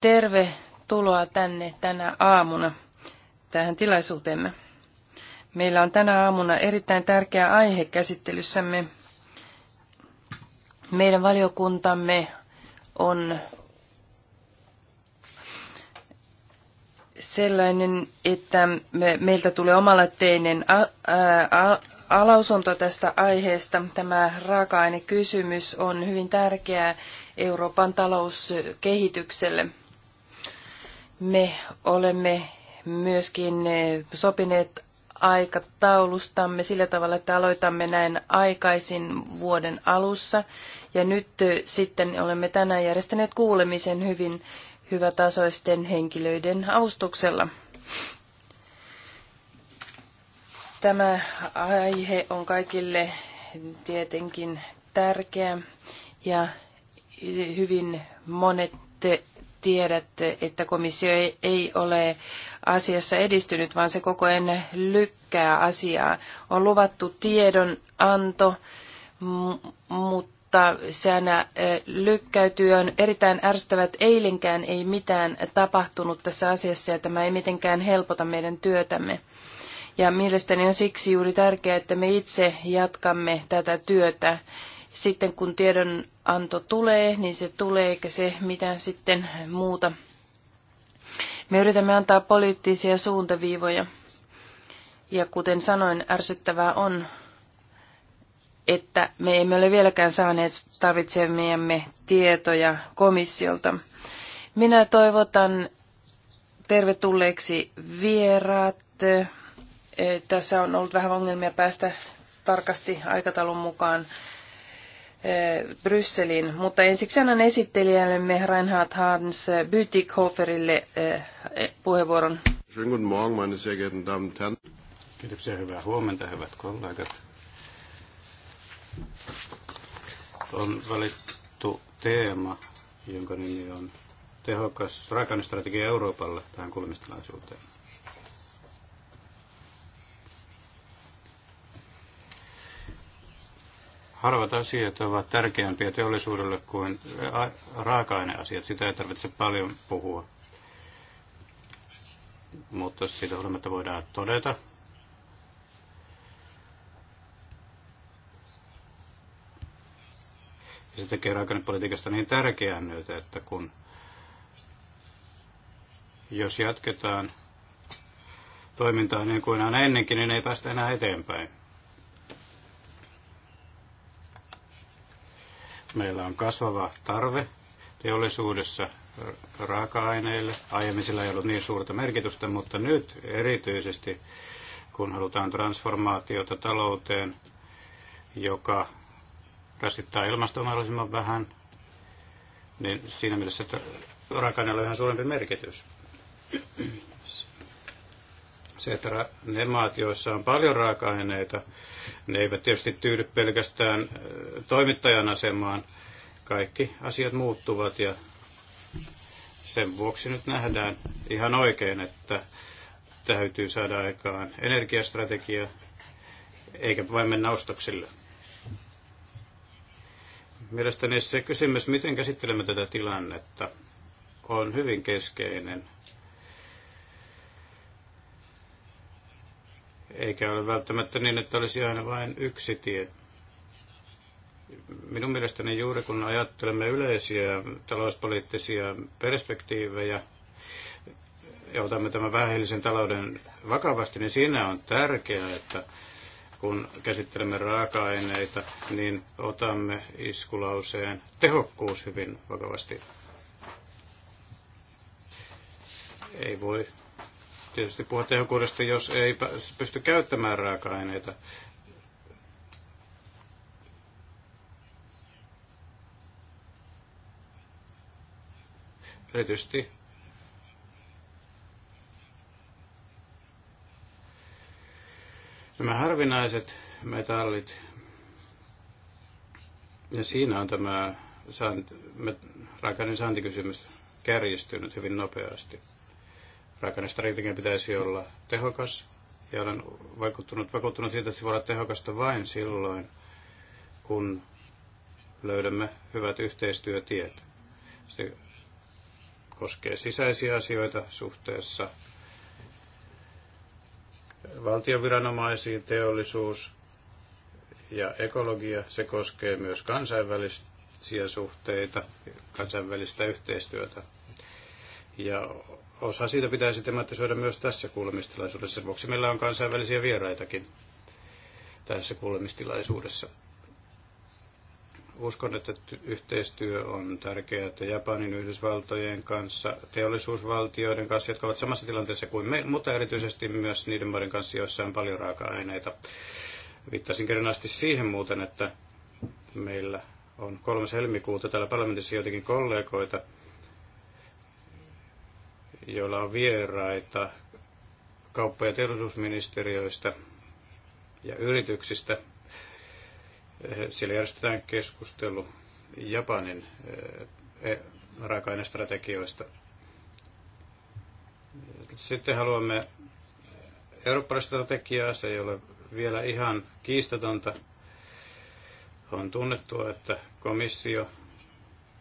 Tervetuloa tänne tänä aamuna tähän tilaisuuteemme. Meillä on tänä aamuna erittäin tärkeä aihe käsittelyssämme. Meidän valiokuntamme on sellainen, että me, meiltä tulee omalatteinen alausonto tästä aiheesta. Tämä raaka-ainekysymys on hyvin tärkeää Euroopan talouskehitykselle. Me olemme myöskin eh, sopineet aikataulustamme sillä tavalla, että aloitamme näin aikaisin vuoden alussa. Ja nyt eh, sitten olemme tänään järjestäneet kuulemisen hyvin hyvätasoisten henkilöiden avustuksella. Tämä aihe on kaikille tietenkin tärkeä ja hyvin monet tiedätte, että komissio ei, ei ole asiassa edistynyt, vaan se koko ajan lykkää asiaa. On luvattu tiedonanto, mutta se aina lykkäytyy. On erittäin ärsyttävät. Eilenkään ei mitään tapahtunut tässä asiassa ja tämä ei mitenkään helpota meidän työtämme. Ja mielestäni on siksi juuri tärkeää, että me itse jatkamme tätä työtä sitten kun tiedonanto tulee, niin se tulee eikä se mitään sitten muuta. Me yritämme antaa poliittisia suuntaviivoja. Ja kuten sanoin, ärsyttävää on, että me emme ole vieläkään saaneet tarvitsemiemme tietoja komissiolta. Minä toivotan tervetulleeksi vieraat. Tässä on ollut vähän ongelmia päästä tarkasti aikataulun mukaan Eh, Brysseliin, mutta ensiksi annan esittelijällemme Reinhard Hans Bütikhoferille eh, eh, puheenvuoron. Schönen guten Morgen, meine sehr geehrten Damen und Herren. Kiitoksia, hyvää huomenta, hyvät kollegat. On valittu teema, jonka nimi on tehokas rakennestrategia Euroopalle tähän kulmistilaisuuteen. harvat asiat ovat tärkeämpiä teollisuudelle kuin raaka-aineasiat. Sitä ei tarvitse paljon puhua. Mutta siitä huolimatta voidaan todeta, Ja se tekee ainepolitiikasta niin tärkeää nyt, että kun jos jatketaan toimintaa niin kuin aina ennenkin, niin ei päästä enää eteenpäin. Meillä on kasvava tarve teollisuudessa raaka-aineille. Aiemmin sillä ei ollut niin suurta merkitystä, mutta nyt erityisesti kun halutaan transformaatiota talouteen, joka rasittaa ilmastoa mahdollisimman vähän, niin siinä mielessä raaka on ihan suurempi merkitys. Se, että ne maat, joissa on paljon raaka-aineita, ne eivät tietysti tyydy pelkästään toimittajan asemaan. Kaikki asiat muuttuvat ja sen vuoksi nyt nähdään ihan oikein, että täytyy saada aikaan energiastrategia, eikä vain mennä ostoksille. Mielestäni se kysymys, miten käsittelemme tätä tilannetta, on hyvin keskeinen – Eikä ole välttämättä niin, että olisi aina vain yksi tie. Minun mielestäni juuri kun ajattelemme yleisiä talouspoliittisia perspektiivejä ja otamme tämän vähäisen talouden vakavasti, niin siinä on tärkeää, että kun käsittelemme raaka-aineita, niin otamme iskulauseen tehokkuus hyvin vakavasti. Ei voi tietysti puhua tehokkuudesta, jos ei pysty käyttämään raaka-aineita. Erityisesti nämä harvinaiset metallit, ja siinä on tämä raaka-aineen saantikysymys kärjistynyt hyvin nopeasti. Rakennestrategian pitäisi olla tehokas ja olen vaikuttunut, vakuuttunut siitä, että se voi olla tehokasta vain silloin, kun löydämme hyvät yhteistyötiet. Se koskee sisäisiä asioita suhteessa valtioviranomaisiin, teollisuus ja ekologia. Se koskee myös kansainvälisiä suhteita, kansainvälistä yhteistyötä. Ja osa siitä pitäisi tematisoida myös tässä kuulemistilaisuudessa. Sen vuoksi meillä on kansainvälisiä vieraitakin tässä kuulemistilaisuudessa. Uskon, että yhteistyö on tärkeää että Japanin, Yhdysvaltojen kanssa, teollisuusvaltioiden kanssa, jotka ovat samassa tilanteessa kuin me, mutta erityisesti myös niiden maiden kanssa, joissa on paljon raaka-aineita. Viittasin kerran asti siihen muuten, että meillä on 3. helmikuuta täällä parlamentissa joitakin kollegoita, joilla on vieraita kauppa- ja teollisuusministeriöistä ja yrityksistä. Siellä järjestetään keskustelu Japanin eh, eh, raaka-ainestrategioista. Sitten haluamme eurooppalaista strategiaa, se ei ole vielä ihan kiistatonta. On tunnettua, että komissio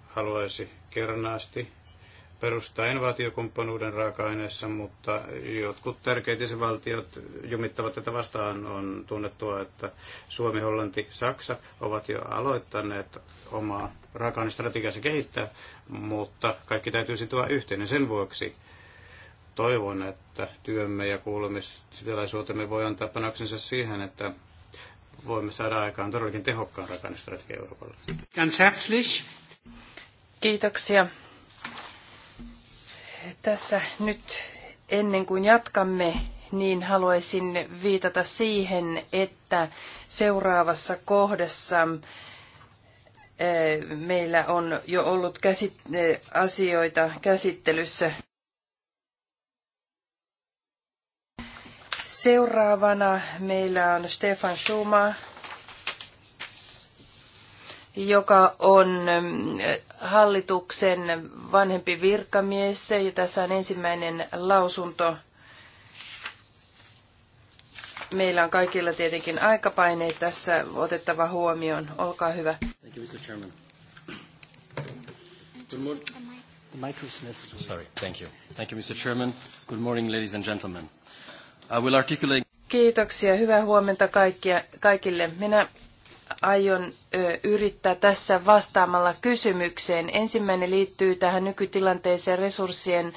haluaisi kernaasti perustaa innovaatiokumppanuuden raaka-aineessa, mutta jotkut tärkeät isävaltiot jumittavat tätä vastaan. On tunnettua, että Suomi, Hollanti, Saksa ovat jo aloittaneet omaa raaka-ainestrategiansa kehittää, mutta kaikki täytyy sitoa yhteen. Ja sen vuoksi toivon, että työmme ja kuulumistilaisuutemme voi antaa panoksensa siihen, että voimme saada aikaan todellakin tehokkaan rakennestrategian Euroopalle. Ganz herzlich. Kiitoksia tässä nyt ennen kuin jatkamme, niin haluaisin viitata siihen, että seuraavassa kohdassa eh, meillä on jo ollut käsit- eh, asioita käsittelyssä. Seuraavana meillä on Stefan Schumacher joka on ähm, hallituksen vanhempi virkamies. Ja tässä on ensimmäinen lausunto. Meillä on kaikilla tietenkin aikapaineet tässä otettava huomioon. Olkaa hyvä. Thank you, Mr. Chairman. Good morning. Sorry, thank you. Thank you, Mr. Chairman. Good morning, ladies and gentlemen. I will articulate... Kiitoksia. Hyvää huomenta kaikkia, kaikille. Minä aion yrittää tässä vastaamalla kysymykseen. Ensimmäinen liittyy tähän nykytilanteeseen resurssien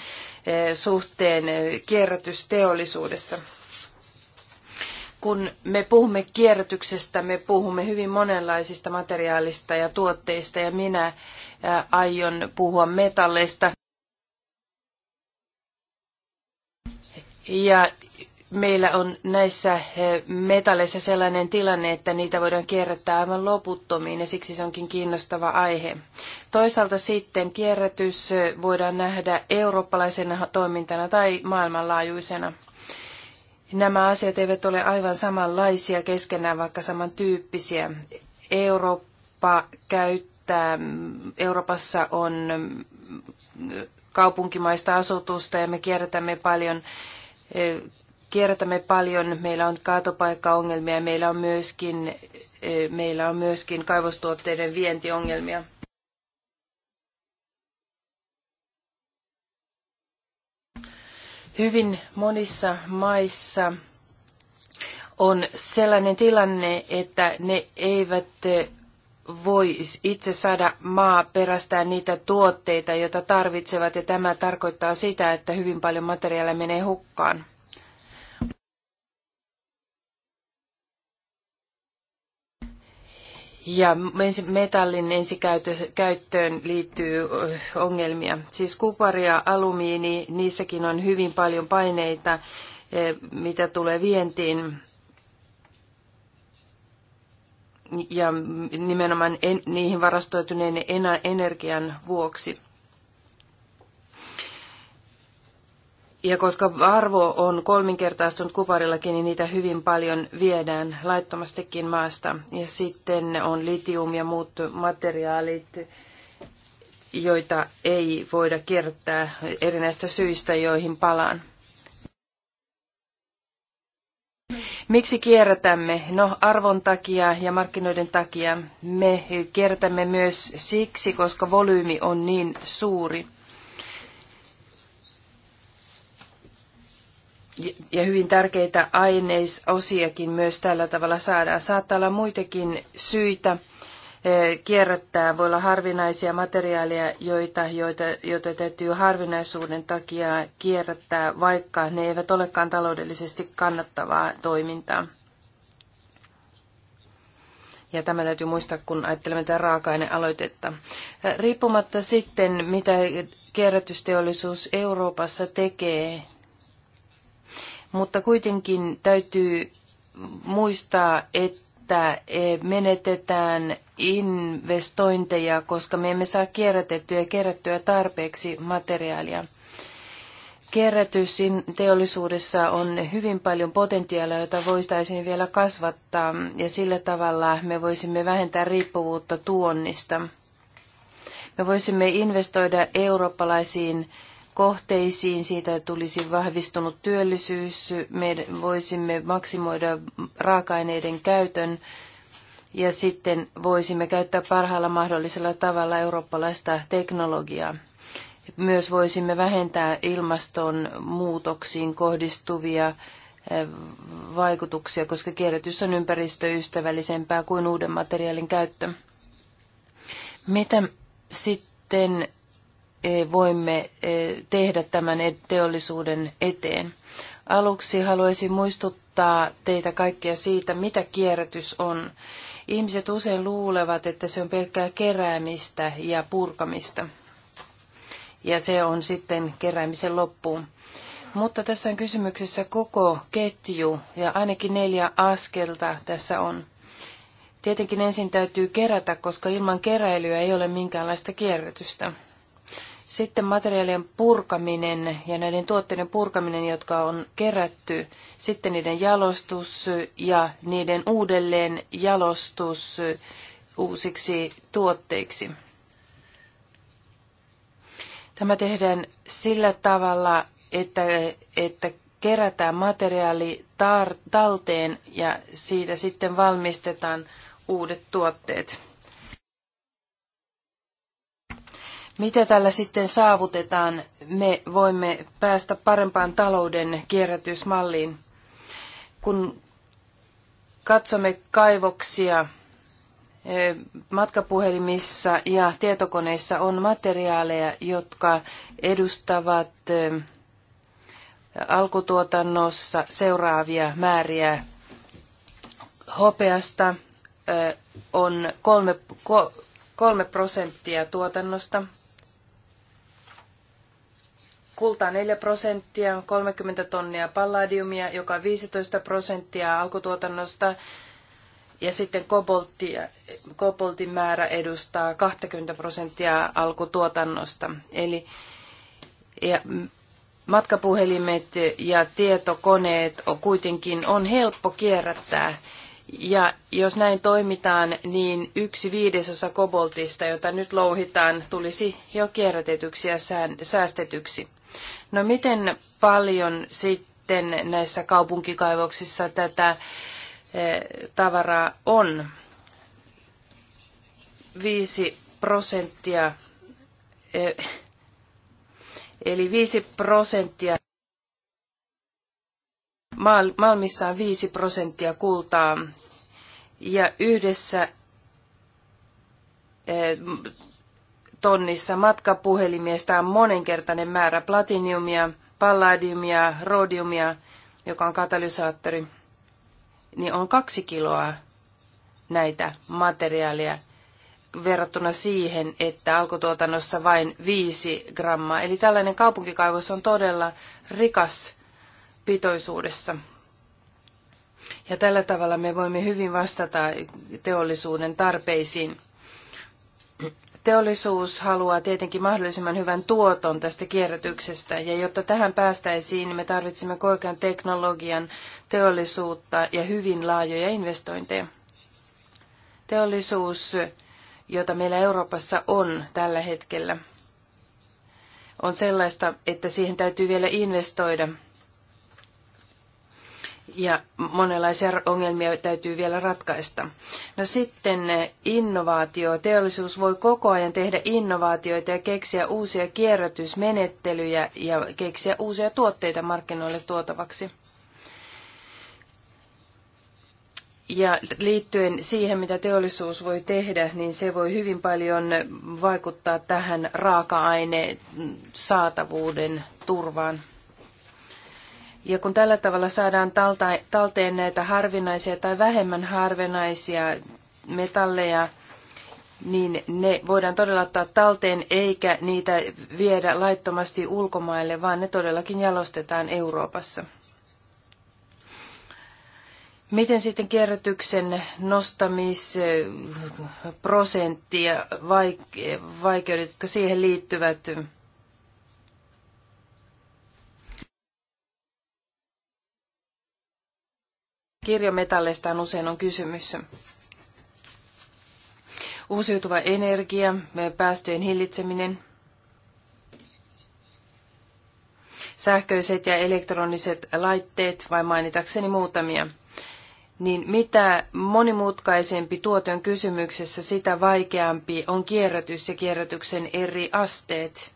suhteen kierrätysteollisuudessa. Kun me puhumme kierrätyksestä, me puhumme hyvin monenlaisista materiaalista ja tuotteista ja minä aion puhua metalleista. Ja meillä on näissä eh, metalleissa sellainen tilanne, että niitä voidaan kierrättää aivan loputtomiin ja siksi se onkin kiinnostava aihe. Toisaalta sitten kierrätys eh, voidaan nähdä eurooppalaisena toimintana tai maailmanlaajuisena. Nämä asiat eivät ole aivan samanlaisia keskenään, vaikka samantyyppisiä. Eurooppa käyttää, mm, Euroopassa on mm, kaupunkimaista asutusta ja me kierrätämme paljon eh, kierrätämme paljon, meillä on kaatopaikkaongelmia ja meillä on myöskin, meillä on myöskin kaivostuotteiden vientiongelmia. Hyvin monissa maissa on sellainen tilanne, että ne eivät voi itse saada perästään niitä tuotteita, joita tarvitsevat, ja tämä tarkoittaa sitä, että hyvin paljon materiaalia menee hukkaan. ja metallin ensikäyttöön liittyy ongelmia. Siis kupari ja alumiini, niissäkin on hyvin paljon paineita, mitä tulee vientiin. Ja nimenomaan niihin varastoituneen energian vuoksi. Ja koska arvo on kolminkertaistunut kuparillakin, niin niitä hyvin paljon viedään laittomastikin maasta. Ja sitten on litium ja muut materiaalit, joita ei voida kiertää erinäistä syistä, joihin palaan. Miksi kierrätämme? No arvon takia ja markkinoiden takia. Me kierrätämme myös siksi, koska volyymi on niin suuri. ja hyvin tärkeitä aineisosiakin myös tällä tavalla saadaan. Saattaa olla muitakin syitä eh, kierrättää. Voi olla harvinaisia materiaaleja, joita, joita, joita täytyy harvinaisuuden takia kierrättää, vaikka ne eivät olekaan taloudellisesti kannattavaa toimintaa. Ja tämä täytyy muistaa, kun ajattelemme tätä raaka-ainealoitetta. Eh, riippumatta sitten, mitä kierrätysteollisuus Euroopassa tekee, mutta kuitenkin täytyy muistaa, että e, menetetään investointeja, koska me emme saa kierrätettyä ja kerättyä tarpeeksi materiaalia. Kierrätys teollisuudessa on hyvin paljon potentiaalia, jota voitaisiin vielä kasvattaa ja sillä tavalla me voisimme vähentää riippuvuutta tuonnista. Me voisimme investoida eurooppalaisiin kohteisiin, siitä tulisi vahvistunut työllisyys, me voisimme maksimoida raaka-aineiden käytön ja sitten voisimme käyttää parhaalla mahdollisella tavalla eurooppalaista teknologiaa. Myös voisimme vähentää ilmastonmuutoksiin kohdistuvia eh, vaikutuksia, koska kierrätys on ympäristöystävällisempää kuin uuden materiaalin käyttö. Mitä sitten E, voimme e, tehdä tämän teollisuuden eteen. Aluksi haluaisin muistuttaa teitä kaikkia siitä, mitä kierrätys on. Ihmiset usein luulevat, että se on pelkkää keräämistä ja purkamista. Ja se on sitten keräämisen loppuun. Mutta tässä on kysymyksessä koko ketju ja ainakin neljä askelta tässä on. Tietenkin ensin täytyy kerätä, koska ilman keräilyä ei ole minkäänlaista kierrätystä. Sitten materiaalien purkaminen ja näiden tuotteiden purkaminen, jotka on kerätty, sitten niiden jalostus ja niiden uudelleen jalostus uusiksi tuotteiksi. Tämä tehdään sillä tavalla, että, että kerätään materiaali tar- talteen ja siitä sitten valmistetaan uudet tuotteet. Mitä tällä sitten saavutetaan? Me voimme päästä parempaan talouden kierrätysmalliin. Kun katsomme kaivoksia, matkapuhelimissa ja tietokoneissa on materiaaleja, jotka edustavat alkutuotannossa seuraavia määriä. Hopeasta on kolme, kolme prosenttia tuotannosta – kultaa 4 prosenttia, 30 tonnia palladiumia, joka on 15 prosenttia alkutuotannosta, ja sitten kobolttia, koboltin määrä edustaa 20 prosenttia alkutuotannosta. Eli ja matkapuhelimet ja tietokoneet on kuitenkin on helppo kierrättää. Ja jos näin toimitaan, niin yksi viidesosa koboltista, jota nyt louhitaan, tulisi jo kierrätetyksi ja säästetyksi. No miten paljon sitten näissä kaupunkikaivoksissa tätä eh, tavaraa on? viisi prosenttia, eh, eli viisi prosenttia, Malmissa on 5 prosenttia kultaa, ja yhdessä eh, tonnissa matkapuhelimiestä on monenkertainen määrä platiniumia, palladiumia, rhodiumia, joka on katalysaattori, niin on kaksi kiloa näitä materiaaleja verrattuna siihen, että alkutuotannossa vain viisi grammaa. Eli tällainen kaupunkikaivos on todella rikas pitoisuudessa. Ja tällä tavalla me voimme hyvin vastata teollisuuden tarpeisiin. Teollisuus haluaa tietenkin mahdollisimman hyvän tuoton tästä kierrätyksestä, ja jotta tähän päästäisiin, niin me tarvitsemme korkean teknologian teollisuutta ja hyvin laajoja investointeja. Teollisuus, jota meillä Euroopassa on tällä hetkellä, on sellaista, että siihen täytyy vielä investoida – ja monenlaisia ongelmia täytyy vielä ratkaista. No sitten eh, innovaatio. Teollisuus voi koko ajan tehdä innovaatioita ja keksiä uusia kierrätysmenettelyjä ja keksiä uusia tuotteita markkinoille tuotavaksi. Ja liittyen siihen, mitä teollisuus voi tehdä, niin se voi hyvin paljon vaikuttaa tähän raaka-aineen saatavuuden turvaan. Ja kun tällä tavalla saadaan talteen näitä harvinaisia tai vähemmän harvinaisia metalleja, niin ne voidaan todella ottaa talteen eikä niitä viedä laittomasti ulkomaille, vaan ne todellakin jalostetaan Euroopassa. Miten sitten kierrätyksen nostamisprosenttia, vaikeudet, jotka siihen liittyvät, kirjometalleistaan usein on kysymys. Uusiutuva energia, päästöjen hillitseminen, sähköiset ja elektroniset laitteet, vai mainitakseni muutamia niin mitä monimutkaisempi tuote on kysymyksessä, sitä vaikeampi on kierrätys ja kierrätyksen eri asteet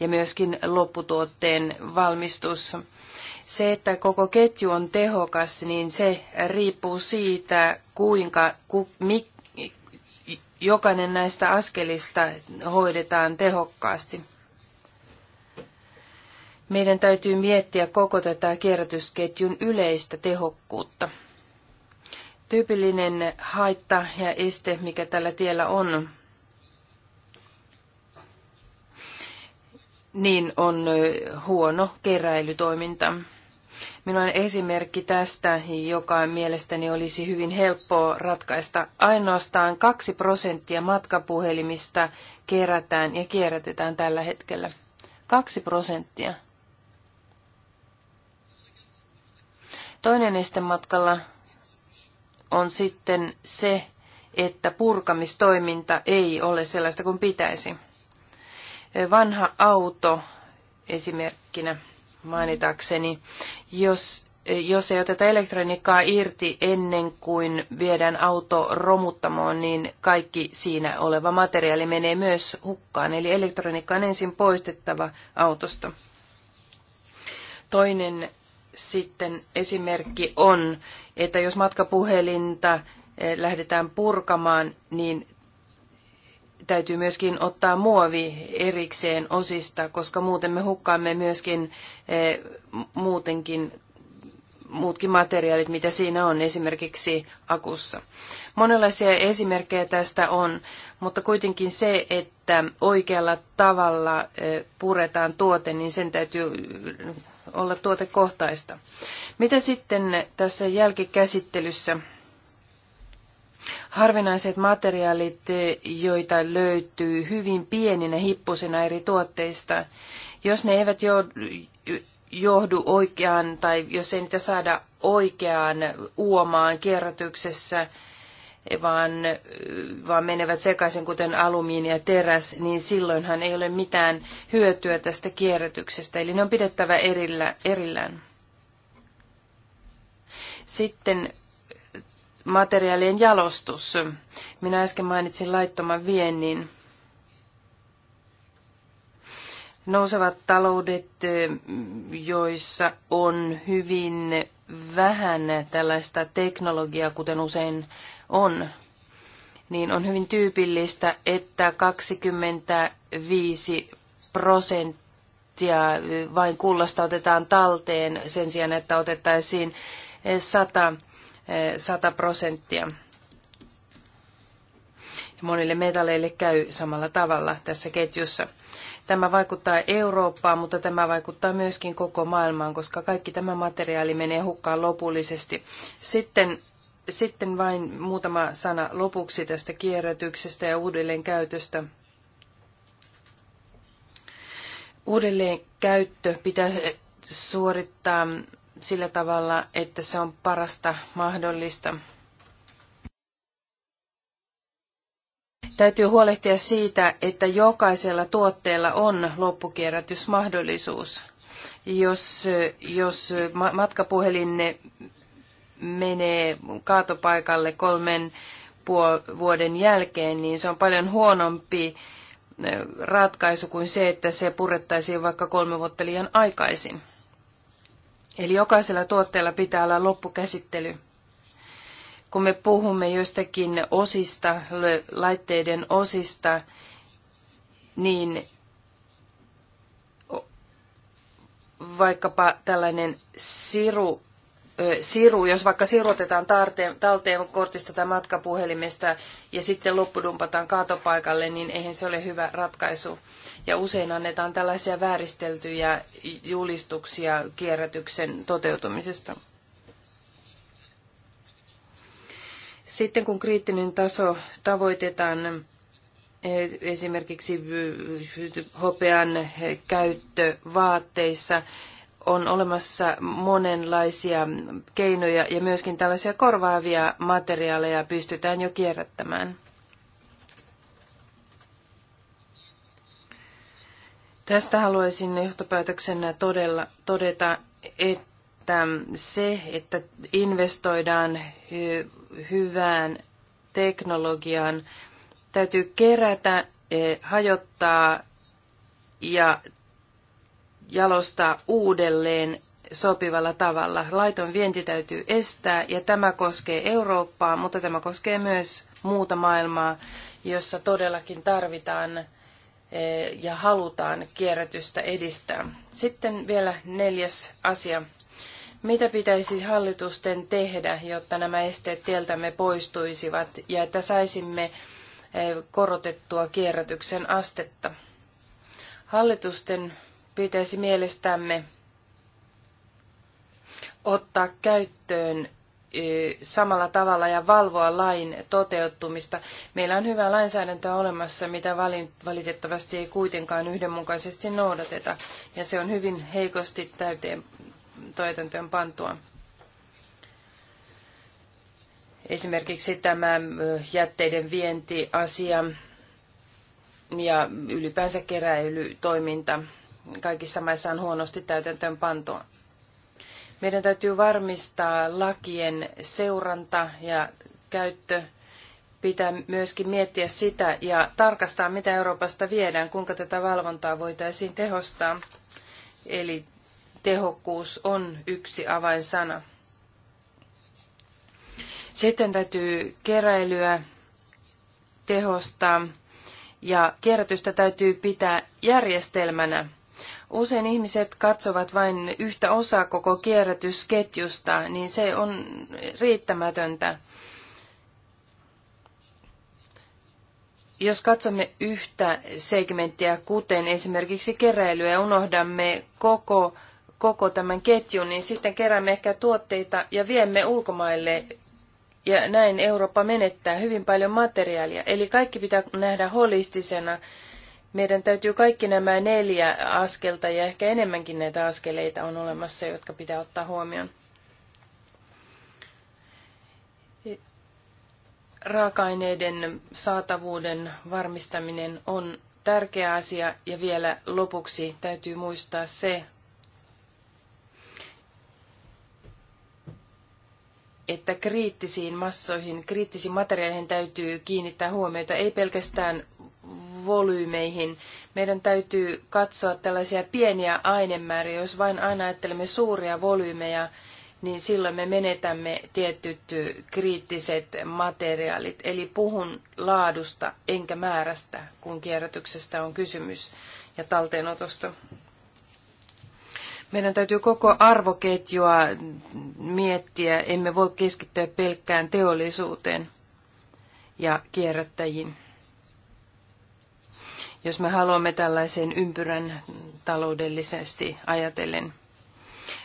ja myöskin lopputuotteen valmistus. Se, että koko ketju on tehokas, niin se riippuu siitä, kuinka ku, mi, jokainen näistä askelista hoidetaan tehokkaasti. Meidän täytyy miettiä koko tätä kierrätysketjun yleistä tehokkuutta. Tyypillinen haitta ja este, mikä tällä tiellä on, niin on huono keräilytoiminta. Minulla on esimerkki tästä, joka mielestäni olisi hyvin helppoa ratkaista. Ainoastaan 2 prosenttia matkapuhelimista kerätään ja kierrätetään tällä hetkellä. 2 prosenttia. Toinen matkalla on sitten se, että purkamistoiminta ei ole sellaista kuin pitäisi. Vanha auto esimerkkinä mainitakseni. Jos, jos ei oteta elektroniikkaa irti ennen kuin viedään auto romuttamoon, niin kaikki siinä oleva materiaali menee myös hukkaan. Eli elektroniikka on ensin poistettava autosta. Toinen sitten esimerkki on, että jos matkapuhelinta eh, lähdetään purkamaan, niin täytyy myöskin ottaa muovi erikseen osista, koska muuten me hukkaamme myöskin eh, muutenkin muutkin materiaalit, mitä siinä on, esimerkiksi akussa. Monenlaisia esimerkkejä tästä on, mutta kuitenkin se, että oikealla tavalla eh, puretaan tuote, niin sen täytyy eh, olla tuotekohtaista. Mitä sitten tässä jälkikäsittelyssä Harvinaiset materiaalit, joita löytyy hyvin pieninä hippusina eri tuotteista, jos ne eivät johdu oikeaan tai jos ei niitä saada oikeaan uomaan kierrätyksessä, vaan, vaan menevät sekaisin, kuten alumiini ja teräs, niin silloinhan ei ole mitään hyötyä tästä kierrätyksestä. Eli ne on pidettävä erillä, erillään. Sitten materiaalien jalostus. Minä äsken mainitsin laittoman viennin. Nousevat taloudet, joissa on hyvin vähän tällaista teknologiaa, kuten usein on, niin on hyvin tyypillistä, että 25 prosenttia vain kullasta otetaan talteen sen sijaan, että otettaisiin 100 100 prosenttia. Monille metalleille käy samalla tavalla tässä ketjussa. Tämä vaikuttaa Eurooppaan, mutta tämä vaikuttaa myöskin koko maailmaan, koska kaikki tämä materiaali menee hukkaan lopullisesti. Sitten, sitten vain muutama sana lopuksi tästä kierrätyksestä ja uudelleenkäytöstä. Uudelleenkäyttö pitää suorittaa sillä tavalla, että se on parasta mahdollista. Täytyy huolehtia siitä, että jokaisella tuotteella on loppukierrätysmahdollisuus. Jos, jos matkapuhelinne menee kaatopaikalle kolmen vuoden jälkeen, niin se on paljon huonompi eh, ratkaisu kuin se, että se purettaisiin vaikka kolme vuotta liian aikaisin. Eli jokaisella tuotteella pitää olla loppukäsittely. Kun me puhumme joistakin osista, laitteiden osista, niin vaikkapa tällainen siru siru, jos vaikka sirutetaan tarteen, talteen kortista tai matkapuhelimesta ja sitten loppudumpataan kaatopaikalle, niin eihän se ole hyvä ratkaisu. Ja usein annetaan tällaisia vääristeltyjä julistuksia kierrätyksen toteutumisesta. Sitten kun kriittinen taso tavoitetaan, esimerkiksi hopean käyttö vaatteissa, on olemassa monenlaisia keinoja ja myöskin tällaisia korvaavia materiaaleja pystytään jo kierrättämään. Tästä haluaisin johtopäätöksenä todella todeta, että se, että investoidaan hy- hyvään teknologiaan, täytyy kerätä, eh, hajottaa ja jalostaa uudelleen sopivalla tavalla. Laiton vienti täytyy estää ja tämä koskee Eurooppaa, mutta tämä koskee myös muuta maailmaa, jossa todellakin tarvitaan eh, ja halutaan kierrätystä edistää. Sitten vielä neljäs asia. Mitä pitäisi hallitusten tehdä, jotta nämä esteet tieltämme poistuisivat ja että saisimme eh, korotettua kierrätyksen astetta? Hallitusten pitäisi mielestämme ottaa käyttöön samalla tavalla ja valvoa lain toteuttumista. Meillä on hyvää lainsäädäntöä olemassa, mitä valitettavasti ei kuitenkaan yhdenmukaisesti noudateta, ja se on hyvin heikosti täyteen toitantöön pantua. Esimerkiksi tämä jätteiden vientiasia ja ylipäänsä keräilytoiminta – kaikissa maissa on huonosti täytäntöön pantu. Meidän täytyy varmistaa lakien seuranta ja käyttö. Pitää myöskin miettiä sitä ja tarkastaa, mitä Euroopasta viedään, kuinka tätä valvontaa voitaisiin tehostaa. Eli tehokkuus on yksi avainsana. Sitten täytyy keräilyä tehostaa ja kierrätystä täytyy pitää järjestelmänä Usein ihmiset katsovat vain yhtä osaa koko kierrätysketjusta, niin se on riittämätöntä. Jos katsomme yhtä segmenttiä, kuten esimerkiksi keräilyä, ja unohdamme koko, koko tämän ketjun, niin sitten keräämme ehkä tuotteita ja viemme ulkomaille ja näin Eurooppa menettää hyvin paljon materiaalia. Eli kaikki pitää nähdä holistisena meidän täytyy kaikki nämä neljä askelta ja ehkä enemmänkin näitä askeleita on olemassa, jotka pitää ottaa huomioon. Raaka-aineiden saatavuuden varmistaminen on tärkeä asia ja vielä lopuksi täytyy muistaa se, että kriittisiin massoihin, kriittisiin materiaaleihin täytyy kiinnittää huomiota ei pelkästään volyymeihin. Meidän täytyy katsoa tällaisia pieniä ainemääriä. Jos vain aina ajattelemme suuria volyymeja, niin silloin me menetämme tietyt kriittiset materiaalit. Eli puhun laadusta enkä määrästä, kun kierrätyksestä on kysymys ja talteenotosta. Meidän täytyy koko arvoketjua miettiä. Emme voi keskittyä pelkkään teollisuuteen ja kierrättäjiin jos me haluamme tällaisen ympyrän taloudellisesti ajatellen.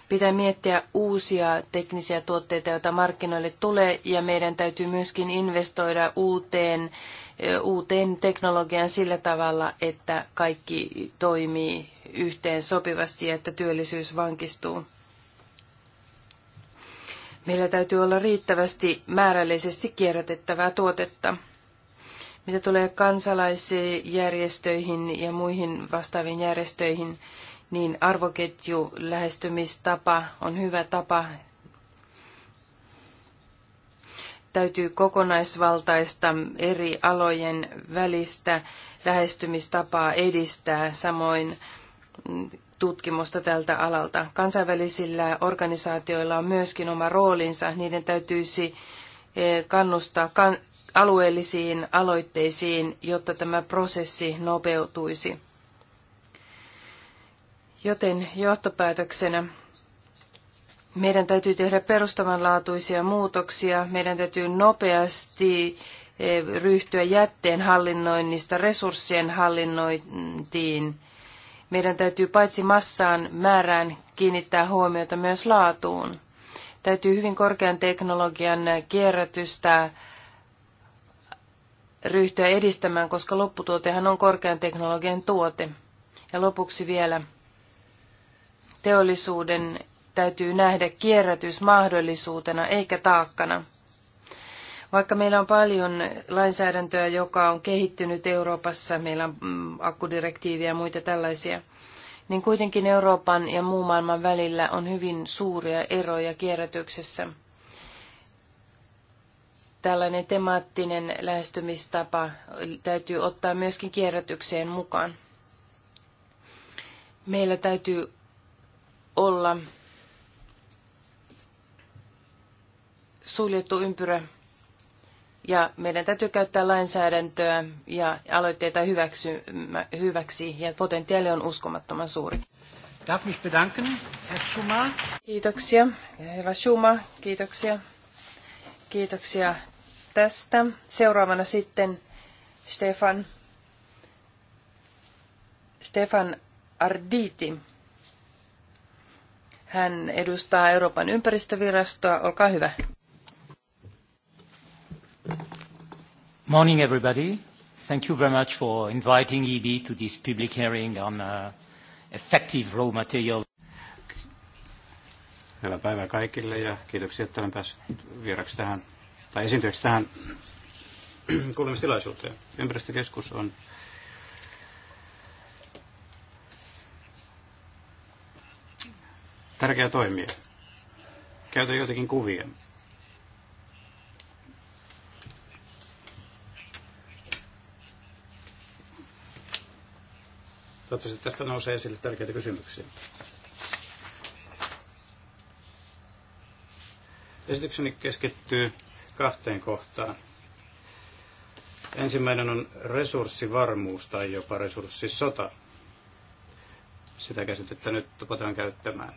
Pitää miettiä uusia teknisiä tuotteita, joita markkinoille tulee, ja meidän täytyy myöskin investoida uuteen, uuteen teknologiaan sillä tavalla, että kaikki toimii yhteen sopivasti ja että työllisyys vankistuu. Meillä täytyy olla riittävästi määrällisesti kierrätettävää tuotetta mitä tulee kansalaisjärjestöihin ja muihin vastaaviin järjestöihin, niin arvoketju lähestymistapa on hyvä tapa. Täytyy kokonaisvaltaista eri alojen välistä lähestymistapaa edistää, samoin tutkimusta tältä alalta. Kansainvälisillä organisaatioilla on myöskin oma roolinsa. Niiden täytyisi eh, kannustaa alueellisiin aloitteisiin, jotta tämä prosessi nopeutuisi. Joten johtopäätöksenä meidän täytyy tehdä perustavanlaatuisia muutoksia. Meidän täytyy nopeasti eh, ryhtyä jätteen hallinnoinnista resurssien hallinnointiin. Meidän täytyy paitsi massaan määrään kiinnittää huomiota myös laatuun. Täytyy hyvin korkean teknologian kierrätystä ryhtyä edistämään, koska lopputuotehan on korkean teknologian tuote. Ja lopuksi vielä teollisuuden täytyy nähdä kierrätys mahdollisuutena eikä taakkana. Vaikka meillä on paljon lainsäädäntöä, joka on kehittynyt Euroopassa, meillä on mm, akkudirektiiviä ja muita tällaisia, niin kuitenkin Euroopan ja muun maailman välillä on hyvin suuria eroja kierrätyksessä – tällainen temaattinen lähestymistapa täytyy ottaa myöskin kierrätykseen mukaan. Meillä täytyy olla suljettu ympyrä ja meidän täytyy käyttää lainsäädäntöä ja aloitteita hyväksy, hyväksi ja potentiaali on uskomattoman suuri. Darf mich bedanken, Herr Schumacher. Kiitoksia, herra Schumacher. Kiitoksia. Kiitoksia tästä. Seuraavana sitten Stefan, Stefan Arditi. Hän edustaa Euroopan ympäristövirastoa. Olkaa hyvä. Morning everybody. Thank you very much for inviting EB to this public hearing on uh, effective raw material. Hyvää päivää kaikille ja kiitoksia, että olen päässyt vieraksi tähän tai esiintyjäksi tähän kuulemistilaisuuteen. Ympäristökeskus on tärkeä toimija. Käytä joitakin kuvia. Toivottavasti tästä nousee esille tärkeitä kysymyksiä. Esitykseni keskittyy kahteen kohtaan. Ensimmäinen on resurssivarmuus tai jopa resurssisota. Sitä käsitettä nyt tupataan käyttämään.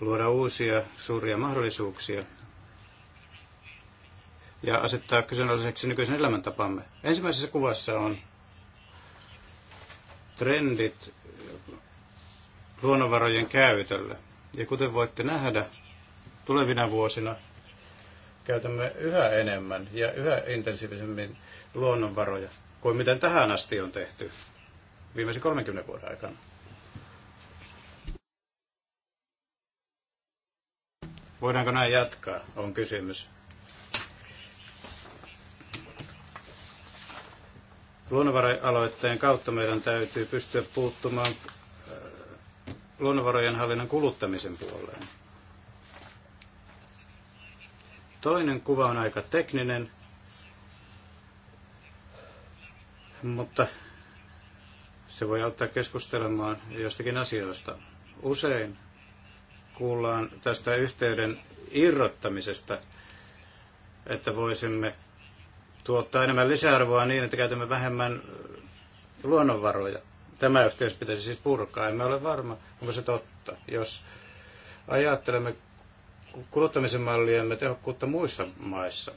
Luoda uusia suuria mahdollisuuksia ja asettaa kyseenalaiseksi nykyisen elämäntapamme. Ensimmäisessä kuvassa on trendit luonnonvarojen käytölle. Ja kuten voitte nähdä, tulevina vuosina – käytämme yhä enemmän ja yhä intensiivisemmin luonnonvaroja kuin miten tähän asti on tehty viimeisen 30 vuoden aikana. Voidaanko näin jatkaa, on kysymys. Luonnonvara-aloitteen kautta meidän täytyy pystyä puuttumaan äh, luonnonvarojen hallinnan kuluttamisen puoleen. Toinen kuva on aika tekninen, mutta se voi auttaa keskustelemaan jostakin asioista. Usein kuullaan tästä yhteyden irrottamisesta, että voisimme tuottaa enemmän lisäarvoa niin, että käytämme vähemmän luonnonvaroja. Tämä yhteys pitäisi siis purkaa. Emme ole varma, onko se totta. Jos ajattelemme kuluttamisen malliemme tehokkuutta muissa maissa.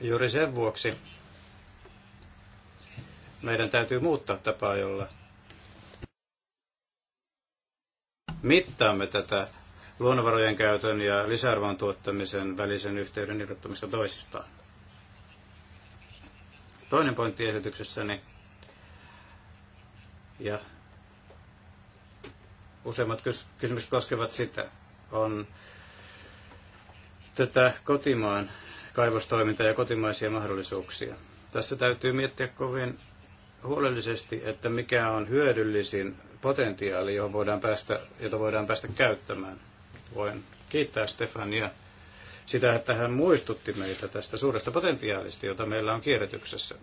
Juuri sen vuoksi meidän täytyy muuttaa tapaa, jolla mittaamme tätä luonnonvarojen käytön ja lisäarvon tuottamisen välisen yhteyden irrottamista toisistaan. Toinen pointti esityksessäni, ja useimmat kysymykset koskevat sitä, on tätä kotimaan kaivostoimintaa ja kotimaisia mahdollisuuksia. Tässä täytyy miettiä kovin huolellisesti, että mikä on hyödyllisin potentiaali, johon voidaan päästä, jota voidaan päästä käyttämään. Voin kiittää Stefania sitä, että hän muistutti meitä tästä suuresta potentiaalista, jota meillä on kierrätyksessä.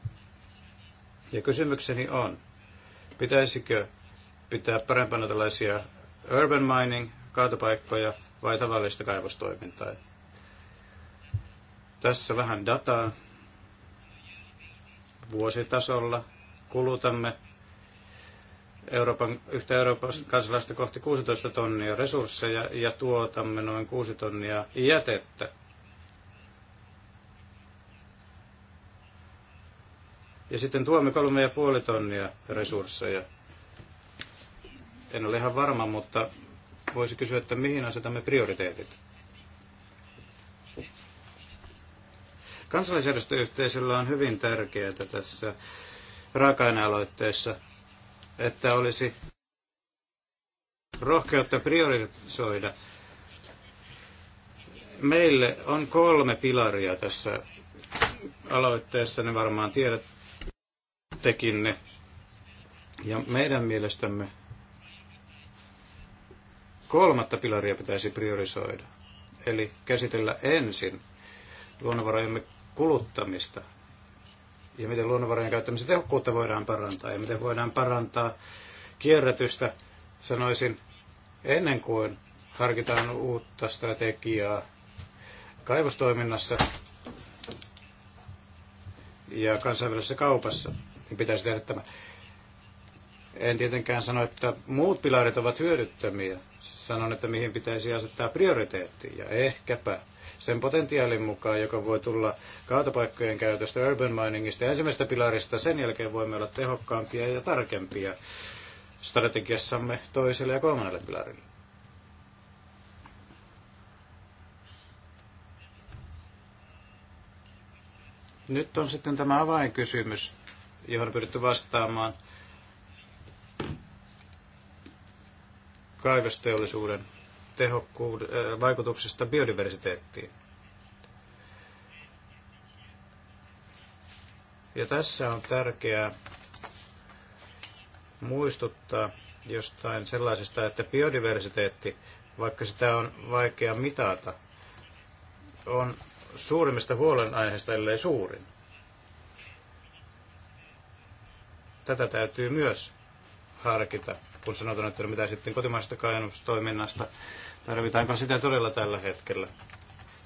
Ja kysymykseni on, pitäisikö pitää parempana tällaisia urban mining kaatopaikkoja vai tavallista kaivostoimintaa. Tässä vähän dataa. Vuositasolla kulutamme Euroopan, yhtä Euroopan kansalaista kohti 16 tonnia resursseja ja tuotamme noin 6 tonnia jätettä. Ja sitten tuomme 3,5 tonnia resursseja. En ole ihan varma, mutta voisi kysyä, että mihin asetamme prioriteetit. Kansallisjärjestöyhteisöllä on hyvin tärkeää tässä raaka-ainealoitteessa, että olisi rohkeutta priorisoida. Meille on kolme pilaria tässä aloitteessa, ne varmaan tiedät tekin ne. Ja meidän mielestämme Kolmatta pilaria pitäisi priorisoida, eli käsitellä ensin luonnonvarojemme kuluttamista ja miten luonnonvarojen käyttämisen tehokkuutta voidaan parantaa ja miten voidaan parantaa kierrätystä, sanoisin, ennen kuin harkitaan uutta strategiaa kaivostoiminnassa ja kansainvälisessä kaupassa, niin pitäisi tehdä tämä. En tietenkään sano, että muut pilarit ovat hyödyttömiä. Sanon, että mihin pitäisi asettaa prioriteetti ja ehkäpä sen potentiaalin mukaan, joka voi tulla kaatopaikkojen käytöstä, urban miningista ja ensimmäisestä pilarista. Sen jälkeen voimme olla tehokkaampia ja tarkempia strategiassamme toiselle ja kolmannelle pilarille. Nyt on sitten tämä avainkysymys, johon on pyritty vastaamaan – kaivosteollisuuden tehokkuud- äh, vaikutuksesta biodiversiteettiin. Ja tässä on tärkeää muistuttaa jostain sellaisesta, että biodiversiteetti, vaikka sitä on vaikea mitata, on suurimmista huolenaiheista, ellei suurin. Tätä täytyy myös harkita loppuun sanotaan, että mitä sitten kotimaista kainustoiminnasta, tarvitaanko sitä todella tällä hetkellä?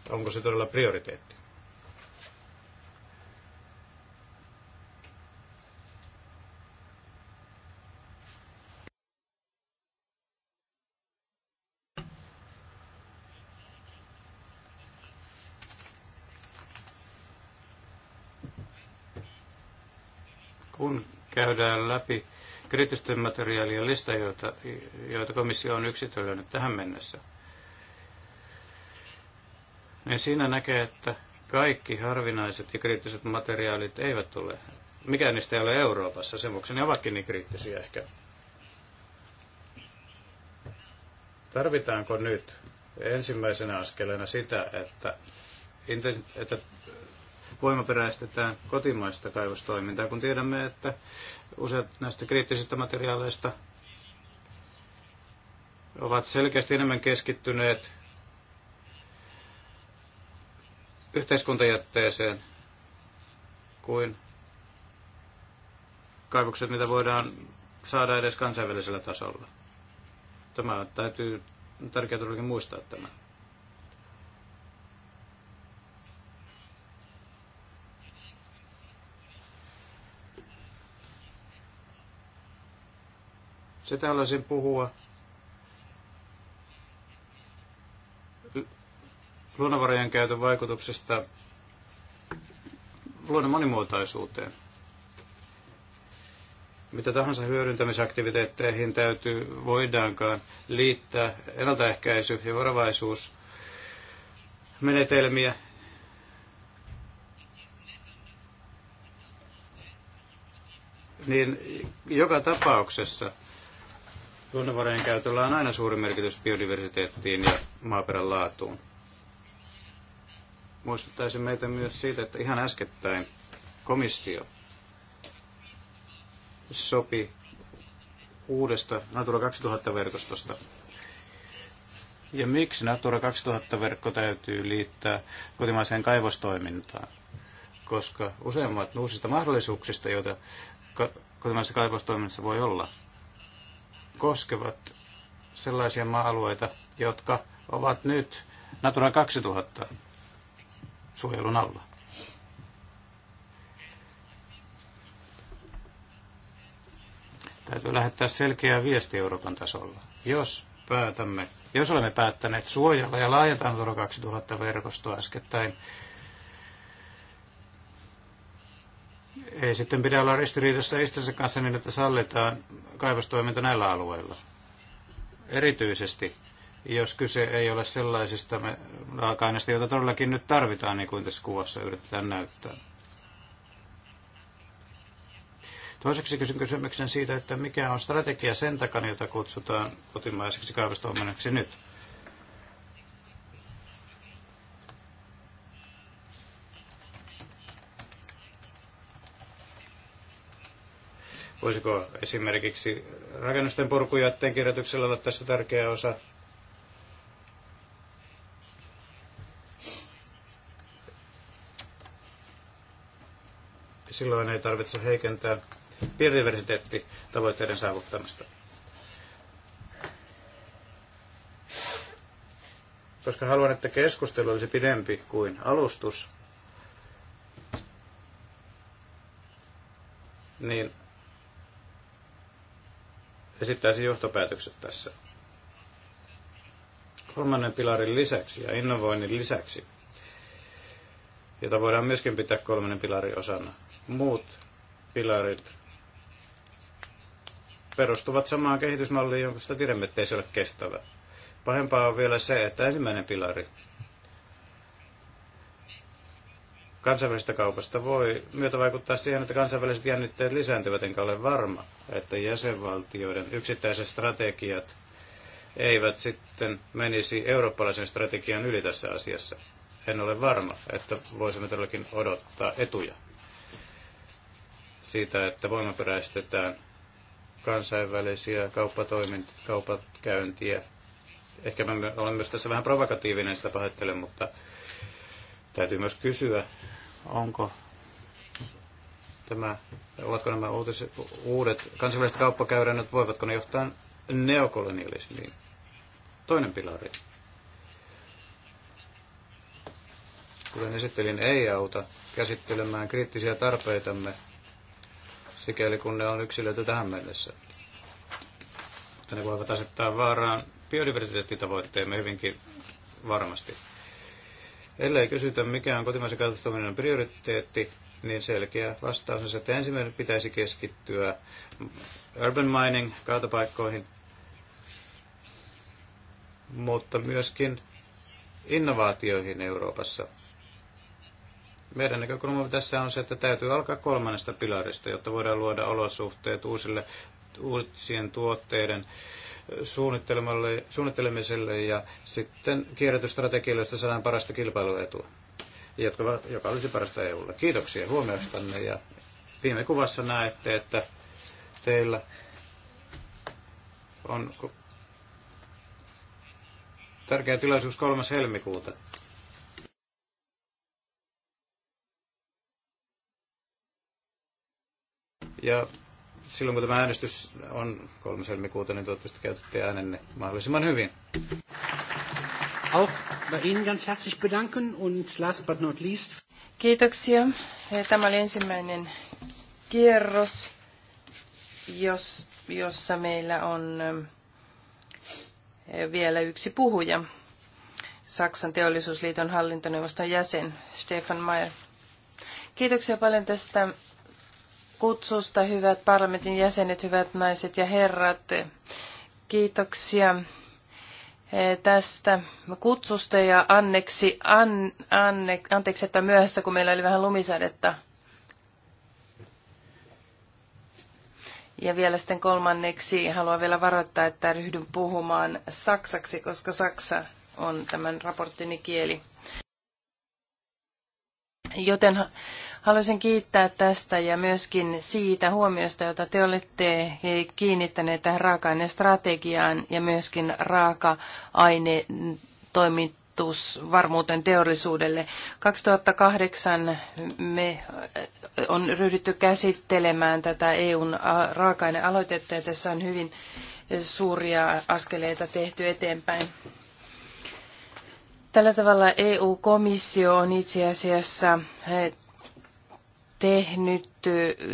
Onko se todella prioriteetti? Kun käydään läpi kriittisten materiaalien lista, joita, joita komissio on yksityllänyt tähän mennessä, niin siinä näkee, että kaikki harvinaiset ja kriittiset materiaalit eivät ole, mikään niistä ei ole Euroopassa, sen vuoksi ne ovatkin niin kriittisiä ehkä. Tarvitaanko nyt ensimmäisenä askeleena sitä, että, että voimaperäistetään kotimaista kaivostoimintaa, kun tiedämme, että useat näistä kriittisistä materiaaleista ovat selkeästi enemmän keskittyneet yhteiskuntajätteeseen kuin kaivokset, mitä voidaan saada edes kansainvälisellä tasolla. Tämä täytyy, tärkeää muistaa tämä. Sitä haluaisin puhua luonnonvarojen käytön vaikutuksesta luonnon monimuotoisuuteen. Mitä tahansa hyödyntämisaktiviteetteihin täytyy, voidaankaan liittää ennaltaehkäisy- ja varovaisuusmenetelmiä. Niin joka tapauksessa – Luonnonvarojen käytöllä on aina suuri merkitys biodiversiteettiin ja maaperän laatuun. Muistuttaisin meitä myös siitä, että ihan äskettäin komissio sopi uudesta Natura 2000-verkostosta. Ja miksi Natura 2000-verkko täytyy liittää kotimaiseen kaivostoimintaan? Koska useimmat uusista mahdollisuuksista, joita kotimaisessa kaivostoiminnassa voi olla, koskevat sellaisia maa-alueita, jotka ovat nyt Natura 2000 suojelun alla. Täytyy lähettää selkeä viesti Euroopan tasolla. Jos päätämme, jos olemme päättäneet suojella ja laajentaa Natura 2000 verkostoa äskettäin, Ei sitten pidä olla ristiriidassa itsensä kanssa niin, että sallitaan kaivostoiminta näillä alueilla. Erityisesti, jos kyse ei ole sellaisista raaka-aineista, joita todellakin nyt tarvitaan, niin kuin tässä kuvassa yritetään näyttää. Toiseksi kysyn kysymyksen siitä, että mikä on strategia sen takana, jota kutsutaan kotimaiseksi kaivostoiminnaksi nyt. Voisiko esimerkiksi rakennusten purkujätteen kirjoituksella olla tässä tärkeä osa? Silloin ei tarvitse heikentää biodiversiteettitavoitteiden saavuttamista. Koska haluan, että keskustelu olisi pidempi kuin alustus, niin esittäisin johtopäätökset tässä. Kolmannen pilarin lisäksi ja innovoinnin lisäksi, jota voidaan myöskin pitää kolmannen pilarin osana, muut pilarit perustuvat samaan kehitysmalliin, jonka sitä tiedämme, ettei se ole kestävä. Pahempaa on vielä se, että ensimmäinen pilari Kansainvälisestä kaupasta voi myötä vaikuttaa siihen, että kansainväliset jännitteet lisääntyvät, enkä ole varma, että jäsenvaltioiden yksittäiset strategiat eivät sitten menisi eurooppalaisen strategian yli tässä asiassa. En ole varma, että voisimme todellakin odottaa etuja siitä, että voimaperäistetään kansainvälisiä kauppakäyntiä. Ehkä mä olen myös tässä vähän provokatiivinen, sitä pahoittelen, mutta täytyy myös kysyä, onko tämä, ovatko nämä uutis, uudet kansainväliset kauppakäyrännyt, voivatko ne johtaa neokolonialismiin? Toinen pilari. Kuten esittelin, ei auta käsittelemään kriittisiä tarpeitamme, sikäli kun ne on yksilöity tähän mennessä. Mutta ne voivat asettaa vaaraan biodiversiteettitavoitteemme hyvinkin varmasti. Ellei kysytä, mikä on kotimaisen kaivostoiminnan prioriteetti, niin selkeä vastaus on se, että ensimmäinen pitäisi keskittyä urban mining kaatopaikkoihin, mutta myöskin innovaatioihin Euroopassa. Meidän näkökulmamme tässä on se, että täytyy alkaa kolmannesta pilarista, jotta voidaan luoda olosuhteet uusille uusien tuotteiden suunnittelemiselle ja sitten kierrätysstrategialle, josta saadaan parasta kilpailuetua, jotka, joka olisi parasta EUlle. Kiitoksia huomiostanne ja viime kuvassa näette, että teillä on tärkeä tilaisuus 3. helmikuuta. Ja silloin kun tämä äänestys on 3. helmikuuta, niin toivottavasti käytätte äänenne mahdollisimman hyvin. Auch bei Ihnen ganz herzlich bedanken und last but not least. Kiitoksia. Tämä oli ensimmäinen kierros, jos, jossa meillä on ähm, vielä yksi puhuja. Saksan teollisuusliiton hallintoneuvoston jäsen Stefan Mayer. Kiitoksia paljon tästä kutsusta, hyvät parlamentin jäsenet, hyvät naiset ja herrat. Kiitoksia eh, tästä kutsusta ja anneksi, an, anne, anteeksi, että myöhässä, kun meillä oli vähän lumisadetta. Ja vielä sitten kolmanneksi haluan vielä varoittaa, että ryhdyn puhumaan saksaksi, koska saksa on tämän raporttini kieli. Joten Haluaisin kiittää tästä ja myöskin siitä huomiosta, jota te olette kiinnittäneet tähän raaka ainestrategiaan strategiaan ja myöskin raaka-aine toimitusvarmuuteen teollisuudelle. 2008 me äh, on ryhdytty käsittelemään tätä EUn äh, raaka-ainealoitetta ja tässä on hyvin suuria askeleita tehty eteenpäin. Tällä tavalla EU-komissio on itse asiassa äh, tehnyt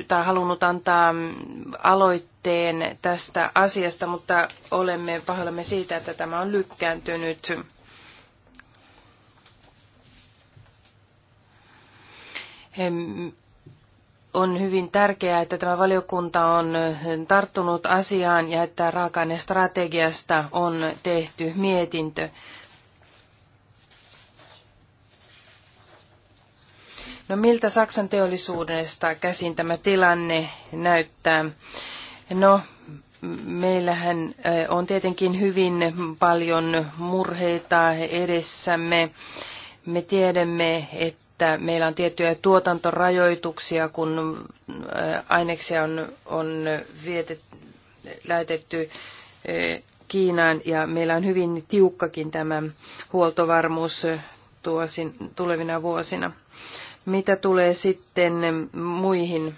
tai halunnut antaa aloitteen tästä asiasta, mutta olemme pahoillamme siitä, että tämä on lykkääntynyt. On hyvin tärkeää, että tämä valiokunta on tarttunut asiaan ja että raaka-ainestrategiasta on tehty mietintö. No miltä Saksan teollisuudesta käsin tämä tilanne näyttää? No, meillähän eh, on tietenkin hyvin paljon murheita edessämme. Me tiedämme, että meillä on tiettyjä tuotantorajoituksia, kun eh, aineksia on, on vietet, lähetetty eh, Kiinaan ja meillä on hyvin tiukkakin tämä huoltovarmuus tuosin, tulevina vuosina. Mitä tulee sitten muihin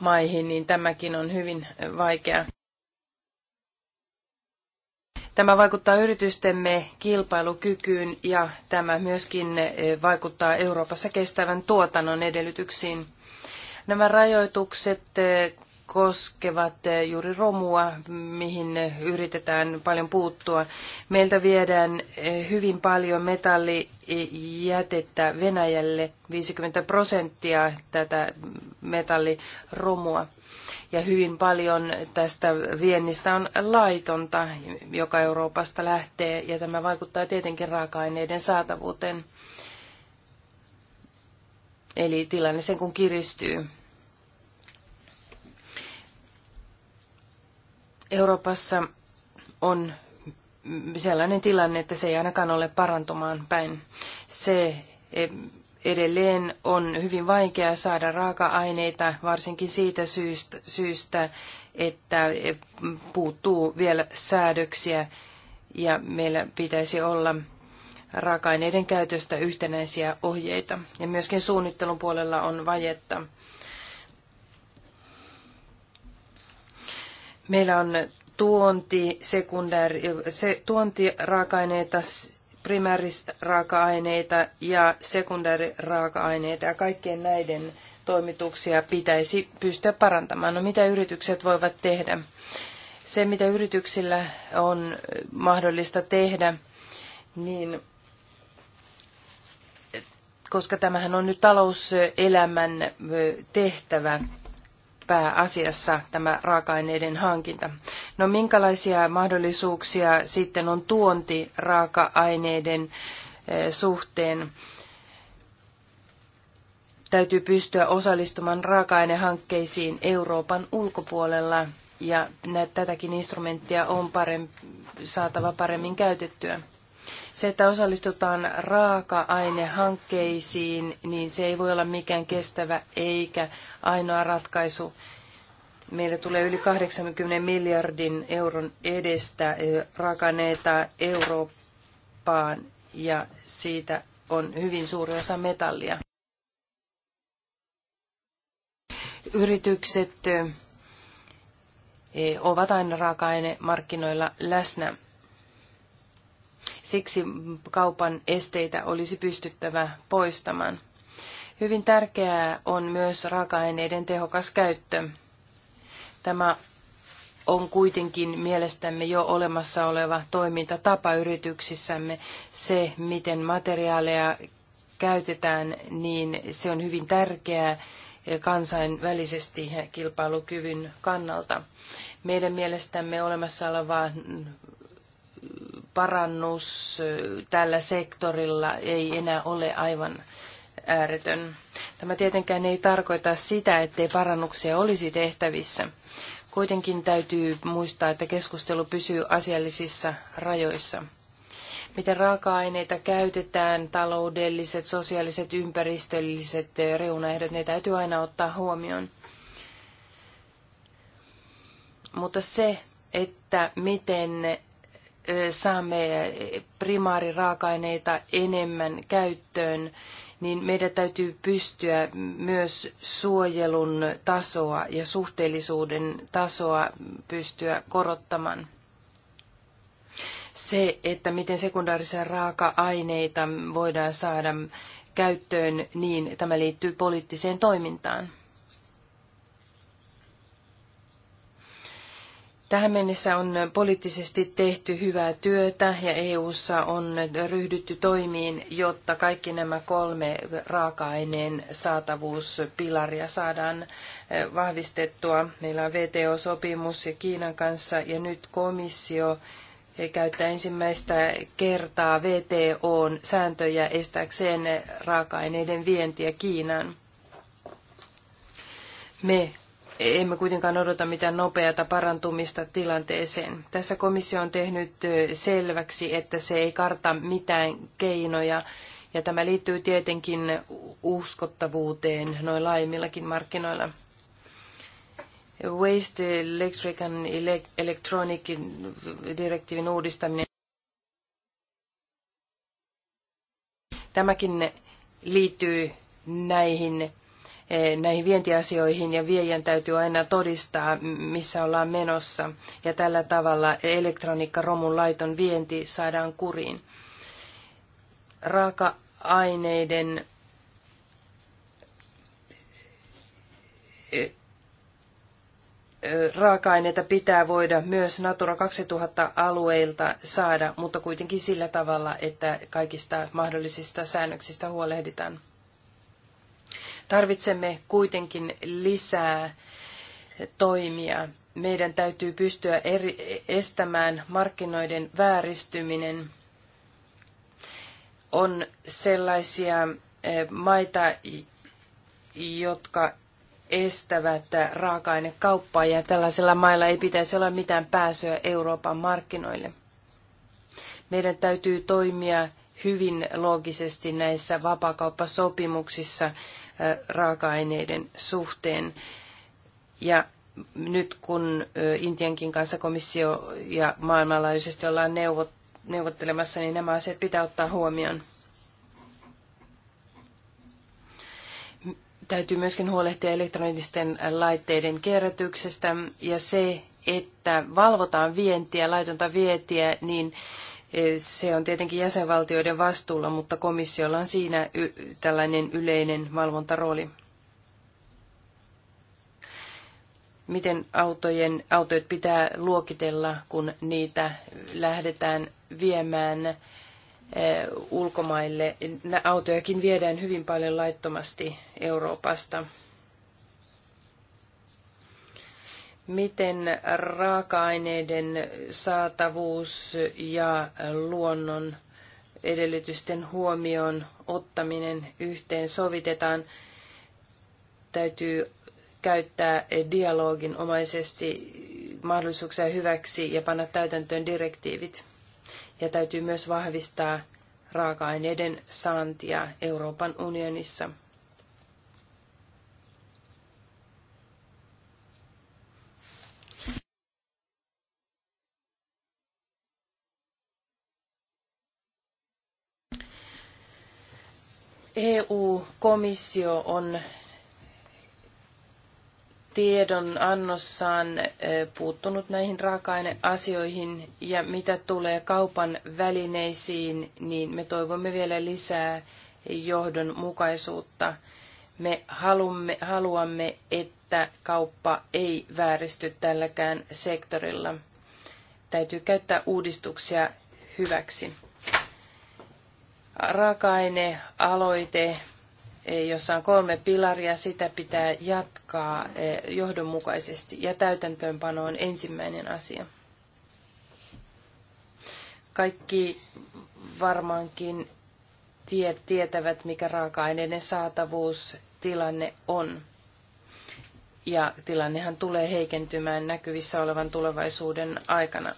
maihin, niin tämäkin on hyvin vaikea. Tämä vaikuttaa yritystemme kilpailukykyyn ja tämä myöskin vaikuttaa Euroopassa kestävän tuotannon edellytyksiin. Nämä rajoitukset koskevat juuri romua, mihin yritetään paljon puuttua. Meiltä viedään hyvin paljon metallijätettä Venäjälle, 50 prosenttia tätä metalliromua. Ja hyvin paljon tästä viennistä on laitonta, joka Euroopasta lähtee, ja tämä vaikuttaa tietenkin raaka-aineiden saatavuuteen. Eli tilanne sen kun kiristyy. Euroopassa on sellainen tilanne, että se ei ainakaan ole parantumaan päin. Se e, edelleen on hyvin vaikea saada raaka-aineita, varsinkin siitä syystä, syystä, että e, puuttuu vielä säädöksiä ja meillä pitäisi olla raaka-aineiden käytöstä yhtenäisiä ohjeita. Ja myöskin suunnittelun puolella on vajetta. Meillä on tuonti, sekundär, se, raaka aineita primäärisraaka-aineita ja sekundääriraaka-aineita ja kaikkien näiden toimituksia pitäisi pystyä parantamaan. No mitä yritykset voivat tehdä? Se, mitä yrityksillä on mahdollista tehdä, niin koska tämähän on nyt talouselämän tehtävä, pääasiassa tämä raaka-aineiden hankinta. No minkälaisia mahdollisuuksia sitten on tuonti raaka-aineiden eh, suhteen? Täytyy pystyä osallistumaan raaka-ainehankkeisiin Euroopan ulkopuolella ja tätäkin instrumenttia on parempi, saatava paremmin käytettyä. Se, että osallistutaan raaka-ainehankkeisiin, niin se ei voi olla mikään kestävä eikä ainoa ratkaisu. Meille tulee yli 80 miljardin euron edestä raaka-aineita Eurooppaan ja siitä on hyvin suuri osa metallia. Yritykset e, ovat aina raaka-aine markkinoilla läsnä. Siksi kaupan esteitä olisi pystyttävä poistamaan. Hyvin tärkeää on myös raaka-aineiden tehokas käyttö. Tämä on kuitenkin mielestämme jo olemassa oleva toimintatapa yrityksissämme. Se, miten materiaaleja käytetään, niin se on hyvin tärkeää kansainvälisesti kilpailukyvyn kannalta. Meidän mielestämme olemassa olevaa parannus tällä sektorilla ei enää ole aivan ääretön. Tämä tietenkään ei tarkoita sitä, ettei parannuksia olisi tehtävissä. Kuitenkin täytyy muistaa, että keskustelu pysyy asiallisissa rajoissa. Miten raaka-aineita käytetään, taloudelliset, sosiaaliset, ympäristölliset reunaehdot, ne täytyy aina ottaa huomioon. Mutta se, että miten saamme primaariraaka-aineita enemmän käyttöön, niin meidän täytyy pystyä myös suojelun tasoa ja suhteellisuuden tasoa pystyä korottamaan. Se, että miten sekundaarisia raaka-aineita voidaan saada käyttöön, niin tämä liittyy poliittiseen toimintaan. Tähän mennessä on poliittisesti tehty hyvää työtä ja EU:ssa on ryhdytty toimiin, jotta kaikki nämä kolme raaka-aineen saatavuuspilaria saadaan eh, vahvistettua. Meillä on VTO-sopimus Kiinan kanssa ja nyt komissio käyttää ensimmäistä kertaa VTOn sääntöjä estääkseen raaka-aineiden vientiä Kiinaan. Me emme kuitenkaan odota mitään nopeata parantumista tilanteeseen. Tässä komissio on tehnyt selväksi, että se ei karta mitään keinoja, ja tämä liittyy tietenkin uskottavuuteen noin laajemmillakin markkinoilla. Waste Electric and Electronic direktiivin uudistaminen. Tämäkin liittyy näihin Eh, näihin vientiasioihin ja viejän täytyy aina todistaa, missä ollaan menossa. Ja tällä tavalla elektroniikkaromun laiton vienti saadaan kuriin. Raaka-aineiden eh, eh, raaka-aineita pitää voida myös Natura 2000-alueilta saada, mutta kuitenkin sillä tavalla, että kaikista mahdollisista säännöksistä huolehditaan. Tarvitsemme kuitenkin lisää toimia. Meidän täytyy pystyä eri, estämään markkinoiden vääristyminen. On sellaisia eh, maita, jotka estävät raaka-ainekauppaa ja tällaisilla mailla ei pitäisi olla mitään pääsyä Euroopan markkinoille. Meidän täytyy toimia hyvin loogisesti näissä vapakauppasopimuksissa raaka-aineiden suhteen. Ja nyt kun Intiankin kanssa komissio ja maailmanlaajuisesti ollaan neuvottelemassa, niin nämä asiat pitää ottaa huomioon. Täytyy myöskin huolehtia elektronisten laitteiden kierrätyksestä ja se, että valvotaan vientiä, laitonta vietiä, niin E, se on tietenkin jäsenvaltioiden vastuulla, mutta komissiolla on siinä tällainen yleinen valvontarooli. Miten autojen, autoit pitää luokitella, kun niitä lähdetään viemään e, ulkomaille. Autojakin viedään hyvin paljon laittomasti Euroopasta. miten raaka-aineiden saatavuus ja luonnon edellytysten huomioon ottaminen yhteen sovitetaan. Täytyy käyttää dialogin omaisesti mahdollisuuksia hyväksi ja panna täytäntöön direktiivit. Ja täytyy myös vahvistaa raaka-aineiden saantia Euroopan unionissa. EU-komissio on tiedon annossaan puuttunut näihin raaka-aineasioihin ja mitä tulee kaupan välineisiin, niin me toivomme vielä lisää johdonmukaisuutta. Me haluamme, haluamme, että kauppa ei vääristy tälläkään sektorilla. Täytyy käyttää uudistuksia hyväksi raaka aloite eh, jossa on kolme pilaria, sitä pitää jatkaa eh, johdonmukaisesti ja täytäntöönpano on ensimmäinen asia. Kaikki varmaankin tie, tietävät, mikä raaka-aineiden saatavuustilanne on. Ja tilannehan tulee heikentymään näkyvissä olevan tulevaisuuden aikana.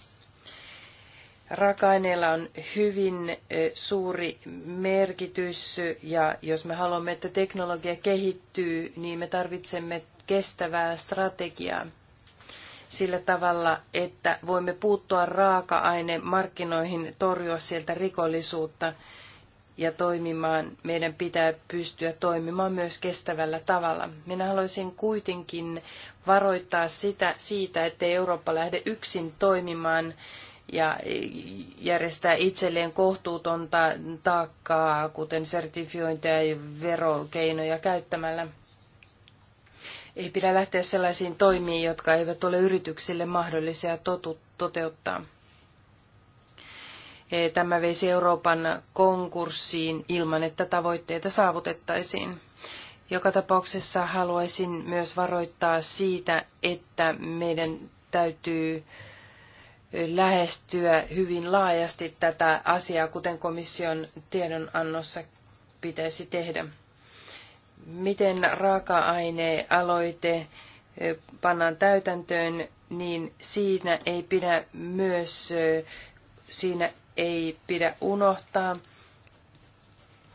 Raaka-aineilla on hyvin suuri merkitys ja jos me haluamme, että teknologia kehittyy, niin me tarvitsemme kestävää strategiaa sillä tavalla, että voimme puuttua raaka-ainemarkkinoihin, torjua sieltä rikollisuutta ja toimimaan. Meidän pitää pystyä toimimaan myös kestävällä tavalla. Minä haluaisin kuitenkin varoittaa sitä, siitä, ettei Eurooppa lähde yksin toimimaan ja järjestää itselleen kohtuutonta taakkaa, kuten sertifiointia ja verokeinoja käyttämällä. Ei pidä lähteä sellaisiin toimiin, jotka eivät ole yrityksille mahdollisia totu- toteuttaa. Tämä veisi Euroopan konkurssiin ilman, että tavoitteita saavutettaisiin. Joka tapauksessa haluaisin myös varoittaa siitä, että meidän täytyy lähestyä hyvin laajasti tätä asiaa, kuten komission tiedonannossa pitäisi tehdä. Miten raaka-ainealoite pannaan täytäntöön, niin siinä ei pidä myös, siinä ei pidä unohtaa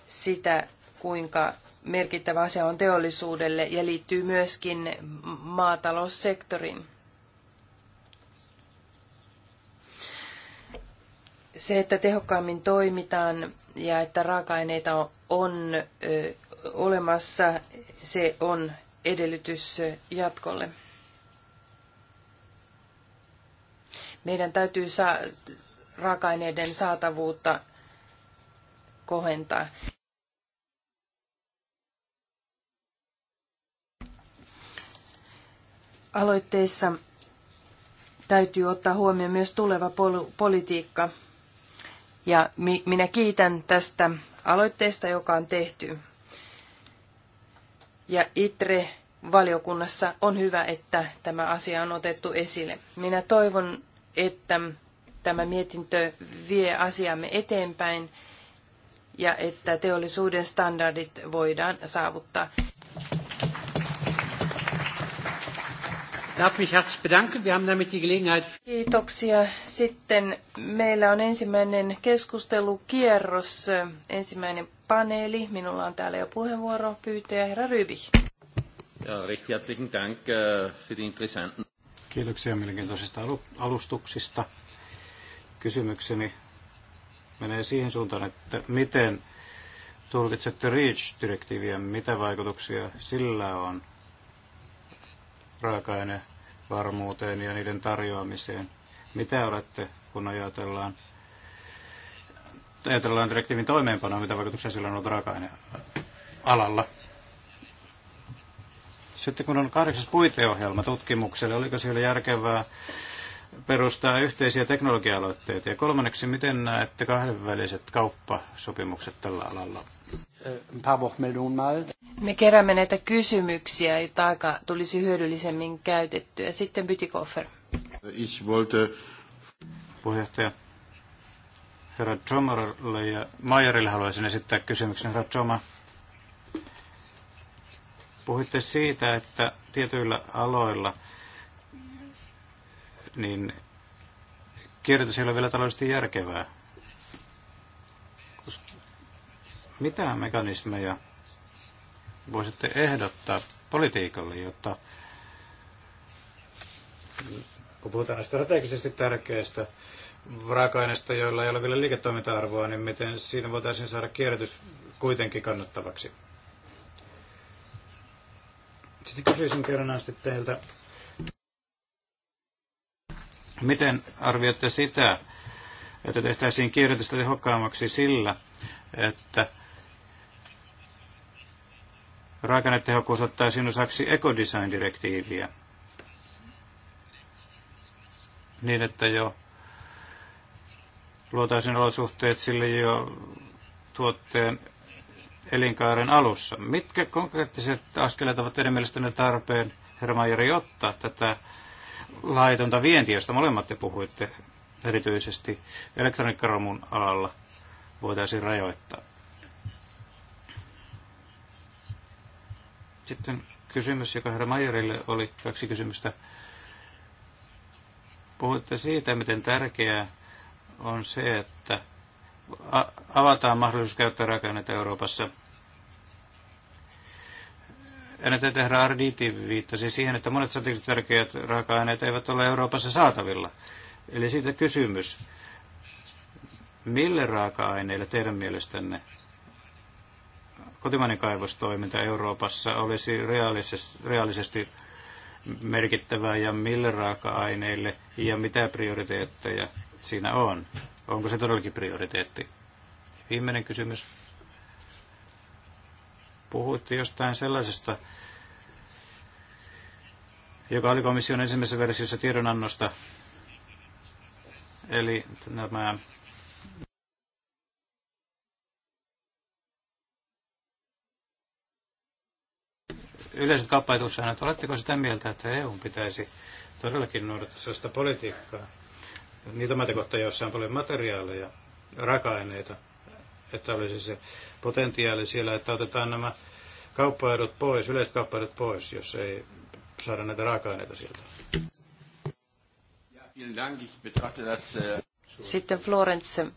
sitä, kuinka merkittävä asia on teollisuudelle ja liittyy myöskin maataloussektoriin. Se, että tehokkaammin toimitaan ja että raaka-aineita on olemassa, se on edellytys jatkolle. Meidän täytyy saa, raaka-aineiden saatavuutta kohentaa. Aloitteessa täytyy ottaa huomioon myös tuleva politiikka – ja mi- minä kiitän tästä aloitteesta, joka on tehty. Ja ITRE valiokunnassa on hyvä, että tämä asia on otettu esille. Minä toivon, että tämä mietintö vie asiamme eteenpäin ja että teollisuuden standardit voidaan saavuttaa. Kiitoksia. Sitten meillä on ensimmäinen keskustelukierros, ensimmäinen paneeli. Minulla on täällä jo puheenvuoro pyytäjä herra Ryby. Ja, äh, Kiitoksia mielenkiintoisista alustuksista. Kysymykseni menee siihen suuntaan, että miten tulkitsette REACH-direktiiviä, mitä vaikutuksia sillä on raaka-ainevarmuuteen ja niiden tarjoamiseen. Mitä olette, kun ajatellaan, ajatellaan direktiivin toimeenpanoa, mitä vaikutuksia sillä on ollut raaka-ainealalla? Sitten kun on kahdeksas puiteohjelma tutkimukselle, oliko siellä järkevää perustaa yhteisiä teknologia-aloitteita? Ja kolmanneksi, miten näette kahdenväliset kauppasopimukset tällä alalla? Äh, Me keräämme näitä kysymyksiä, joita aika tulisi hyödyllisemmin käytettyä. Sitten Bytikoffer. Ich wollte... Puheenjohtaja herra Zomarille ja Majerille haluaisin esittää kysymyksen. Herra Zoma, puhuitte siitä, että tietyillä aloilla – niin kierrätys ei ole vielä taloudellisesti järkevää. mitä mekanismeja voisitte ehdottaa politiikalle, jotta kun puhutaan strategisesti tärkeistä raaka-aineista, joilla ei ole vielä liiketoiminta-arvoa, niin miten siinä voitaisiin saada kierrätys kuitenkin kannattavaksi? Sitten kysyisin kerran asti teiltä, Miten arvioitte sitä, että tehtäisiin kierrätystä tehokkaammaksi sillä, että raakennetehokkuus ottaisiin osaksi ekodesign-direktiiviä, niin että jo luotaisiin olosuhteet sille jo tuotteen elinkaaren alussa. Mitkä konkreettiset askeleet ovat teidän mielestänne tarpeen, herra Majori, ottaa tätä laitonta vientiä, josta molemmat te puhuitte, erityisesti elektroniikkaromun alalla, voitaisiin rajoittaa. Sitten kysymys, joka herra Majerille oli, kaksi kysymystä. Puhuitte siitä, miten tärkeää on se, että avataan mahdollisuus käyttää rakennetta Euroopassa – Ennen tehdä Arditi viittasi siihen, että monet strategisesti tärkeät raaka-aineet eivät ole Euroopassa saatavilla. Eli siitä kysymys. Mille raaka-aineille teidän mielestänne kotimainen kaivostoiminta Euroopassa olisi reaalisesti merkittävää ja mille raaka-aineille ja mitä prioriteetteja siinä on? Onko se todellakin prioriteetti? Viimeinen kysymys. Puhuitte jostain sellaisesta, joka oli komission ensimmäisessä versiossa tiedonannosta, eli nämä yleiset kauppaetuussäännöt, oletteko sitä mieltä, että EU pitäisi todellakin noudattaa sellaista politiikkaa? Niitä maita kohtaa, joissa on paljon materiaaleja, raaka-aineita, että olisi se potentiaali siellä, että otetaan nämä kauppaedut pois, yleiset kauppaedut pois, jos ei saada näitä raaka-aineita sieltä. Äh, Sitten Florence,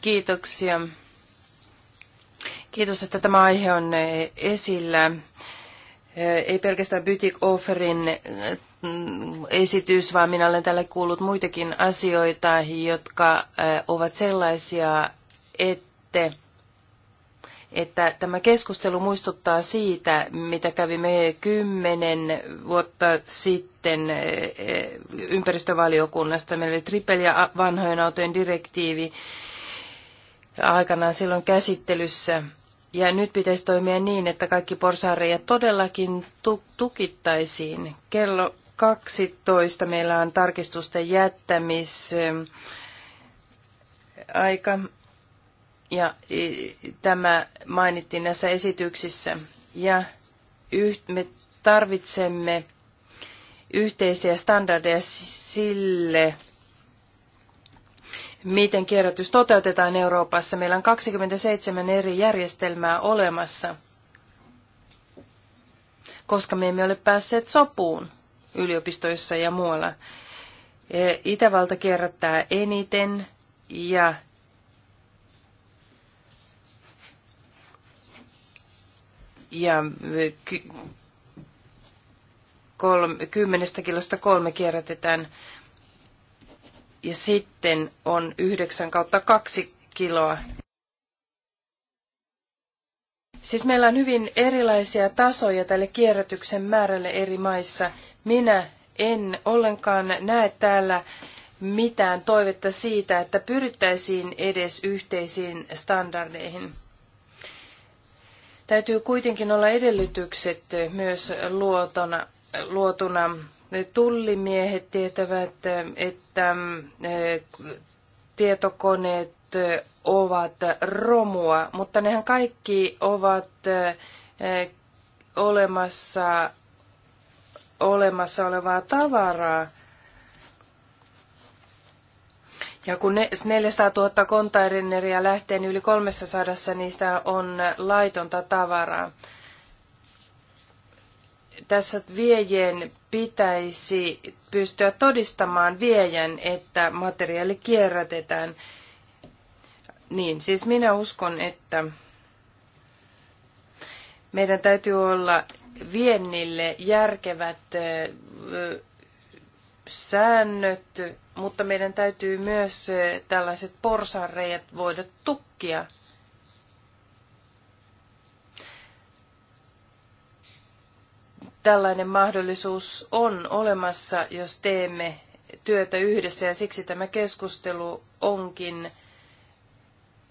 kiitoksia. Kiitos, että tämä aihe on äh, esillä. Äh, ei pelkästään Boutique Offerin mm, esitys, vaan minä olen tälle kuullut muitakin asioita, jotka ovat sellaisia, että sanoitte, että tämä keskustelu muistuttaa siitä, mitä kävimme kymmenen vuotta sitten eh, eh, ympäristövaliokunnasta. Meillä oli tripel- ja vanhojen autojen direktiivi aikanaan silloin käsittelyssä. Ja nyt pitäisi toimia niin, että kaikki porsaareja todellakin tukittaisiin. Kello 12 meillä on tarkistusten jättämis eh, aika ja tämä mainittiin näissä esityksissä. Ja me tarvitsemme yhteisiä standardeja sille, miten kierrätys toteutetaan Euroopassa. Meillä on 27 eri järjestelmää olemassa, koska me emme ole päässeet sopuun yliopistoissa ja muualla. E, Itävalta kierrättää eniten ja ja kymmenestä kilosta kolme kierrätetään. Ja sitten on 9 kautta kaksi kiloa. Siis meillä on hyvin erilaisia tasoja tälle kierrätyksen määrälle eri maissa. Minä en ollenkaan näe täällä mitään toivetta siitä, että pyrittäisiin edes yhteisiin standardeihin. Täytyy kuitenkin olla edellytykset myös luotona, luotuna. Tullimiehet tietävät, että eh, tietokoneet ovat romua, mutta nehän kaikki ovat eh, olemassa, olemassa olevaa tavaraa. Ja kun 400 000 kontaineria lähtee, niin yli 300 niistä on laitonta tavaraa. Tässä viejien pitäisi pystyä todistamaan viejän, että materiaali kierrätetään. Niin, siis minä uskon, että meidän täytyy olla viennille järkevät säännöt mutta meidän täytyy myös eh, tällaiset porsareijat voida tukkia. Tällainen mahdollisuus on olemassa, jos teemme työtä yhdessä ja siksi tämä keskustelu onkin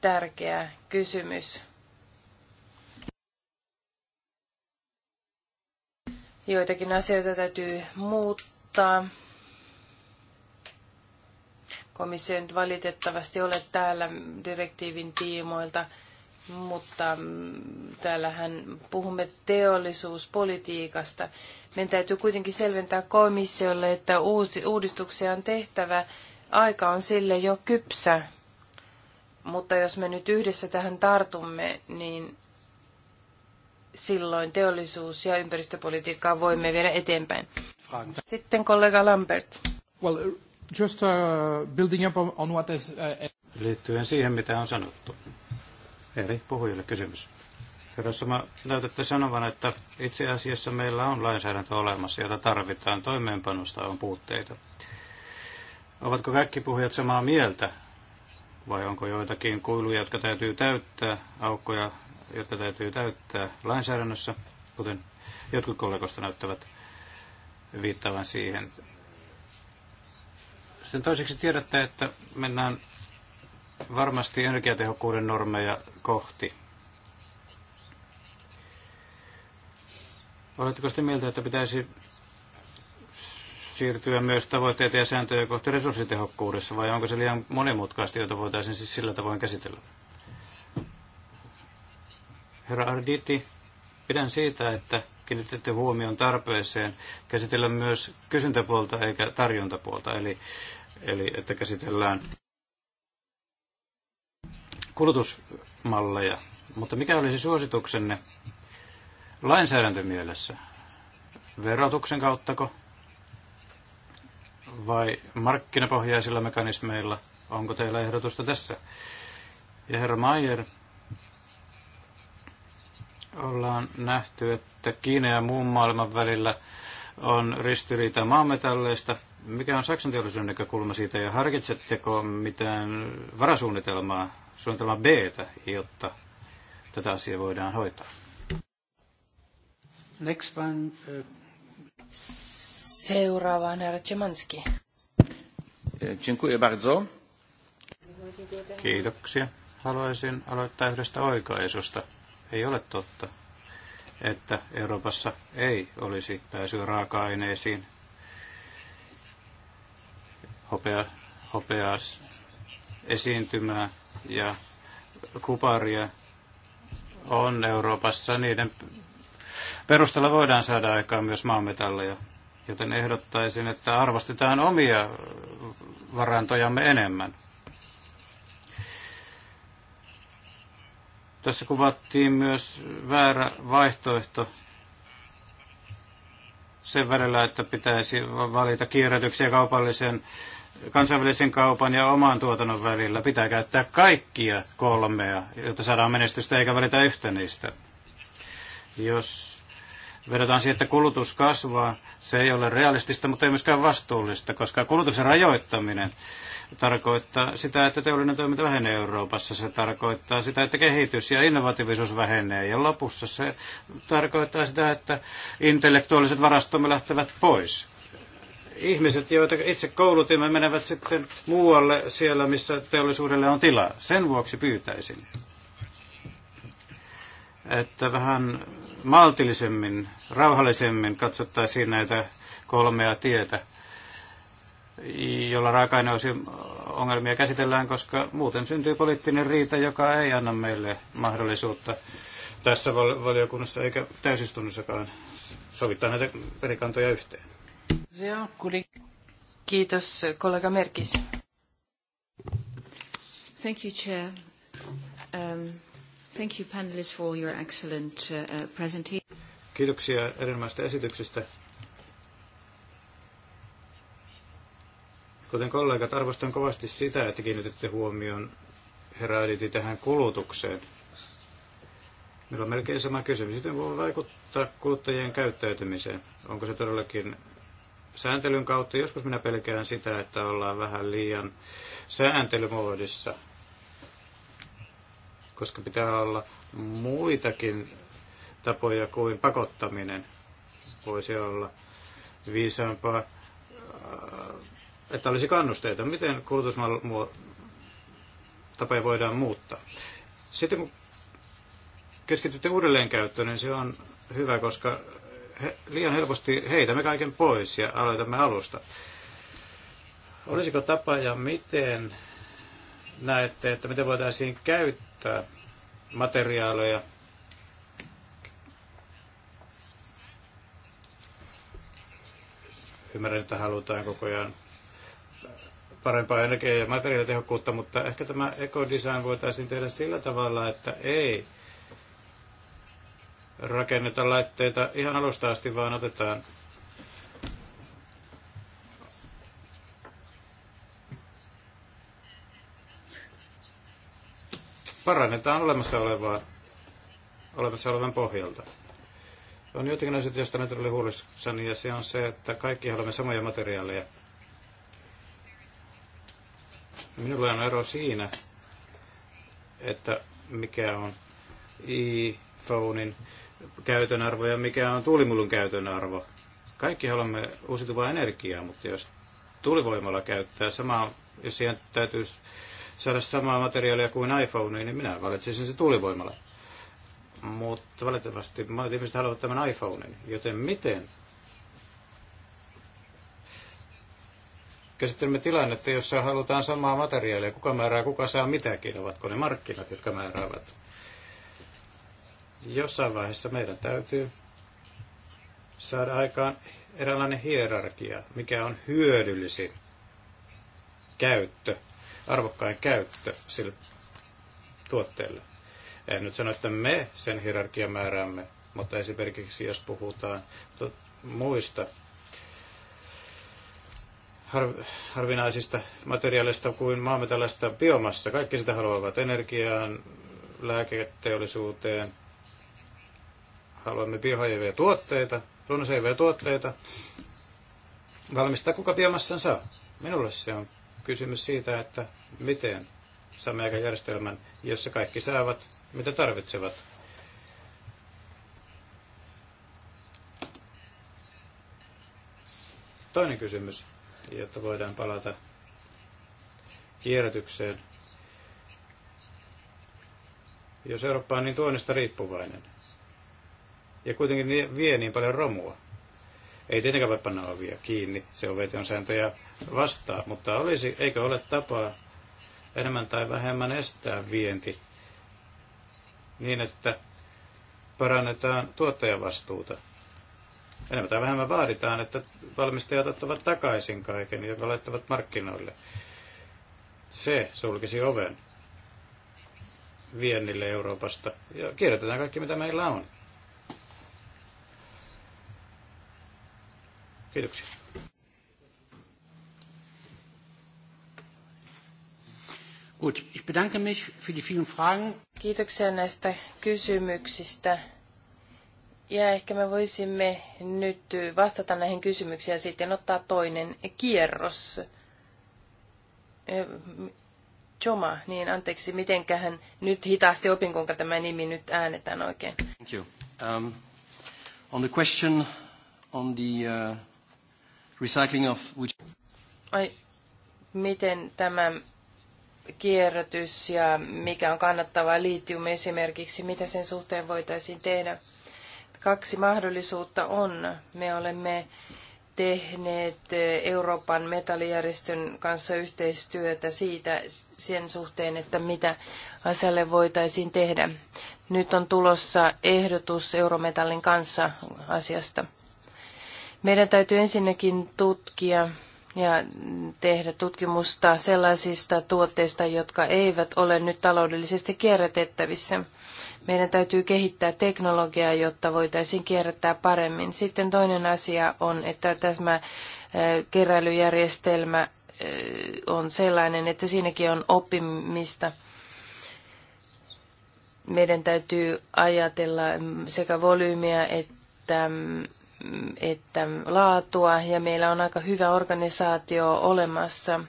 tärkeä kysymys. Joitakin asioita täytyy muuttaa Komissio ei nyt valitettavasti ole täällä direktiivin tiimoilta, mutta mm, täällähän puhumme teollisuuspolitiikasta. Meidän täytyy kuitenkin selventää komissiolle, että uudistuksia on tehtävä. Aika on sille jo kypsä. Mutta jos me nyt yhdessä tähän tartumme, niin silloin teollisuus- ja ympäristöpolitiikkaa voimme viedä eteenpäin. Sitten kollega Lambert. Well, Just uh, building up on what uh, uh, Liittyen siihen, mitä on sanottu. Eri puhujille kysymys. Herrassa mä näytätte sanovan, että itse asiassa meillä on lainsäädäntö olemassa, jota tarvitaan. Toimeenpanosta on puutteita. Ovatko kaikki puhujat samaa mieltä? Vai onko joitakin kuiluja, jotka täytyy täyttää, aukkoja, jotka täytyy täyttää lainsäädännössä, kuten jotkut kollegoista näyttävät viittaavan siihen. Sitten toiseksi tiedätte, että mennään varmasti energiatehokkuuden normeja kohti. Oletteko sitä mieltä, että pitäisi siirtyä myös tavoitteita ja sääntöjä kohti resurssitehokkuudessa, vai onko se liian monimutkaista, jota voitaisiin siis sillä tavoin käsitellä? Herra Arditi, pidän siitä, että kiinnitette huomion tarpeeseen käsitellä myös kysyntäpuolta eikä tarjontapuolta, eli eli että käsitellään kulutusmalleja. Mutta mikä olisi suosituksenne lainsäädäntömielessä? Verotuksen kauttako vai markkinapohjaisilla mekanismeilla? Onko teillä ehdotusta tässä? Ja herra Mayer, ollaan nähty, että Kiina ja muun maailman välillä on ristiriita maametalleista – mikä on Saksan teollisuuden näkökulma siitä ja harkitsetteko mitään varasuunnitelmaa, suunnitelma B, jotta tätä asiaa voidaan hoitaa? Next one. Uh... Seuraava on herra Czemanski. E, Kiitoksia. Haluaisin aloittaa yhdestä oikaisusta. Ei ole totta, että Euroopassa ei olisi pääsyä raaka-aineisiin hopea, hopeaa esiintymää ja kuparia on Euroopassa, niiden perusteella voidaan saada aikaan myös maametalleja. Joten ehdottaisin, että arvostetaan omia varantojamme enemmän. Tässä kuvattiin myös väärä vaihtoehto sen välillä, että pitäisi valita kierrätyksiä kaupallisen kansainvälisen kaupan ja oman tuotannon välillä. Pitää käyttää kaikkia kolmea, jotta saadaan menestystä eikä välitä yhtä niistä. Jos vedotaan siihen, että kulutus kasvaa, se ei ole realistista, mutta ei myöskään vastuullista, koska kulutuksen rajoittaminen tarkoittaa sitä, että teollinen toiminta vähenee Euroopassa. Se tarkoittaa sitä, että kehitys ja innovatiivisuus vähenee. Ja lopussa se tarkoittaa sitä, että intellektuaaliset varastomme lähtevät pois ihmiset, joita itse koulutimme, menevät sitten muualle siellä, missä teollisuudelle on tilaa. Sen vuoksi pyytäisin, että vähän maltillisemmin, rauhallisemmin katsottaisiin näitä kolmea tietä, jolla raaka ongelmia käsitellään, koska muuten syntyy poliittinen riita, joka ei anna meille mahdollisuutta tässä valiokunnassa eikä täysistunnossakaan sovittaa näitä perikantoja yhteen. Kiitos kollega Merkis. Thank you, Chair. Um, thank you, panelists, for your excellent uh, presentation. Kiitoksia erinomaisesta esityksestä. Kuten kollegat, arvostan kovasti sitä, että kiinnitette huomioon herra Editi tähän kulutukseen. Meillä on melkein sama kysymys. Miten voi vaikuttaa kuluttajien käyttäytymiseen? Onko se todellakin sääntelyn kautta. Joskus minä pelkään sitä, että ollaan vähän liian sääntelymoodissa, koska pitää olla muitakin tapoja kuin pakottaminen. Voisi olla viisaampaa, äh, että olisi kannusteita. Miten kulutustapoja voidaan muuttaa? Sitten kun keskitytte uudelleenkäyttöön, niin se on hyvä, koska liian helposti heitämme kaiken pois ja aloitamme alusta. Olisiko tapa ja miten näette, että miten voitaisiin käyttää materiaaleja Ymmärrän, että halutaan koko ajan parempaa energiaa ja materiaalitehokkuutta, mutta ehkä tämä ekodesign voitaisiin tehdä sillä tavalla, että ei rakenneta laitteita ihan alusta asti, vaan otetaan parannetaan olemassa olevaa, olemassa olevan pohjalta. On jotenkin asioita, joista näitä oli huolissani, ja se on se, että kaikki haluamme samoja materiaaleja. Minulla on ero siinä, että mikä on iPhonein käytön arvo ja mikä on tuulimullun käytön arvo. Kaikki haluamme uusiutuvaa energiaa, mutta jos tuulivoimalla käyttää samaa, jos siihen täytyy saada samaa materiaalia kuin iPhone, niin minä valitsisin se tuulivoimalla. Mutta valitettavasti monet ihmiset haluavat tämän iPhonein, joten miten käsittelemme tilannetta, jossa halutaan samaa materiaalia, kuka määrää, kuka saa mitäkin, ovatko ne markkinat, jotka määräävät jossain vaiheessa meidän täytyy saada aikaan eräänlainen hierarkia, mikä on hyödyllisin käyttö, arvokkain käyttö sille tuotteelle. En nyt sano, että me sen hierarkian määräämme, mutta esimerkiksi jos puhutaan muista harvinaisista materiaaleista kuin maametallista biomassa, kaikki sitä haluavat energiaan, lääketeollisuuteen, haluamme bio-HIV-tuotteita, luonnos-HIV-tuotteita, valmistaa kuka biomassan saa. Minulle se on kysymys siitä, että miten saamme aika järjestelmän, jossa kaikki saavat, mitä tarvitsevat. Toinen kysymys, jotta voidaan palata kierrätykseen. Jos Eurooppa on niin tuonnista riippuvainen, ja kuitenkin vie niin paljon romua. Ei tietenkään voi panna ovia kiinni, se on VTOn sääntöjä vastaan, mutta olisi, eikö ole tapaa enemmän tai vähemmän estää vienti niin, että parannetaan vastuuta. Enemmän tai vähemmän vaaditaan, että valmistajat ottavat takaisin kaiken ja laittavat markkinoille. Se sulkisi oven viennille Euroopasta ja kirjoitetaan kaikki, mitä meillä on. Kiitoksia. Gut, ich bedanke mich für die vielen Fragen. Kiitoksia näistä kysymyksistä. Ja ehkä me voisimme nyt vastata näihin kysymyksiin ja sitten ottaa toinen kierros. Eh, Joma, niin anteeksi, mitenkähän nyt hitaasti opin, kuinka tämä nimi nyt äänetään oikein. Thank you. Um, on the question on the uh, recycling of which... Ai, miten tämä kierrätys ja mikä on kannattavaa liitium esimerkiksi, mitä sen suhteen voitaisiin tehdä. Kaksi mahdollisuutta on. Me olemme tehneet eh, Euroopan metallijärjestön kanssa yhteistyötä siitä sen suhteen, että mitä asialle voitaisiin tehdä. Nyt on tulossa ehdotus Eurometallin kanssa asiasta. Meidän täytyy ensinnäkin tutkia ja tehdä tutkimusta sellaisista tuotteista, jotka eivät ole nyt taloudellisesti kierrätettävissä. Meidän täytyy kehittää teknologiaa, jotta voitaisiin kierrättää paremmin. Sitten toinen asia on, että tämä äh, keräilyjärjestelmä äh, on sellainen, että siinäkin on oppimista. Meidän täytyy ajatella mm, sekä volyymiä että että mm, että laatua ja meillä on aika hyvä organisaatio olemassa.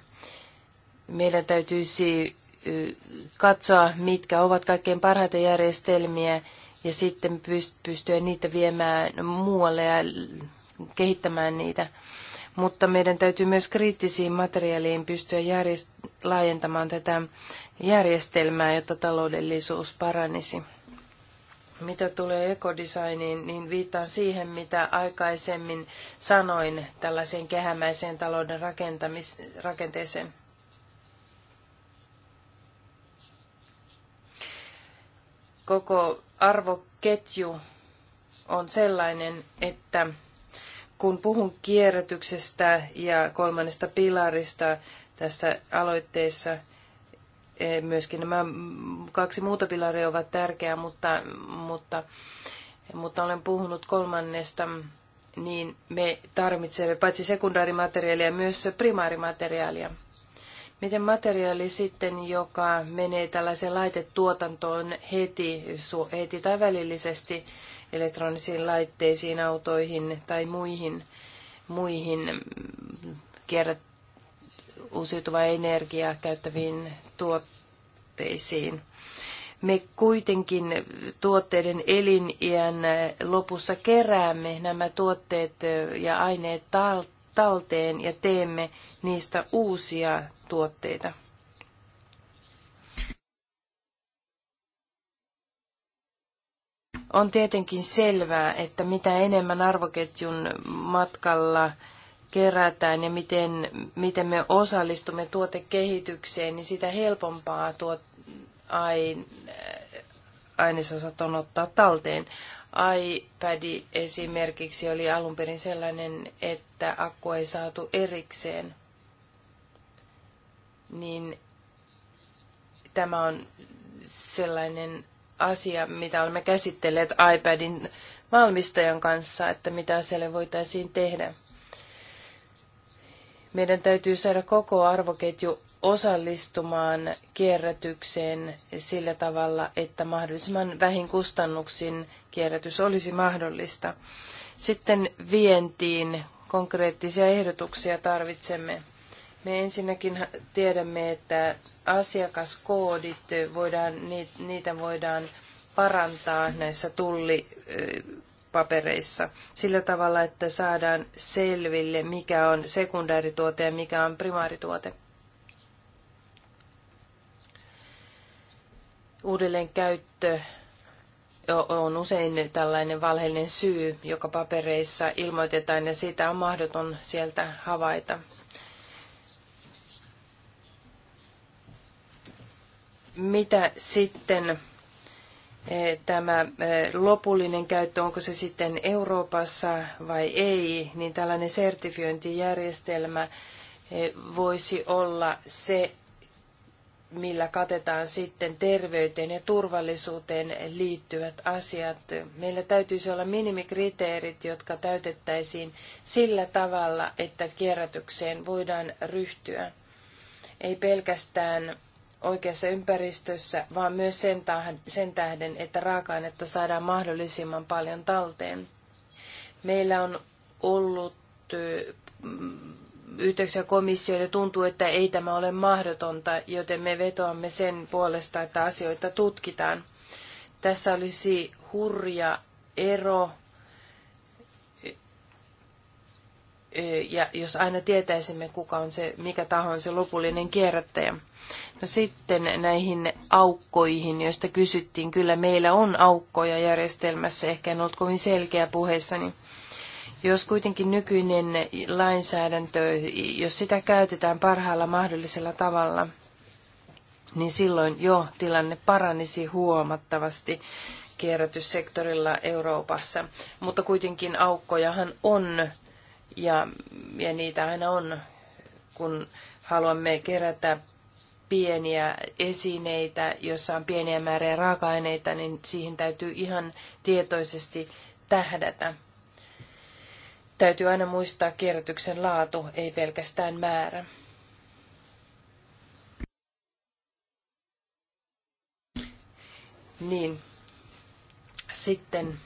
Meidän täytyisi katsoa, mitkä ovat kaikkein parhaita järjestelmiä ja sitten pystyä niitä viemään muualle ja kehittämään niitä. Mutta meidän täytyy myös kriittisiin materiaaliin pystyä järjest- laajentamaan tätä järjestelmää, jotta taloudellisuus paranisi. Mitä tulee ekodesigniin, niin viittaan siihen, mitä aikaisemmin sanoin tällaiseen kehämäiseen talouden rakentamis- rakenteeseen. Koko arvoketju on sellainen, että kun puhun kierrätyksestä ja kolmannesta pilarista tässä aloitteessa, Myöskin nämä kaksi muuta pilaria ovat tärkeää, mutta, mutta, mutta olen puhunut kolmannesta, niin me tarvitsemme paitsi sekundaarimateriaalia myös primaarimateriaalia. Miten materiaali sitten, joka menee tällaiseen laitetuotantoon heti, heti tai välillisesti elektronisiin laitteisiin, autoihin tai muihin, muihin kierrättämään, uusiutuvaa energiaa käyttäviin tuotteisiin. Me kuitenkin tuotteiden eliniän lopussa keräämme nämä tuotteet ja aineet talteen ja teemme niistä uusia tuotteita. on tietenkin selvää, että mitä enemmän arvoketjun matkalla kerätään ja miten, miten me osallistumme tuotekehitykseen, niin sitä helpompaa tuo ain, ainesosat on ottaa talteen. iPad esimerkiksi oli alun perin sellainen, että akku ei saatu erikseen. Niin tämä on sellainen asia, mitä olemme käsitelleet iPadin valmistajan kanssa, että mitä siellä voitaisiin tehdä. Meidän täytyy saada koko arvoketju osallistumaan kierrätykseen sillä tavalla, että mahdollisimman vähin kustannuksin kierrätys olisi mahdollista. Sitten vientiin konkreettisia ehdotuksia tarvitsemme. Me ensinnäkin tiedämme, että asiakaskoodit, voidaan, niitä voidaan parantaa näissä tulli papereissa sillä tavalla, että saadaan selville, mikä on sekundäärituote ja mikä on primaarituote. Uudelleenkäyttö on usein tällainen valheellinen syy, joka papereissa ilmoitetaan ja sitä on mahdoton sieltä havaita. Mitä sitten Eh, tämä eh, lopullinen käyttö, onko se sitten Euroopassa vai ei, niin tällainen sertifiointijärjestelmä eh, voisi olla se, millä katetaan sitten terveyteen ja turvallisuuteen liittyvät asiat. Meillä täytyisi olla minimikriteerit, jotka täytettäisiin sillä tavalla, että kierrätykseen voidaan ryhtyä. Ei pelkästään oikeassa ympäristössä, vaan myös sen, sen tähden, että raaka-ainetta saadaan mahdollisimman paljon talteen. Meillä on ollut mm, yhteyksiä komissioille tuntuu, että ei tämä ole mahdotonta, joten me vetoamme sen puolesta, että asioita tutkitaan. Tässä olisi hurja ero, ja jos aina tietäisimme, kuka on se, mikä taho on se lopullinen kierrättäjä sitten näihin aukkoihin, joista kysyttiin. Kyllä meillä on aukkoja järjestelmässä, ehkä en ollut kovin selkeä puheessani. Jos kuitenkin nykyinen lainsäädäntö, jos sitä käytetään parhaalla mahdollisella tavalla, niin silloin jo tilanne paranisi huomattavasti kierrätyssektorilla Euroopassa. Mutta kuitenkin aukkojahan on ja, ja niitä aina on, kun haluamme kerätä pieniä esineitä, jossa on pieniä määriä raaka-aineita, niin siihen täytyy ihan tietoisesti tähdätä. Täytyy aina muistaa kierrätyksen laatu, ei pelkästään määrä. Niin. Sitten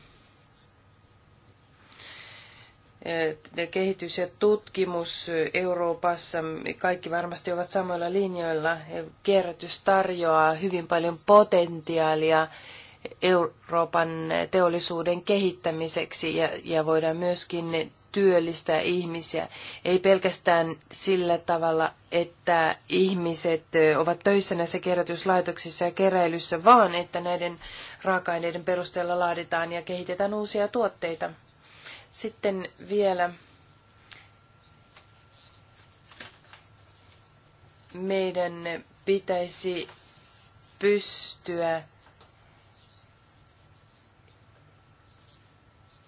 kehitys ja tutkimus Euroopassa, kaikki varmasti ovat samoilla linjoilla. Kierrätys tarjoaa hyvin paljon potentiaalia Euroopan teollisuuden kehittämiseksi ja, ja voidaan myöskin työllistää ihmisiä. Ei pelkästään sillä tavalla, että ihmiset ovat töissä näissä kerätyslaitoksissa ja keräilyssä, vaan että näiden raaka-aineiden perusteella laaditaan ja kehitetään uusia tuotteita. Sitten vielä meidän pitäisi pystyä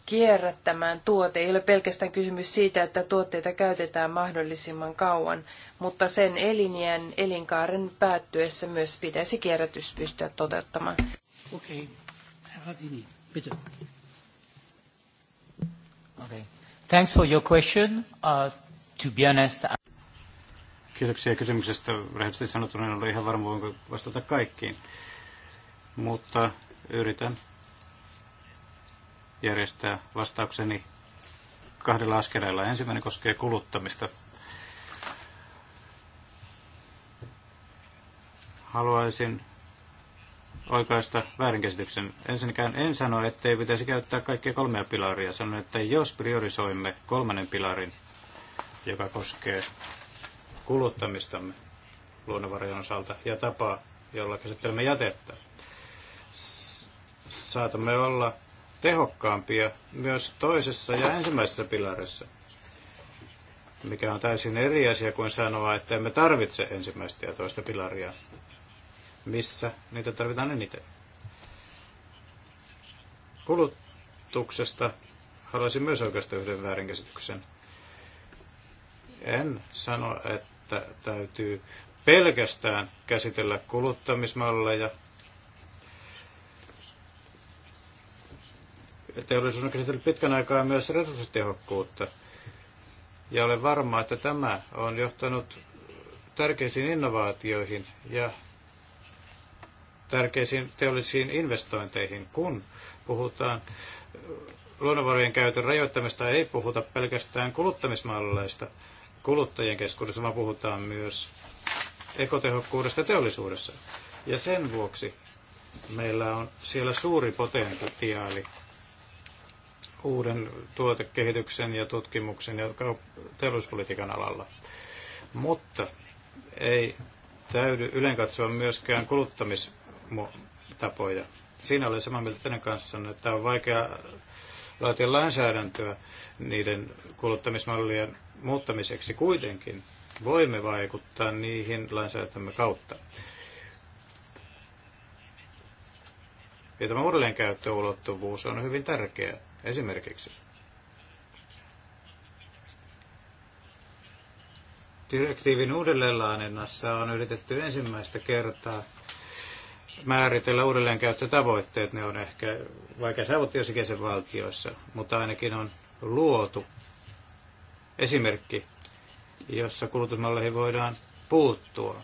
kierrättämään tuote. Ei ole pelkästään kysymys siitä, että tuotteita käytetään mahdollisimman kauan, mutta sen elinjän elinkaaren päättyessä myös pitäisi kierrätys pystyä toteuttamaan. Okei, okay. Okay. Thanks for your question. Uh, to be honest, I'm Kiitoksia kysymyksestä. Rehellisesti sanottuna en ole ihan varma, voinko vastata kaikkiin. Mutta yritän järjestää vastaukseni kahdella askeleella. Ensimmäinen koskee kuluttamista. Haluaisin oikaista väärinkäsityksen. Ensinnäkään en sano, ettei pitäisi käyttää kaikkia kolmea pilaria. Sanon, että jos priorisoimme kolmannen pilarin, joka koskee kuluttamistamme luonnonvarojen osalta ja tapaa, jolla käsittelemme jätettä, saatamme olla tehokkaampia myös toisessa ja ensimmäisessä pilarissa, mikä on täysin eri asia kuin sanoa, että emme tarvitse ensimmäistä ja toista pilaria missä niitä tarvitaan eniten. Kulutuksesta haluaisin myös oikeastaan yhden väärinkäsityksen. En sano, että täytyy pelkästään käsitellä kuluttamismalleja. Teollisuus on käsitellyt pitkän aikaa myös resurssitehokkuutta. Ja olen varma, että tämä on johtanut tärkeisiin innovaatioihin ja tärkeisiin teollisiin investointeihin. Kun puhutaan luonnonvarojen käytön rajoittamista, ei puhuta pelkästään kuluttamismalleista kuluttajien keskuudessa, vaan puhutaan myös ekotehokkuudesta teollisuudessa. Ja sen vuoksi meillä on siellä suuri potentiaali uuden tuotekehityksen ja tutkimuksen ja teollisuuspolitiikan alalla. Mutta ei täydy ylen katsoa myöskään kuluttamis tapoja. Siinä olen samaa mieltä tänne kanssa, että on vaikea laatia lainsäädäntöä niiden kuluttamismallien muuttamiseksi. Kuitenkin voimme vaikuttaa niihin lainsäädäntömme kautta. Ja tämä uudelleenkäyttöulottuvuus on hyvin tärkeä esimerkiksi. Direktiivin uudelleenlaadinnassa on yritetty ensimmäistä kertaa määritellä uudelleenkäyttötavoitteet. Ne on ehkä vaikea saavuttaa jossakin sen valtioissa, mutta ainakin on luotu esimerkki, jossa kulutusmalleihin voidaan puuttua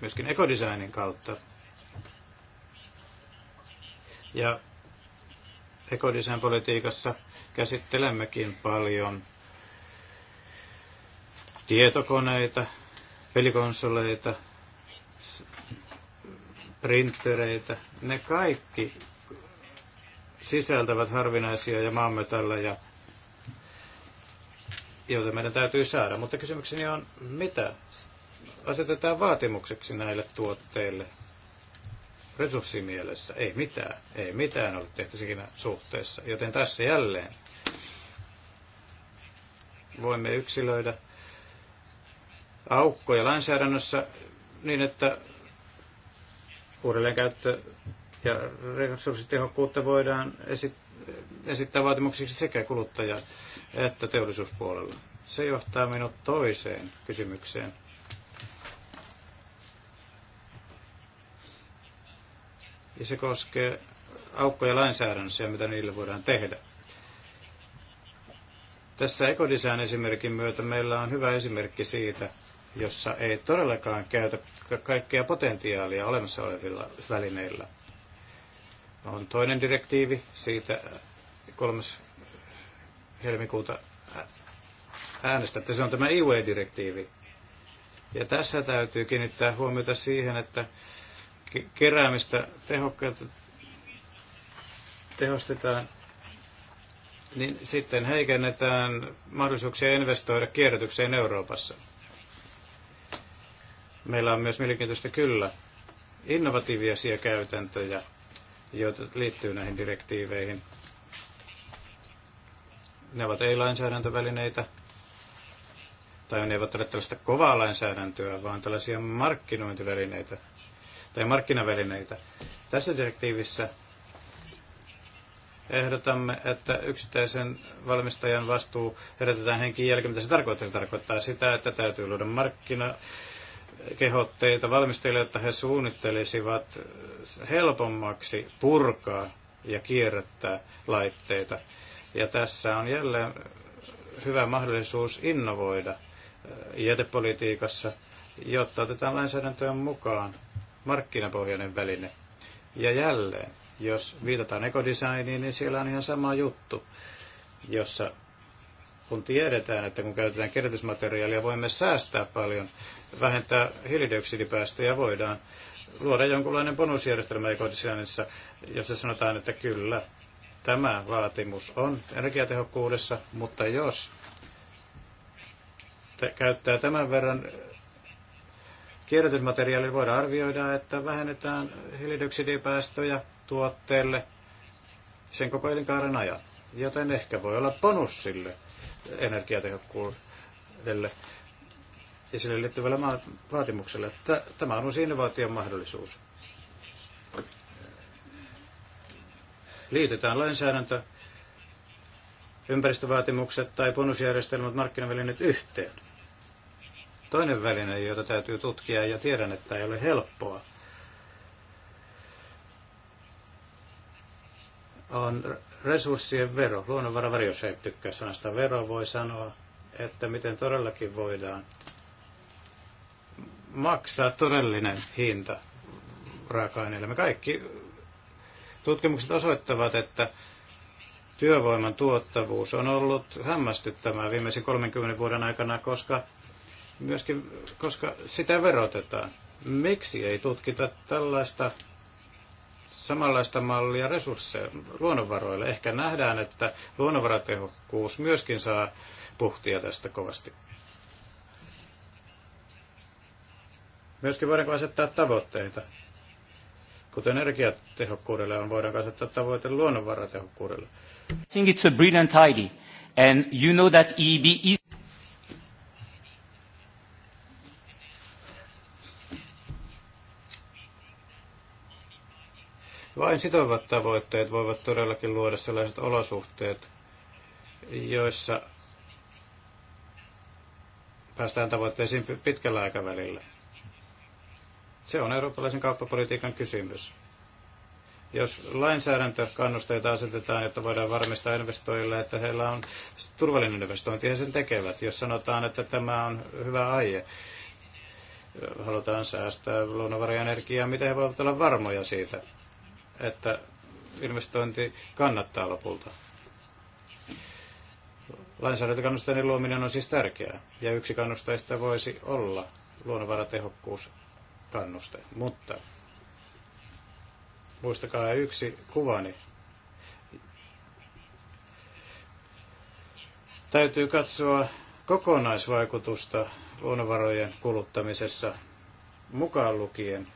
myöskin ekodesignin kautta. Ja ekodesign-politiikassa käsittelemmekin paljon tietokoneita, pelikonsoleita, printtereitä. ne kaikki sisältävät harvinaisia ja maanmetalleja, joita meidän täytyy saada. Mutta kysymykseni on, mitä asetetaan vaatimukseksi näille tuotteille resurssimielessä? Ei mitään. Ei mitään ollut tehty siinä suhteessa. Joten tässä jälleen voimme yksilöidä aukkoja lainsäädännössä niin, että uudelleenkäyttö ja resurssitehokkuutta voidaan esittää vaatimuksiksi sekä kuluttaja- että teollisuuspuolella. Se johtaa minut toiseen kysymykseen. Ja se koskee aukkoja lainsäädännössä ja mitä niille voidaan tehdä. Tässä ekodesign-esimerkin myötä meillä on hyvä esimerkki siitä, jossa ei todellakaan käytä kaikkea potentiaalia olemassa olevilla välineillä. On toinen direktiivi siitä 3. Äh, helmikuuta äh, että Se on tämä eu direktiivi Ja tässä täytyy kiinnittää huomiota siihen, että keräämistä tehokkaita tehostetaan, niin sitten heikennetään mahdollisuuksia investoida kierrätykseen Euroopassa. Meillä on myös mielenkiintoista kyllä innovatiivisia käytäntöjä, joita liittyy näihin direktiiveihin. Ne ovat ei-lainsäädäntövälineitä, tai ne eivät ole tällaista kovaa lainsäädäntöä, vaan tällaisia markkinointivälineitä tai markkinavälineitä. Tässä direktiivissä ehdotamme, että yksittäisen valmistajan vastuu herätetään henkiin jälkeen. Mitä se tarkoittaa? Se tarkoittaa sitä, että täytyy luoda markkina, kehotteita valmistajille, että he suunnittelisivat helpommaksi purkaa ja kierrättää laitteita. Ja tässä on jälleen hyvä mahdollisuus innovoida äh, jätepolitiikassa, jotta otetaan lainsäädäntöön mukaan markkinapohjainen väline. Ja jälleen, jos viitataan ekodesigniin, niin siellä on ihan sama juttu, jossa kun tiedetään, että kun käytetään kierrätysmateriaalia, voimme säästää paljon vähentää hiilidioksidipäästöjä, voidaan luoda jonkunlainen bonusjärjestelmä ekodisainissa, jossa sanotaan, että kyllä, tämä vaatimus on energiatehokkuudessa, mutta jos käyttää tämän verran kierrätysmateriaalia, niin voidaan arvioida, että vähennetään hiilidioksidipäästöjä tuotteelle sen koko elinkaaren ajan. Joten ehkä voi olla bonus sille energiatehokkuudelle ja sille liittyvällä vaatimuksella. Tämä on uusi innovaation mahdollisuus. Liitetään lainsäädäntö, ympäristövaatimukset tai bonusjärjestelmät, markkinavälineet yhteen. Toinen väline, jota täytyy tutkia ja tiedän, että ei ole helppoa, on resurssien vero. Luonnonvaravarjos ei tykkää sanasta vero, voi sanoa, että miten todellakin voidaan maksaa todellinen hinta raaka-aineille. Me kaikki tutkimukset osoittavat, että työvoiman tuottavuus on ollut hämmästyttävää viimeisen 30 vuoden aikana, koska, myöskin, koska sitä verotetaan. Miksi ei tutkita tällaista samanlaista mallia resursseja luonnonvaroille? Ehkä nähdään, että luonnonvaratehokkuus myöskin saa puhtia tästä kovasti. Myöskin voidaanko asettaa tavoitteita. Kuten energiatehokkuudelle on, voidaanko asettaa tavoite luonnonvaratehokkuudelle. I think it's a brilliant idea. And you know that EB is... Vain sitovat tavoitteet voivat todellakin luoda sellaiset olosuhteet, joissa päästään tavoitteisiin pitkällä aikavälillä. Se on eurooppalaisen kauppapolitiikan kysymys. Jos lainsäädäntökannusteita asetetaan, jotta voidaan varmistaa investoijille, että heillä on turvallinen investointi, he sen tekevät. Jos sanotaan, että tämä on hyvä aie, halutaan säästää luonnonvaroja energiaa, miten he voivat olla varmoja siitä, että investointi kannattaa lopulta. Lainsäädäntökannusteiden luominen on siis tärkeää, ja yksi kannusteista voisi olla luonnonvaratehokkuus kannuste. Mutta muistakaa yksi kuvani. Täytyy katsoa kokonaisvaikutusta luonnonvarojen kuluttamisessa mukaan lukien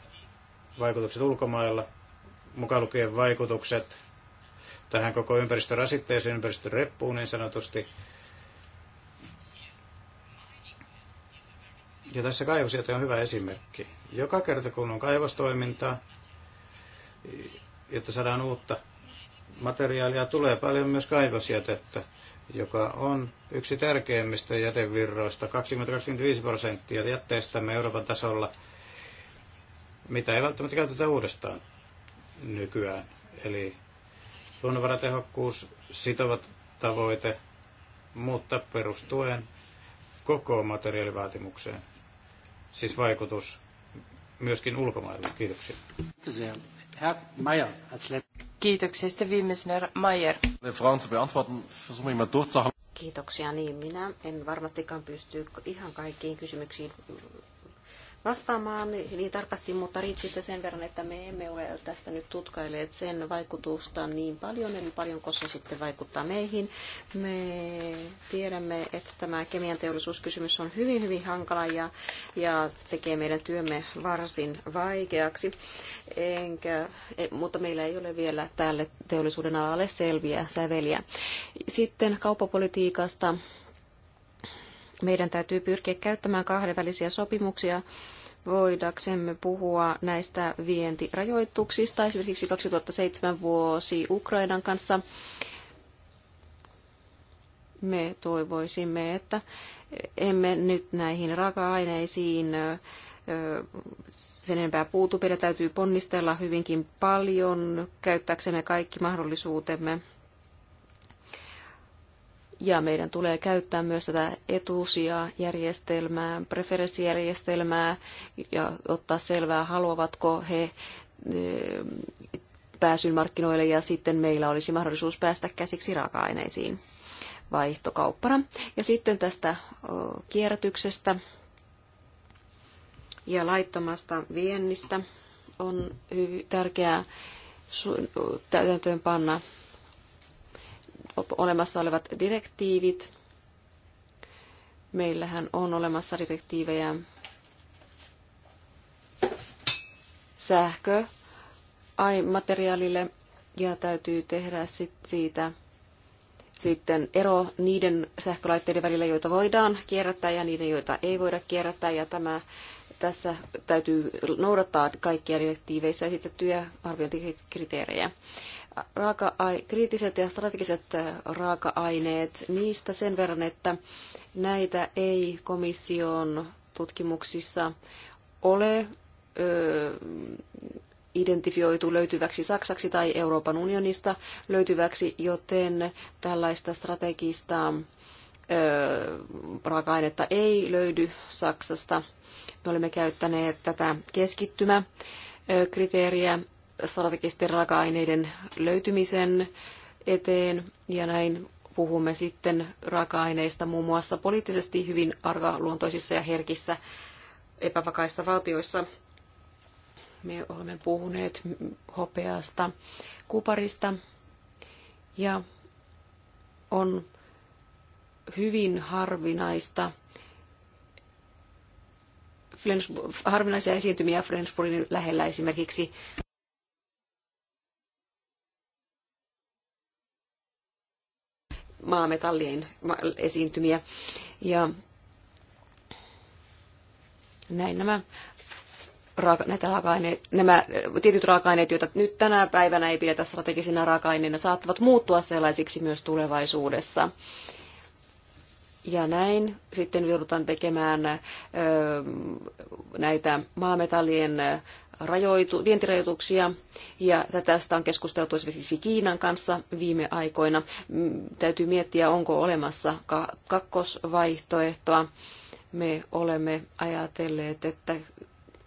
vaikutukset ulkomailla, mukaan lukien vaikutukset tähän koko ympäristörasitteeseen, ympäristöreppuun niin sanotusti, Ja tässä kaivosjäte on hyvä esimerkki. Joka kerta kun on kaivostoimintaa, jotta saadaan uutta materiaalia, tulee paljon myös kaivosjätettä, joka on yksi tärkeimmistä jätevirroista. 20-25 prosenttia jätteestämme Euroopan tasolla, mitä ei välttämättä käytetä uudestaan nykyään. Eli luonnonvaratehokkuus, sitovat tavoite, mutta perustuen koko materiaalivaatimukseen siis vaikutus myöskin ulkomailla. Kiitoksia. Mayer, Kiitoksia. viimeisenä Mayer. Kiitoksia. Niin, minä en varmastikaan pysty ihan kaikkiin kysymyksiin vastaamaan niin tarkasti, mutta Richistä sen verran, että me emme ole tästä nyt tutkailleet sen vaikutusta niin paljon, eli paljonko se sitten vaikuttaa meihin. Me tiedämme, että tämä kemian teollisuuskysymys on hyvin, hyvin hankala ja, ja tekee meidän työmme varsin vaikeaksi. Enkä, e, mutta meillä ei ole vielä tälle teollisuuden alalle selviä säveliä. Sitten kauppapolitiikasta meidän täytyy pyrkiä käyttämään kahdenvälisiä sopimuksia voidaksemme puhua näistä vientirajoituksista. Esimerkiksi 2007 vuosi Ukrainan kanssa me toivoisimme, että emme nyt näihin raaka-aineisiin sen enempää puutu. Meidän täytyy ponnistella hyvinkin paljon käyttääksemme kaikki mahdollisuutemme ja meidän tulee käyttää myös tätä etuusia järjestelmää, preferenssijärjestelmää ja ottaa selvää, haluavatko he eh, pääsyn markkinoille ja sitten meillä olisi mahdollisuus päästä käsiksi raaka-aineisiin vaihtokauppana. Ja sitten tästä kierrätyksestä ja laittomasta viennistä on hyvin tärkeää täytäntöön panna olemassa olevat direktiivit. Meillähän on olemassa direktiivejä sähkö materiaalille ja täytyy tehdä sit siitä sitten ero niiden sähkölaitteiden välillä, joita voidaan kierrättää ja niiden, joita ei voida kierrättää. Ja tämä, tässä täytyy noudattaa kaikkia direktiiveissä esitettyjä arviointikriteerejä raaka kriittiset ja strategiset äh, raaka-aineet, niistä sen verran, että näitä ei komission tutkimuksissa ole ö, identifioitu löytyväksi Saksaksi tai Euroopan unionista löytyväksi, joten tällaista strategista ö, raaka-ainetta ei löydy Saksasta. Me olemme käyttäneet tätä keskittymäkriteeriä strategisten raaka-aineiden löytymisen eteen ja näin puhumme sitten raaka-aineista muun muassa poliittisesti hyvin arkaluontoisissa ja herkissä epävakaissa valtioissa. Me olemme puhuneet hopeasta, kuparista ja on hyvin harvinaista harvinaisia esiintymiä Flensburgin lähellä esimerkiksi maametallien esiintymiä. Ja näin nämä raaka, näitä raaka-aineet, nämä äh, tietyt raaka-aineet, joita nyt tänä päivänä ei pidetä strategisina raaka-aineina, saattavat muuttua sellaisiksi myös tulevaisuudessa. Ja näin sitten joudutaan tekemään ö, äh, näitä maametallien äh, rajoitu, vientirajoituksia ja tästä on keskusteltu esimerkiksi Kiinan kanssa viime aikoina. Mm, täytyy miettiä, onko olemassa kakkosvaihtoehtoa. Me olemme ajatelleet, että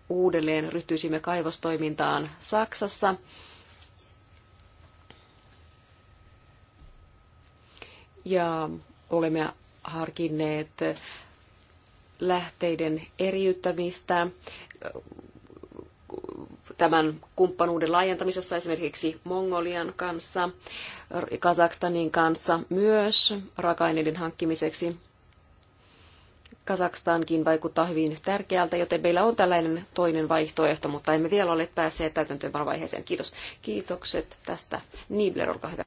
uudelleen ryhtyisimme kaivostoimintaan Saksassa. Ja olemme harkinneet lähteiden eriyttämistä tämän kumppanuuden laajentamisessa esimerkiksi Mongolian kanssa, Kazakstanin kanssa myös raaka-aineiden hankkimiseksi. Kazakstankin vaikuttaa hyvin tärkeältä, joten meillä on tällainen toinen vaihtoehto, mutta emme vielä ole päässeet vaiheeseen. Kiitos. Kiitokset tästä. Niebler, olkaa hyvä.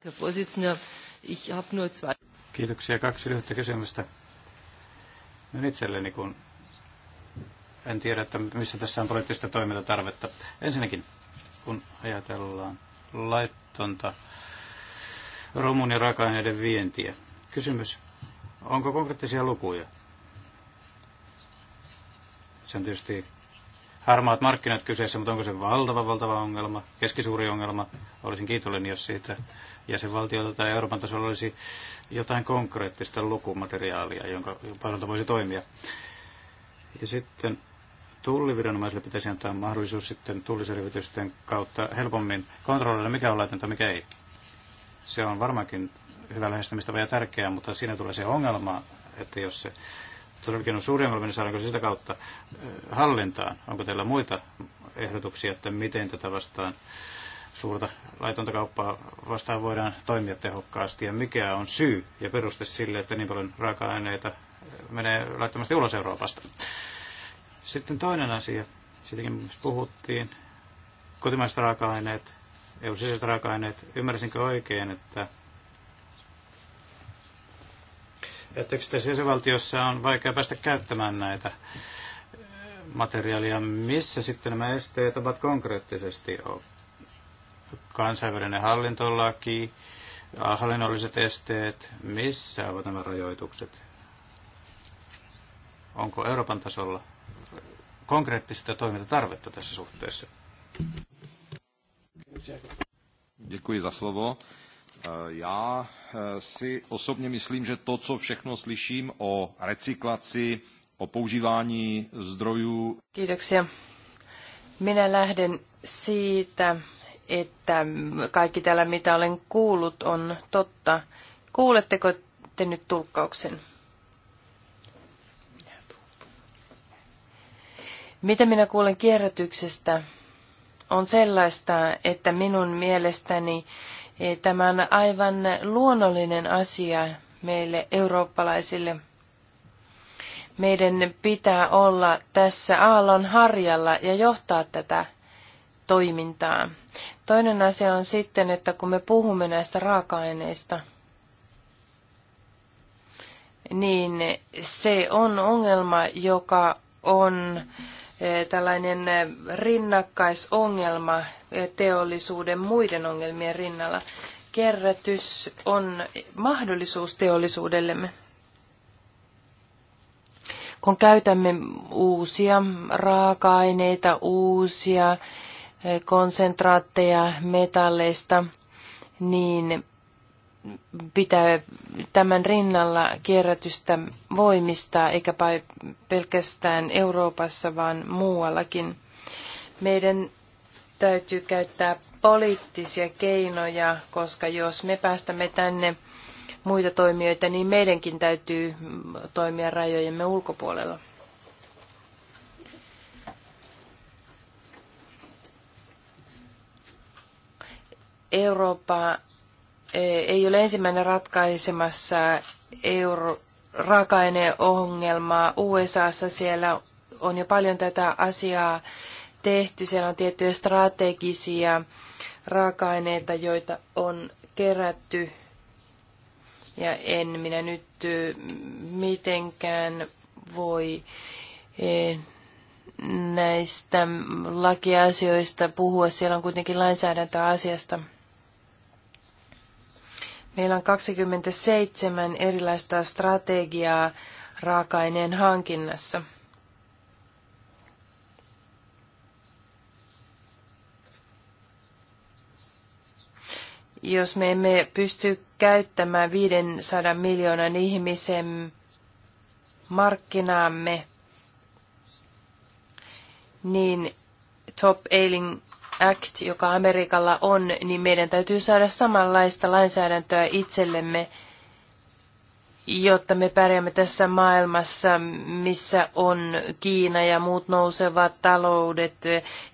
Kiitoksia. Kaksi lyhyttä kysymystä. Minun itselleni, kun en tiedä, että missä tässä on poliittista toimintatarvetta. Ensinnäkin, kun ajatellaan laittonta romun ja raaka-aineiden vientiä. Kysymys, onko konkreettisia lukuja? Se on tietysti harmaat markkinat kyseessä, mutta onko se valtava, valtava ongelma, keskisuuri ongelma? Olisin kiitollinen, jos siitä jäsenvaltiolta tai Euroopan tasolla olisi jotain konkreettista lukumateriaalia, jonka paljon voisi toimia. Ja sitten tulliviranomaisille pitäisi antaa mahdollisuus sitten tulliselvitysten kautta helpommin kontrolloida, mikä on laitonta, mikä ei. Se on varmaankin hyvä lähestymistä ja tärkeää, mutta siinä tulee se ongelma, että jos se todellakin on suuri ongelma, niin saadaanko se sitä kautta hallintaan? Onko teillä muita ehdotuksia, että miten tätä vastaan suurta laitonta kauppaa vastaan voidaan toimia tehokkaasti ja mikä on syy ja peruste sille, että niin paljon raaka-aineita menee laittomasti ulos Euroopasta? Sitten toinen asia, siitäkin puhuttiin, kotimaiset raaka-aineet, eu sisäiset raaka-aineet. Ymmärsinkö oikein, että, että yksittäisessä jäsenvaltiossa on vaikea päästä käyttämään näitä materiaalia. Missä sitten nämä esteet ovat konkreettisesti? Kansainvälinen hallintolaki, hallinnolliset esteet, missä ovat nämä rajoitukset? Onko Euroopan tasolla konkreettista toimintatarvetta tässä suhteessa? Děkuji za slovo. E, já e, si osobně myslím, že to, co všechno slyším o recyklaci, o používání zdrojů. Kiitoksia. Minä lähden siitä, että kaikki täällä, mitä olen kuullut, on totta. Kuuletteko te nyt tulkkauksen? Mitä minä kuulen kierrätyksestä, on sellaista, että minun mielestäni eh, tämä on aivan luonnollinen asia meille eurooppalaisille. Meidän pitää olla tässä aallon harjalla ja johtaa tätä toimintaa. Toinen asia on sitten, että kun me puhumme näistä raaka-aineista, niin se on ongelma, joka on Eh, tällainen eh, rinnakkaisongelma eh, teollisuuden muiden ongelmien rinnalla. Kerrätys on mahdollisuus teollisuudellemme. Kun käytämme uusia raaka-aineita, uusia konsentraatteja metalleista, niin pitää tämän rinnalla kierrätystä voimistaa, eikä pelkästään Euroopassa, vaan muuallakin. Meidän täytyy käyttää poliittisia keinoja, koska jos me päästämme tänne muita toimijoita, niin meidänkin täytyy toimia rajojemme ulkopuolella. Eurooppa ei ole ensimmäinen ratkaisemassa euro, raaka-aineongelmaa. USAssa siellä on jo paljon tätä asiaa tehty. Siellä on tiettyjä strategisia raaka-aineita, joita on kerätty. Ja en minä nyt mitenkään voi näistä lakiasioista puhua. Siellä on kuitenkin lainsäädäntö asiasta. Meillä on 27 erilaista strategiaa raaka-aineen hankinnassa. Jos me emme pysty käyttämään 500 miljoonan ihmisen markkinaamme, niin top ailing Act, joka Amerikalla on, niin meidän täytyy saada samanlaista lainsäädäntöä itsellemme, jotta me pärjäämme tässä maailmassa, missä on Kiina ja muut nousevat taloudet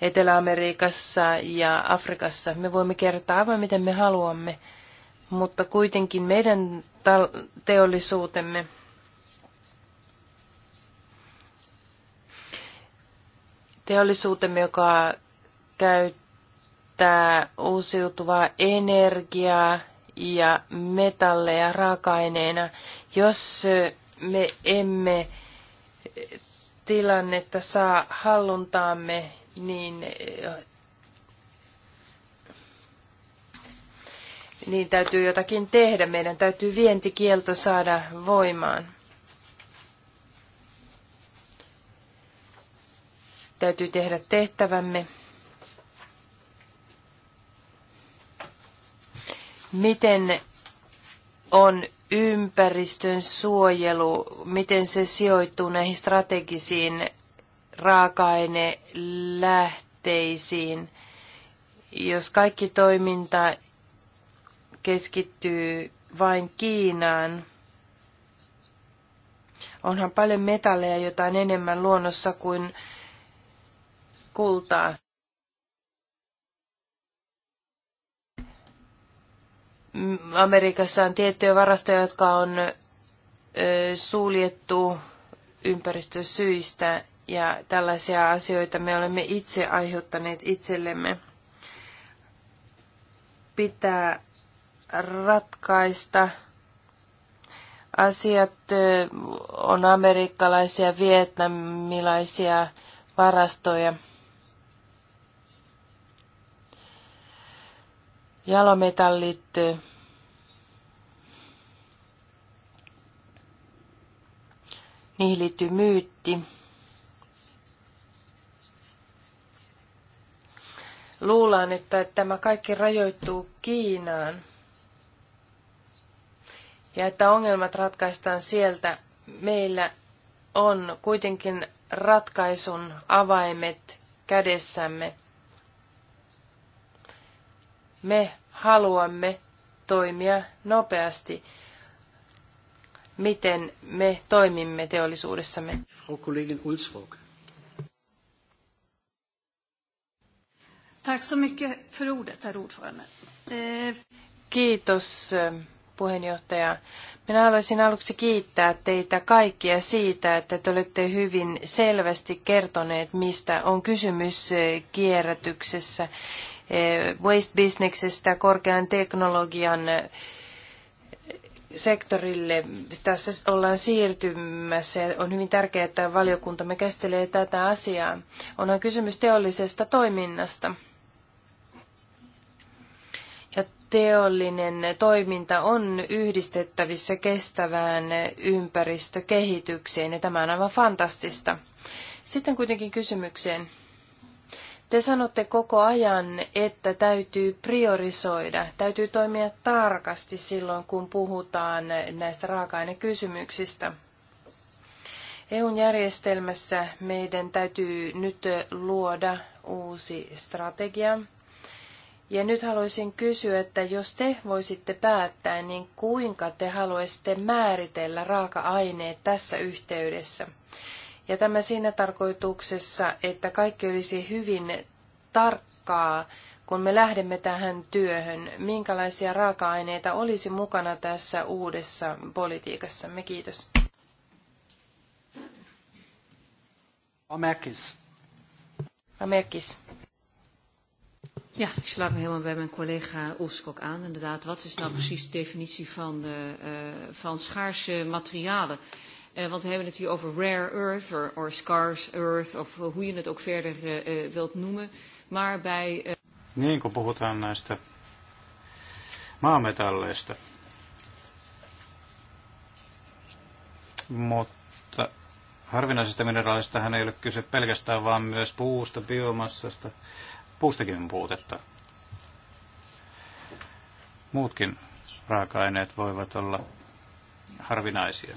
Etelä-Amerikassa ja Afrikassa. Me voimme kertoa aivan miten me haluamme, mutta kuitenkin meidän teollisuutemme teollisuutemme, joka käyttää uusiutuvaa energiaa ja metalleja raaka-aineena. Jos me emme tilannetta saa halluntaamme, niin, niin täytyy jotakin tehdä. Meidän täytyy vientikielto saada voimaan. Täytyy tehdä tehtävämme. miten on ympäristön suojelu, miten se sijoittuu näihin strategisiin raaka-ainelähteisiin. Jos kaikki toiminta keskittyy vain Kiinaan, onhan paljon metalleja jotain enemmän luonnossa kuin kultaa. Amerikassa on tiettyjä varastoja, jotka on suljettu ympäristösyistä ja tällaisia asioita me olemme itse aiheuttaneet itsellemme. Pitää ratkaista asiat on amerikkalaisia, vietnamilaisia varastoja – jalometallit, niihin liittyy myytti. Luulaan, että tämä kaikki rajoittuu Kiinaan ja että ongelmat ratkaistaan sieltä. Meillä on kuitenkin ratkaisun avaimet kädessämme. Me haluamme toimia nopeasti. Miten me toimimme teollisuudessamme? Kollegin Ulsvog. ordet, eh, Kiitos eh, puheenjohtaja. Minä haluaisin aluksi kiittää teitä kaikkia siitä, että te olette hyvin selvästi kertoneet, mistä on kysymys eh, kierrätyksessä Eh, waste businessistä korkean teknologian eh, sektorille. Tässä ollaan siirtymässä ja on hyvin tärkeää, että valiokuntamme käsittelee tätä asiaa. Onhan kysymys teollisesta toiminnasta. Ja teollinen toiminta on yhdistettävissä kestävään ympäristökehitykseen ja tämä on aivan fantastista. Sitten kuitenkin kysymykseen. Te sanotte koko ajan, että täytyy priorisoida, täytyy toimia tarkasti silloin, kun puhutaan näistä raaka-ainekysymyksistä. EUn järjestelmässä meidän täytyy nyt luoda uusi strategia. Ja nyt haluaisin kysyä, että jos te voisitte päättää, niin kuinka te haluaisitte määritellä raaka-aineet tässä yhteydessä? Ja tämä siinä tarkoituksessa, että kaikki olisi hyvin tarkkaa, kun me lähdemme tähän työhön, minkälaisia raaka-aineita olisi mukana tässä uudessa politiikassamme. Kiitos. Amerkis. Amerkis. Ja, ik sluit me helemaal bij mijn collega Oeskok aan. Inderdaad, wat is nou precies de definitie van, de, uh, eh, van schaarse materialen? Uh, Uh, want we hebben het hier over rare earth or, or scarce earth of hoe je het ook verder uh, wilt noemen. Maar bij... Uh... Niin kun puhutaan näistä maametalleista. Mutta harvinaisista hän ei ole kyse pelkästään, vaan myös puusta, biomassasta. Puustakin on puutetta. Muutkin raaka-aineet voivat olla harvinaisia.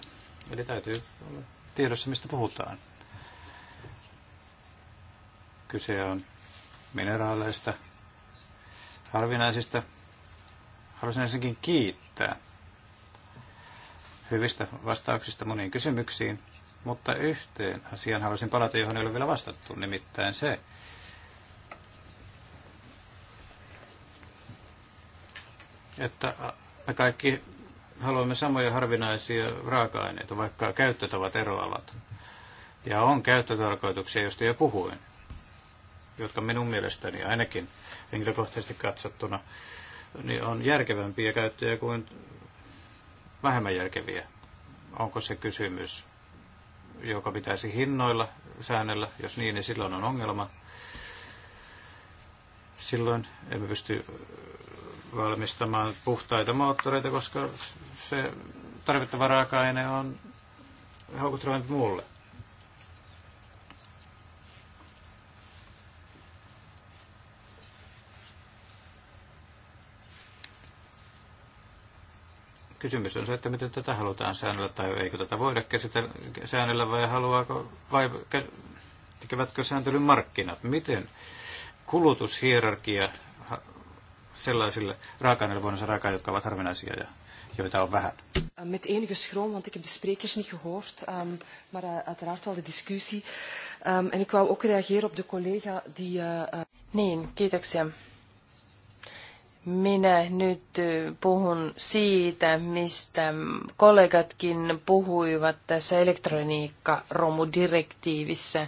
Eli täytyy olla tiedossa, mistä puhutaan. Kyse on mineraaleista, harvinaisista. Haluaisin ensinnäkin kiittää hyvistä vastauksista moniin kysymyksiin, mutta yhteen asiaan haluaisin palata, johon ei ole vielä vastattu, nimittäin se, että me kaikki haluamme samoja harvinaisia raaka-aineita, vaikka käyttötavat eroavat. Ja on käyttötarkoituksia, joista jo puhuin, jotka minun mielestäni ainakin henkilökohtaisesti katsottuna niin on järkevämpiä käyttöjä kuin vähemmän järkeviä. Onko se kysymys, joka pitäisi hinnoilla säännellä? Jos niin, niin silloin on ongelma. Silloin emme pysty valmistamaan puhtaita moottoreita, koska se tarvittava raaka-aine on houkuttelevampi muulle. kysymys on se, että miten tätä halutaan säännellä tai eikö tätä voida käsitellä säännellä vai haluaako, vai tekevätkö sääntelyn markkinat? Miten kulutushierarkia sellaisille raaka-aineille voidaan raaka jotka ovat harvinaisia ja joita on vähän. Eh, met enige schroom, want ik heb de sprekers niet gehoord, um, maar uh, uiteraard wel de discussie. Um, en ik wou ook reageren op de collega die... Uh, Niin, kiitoksia. Minä nyt puhun siitä, mistä kollegatkin puhuivat tässä elektroniikkaromudirektiivissä.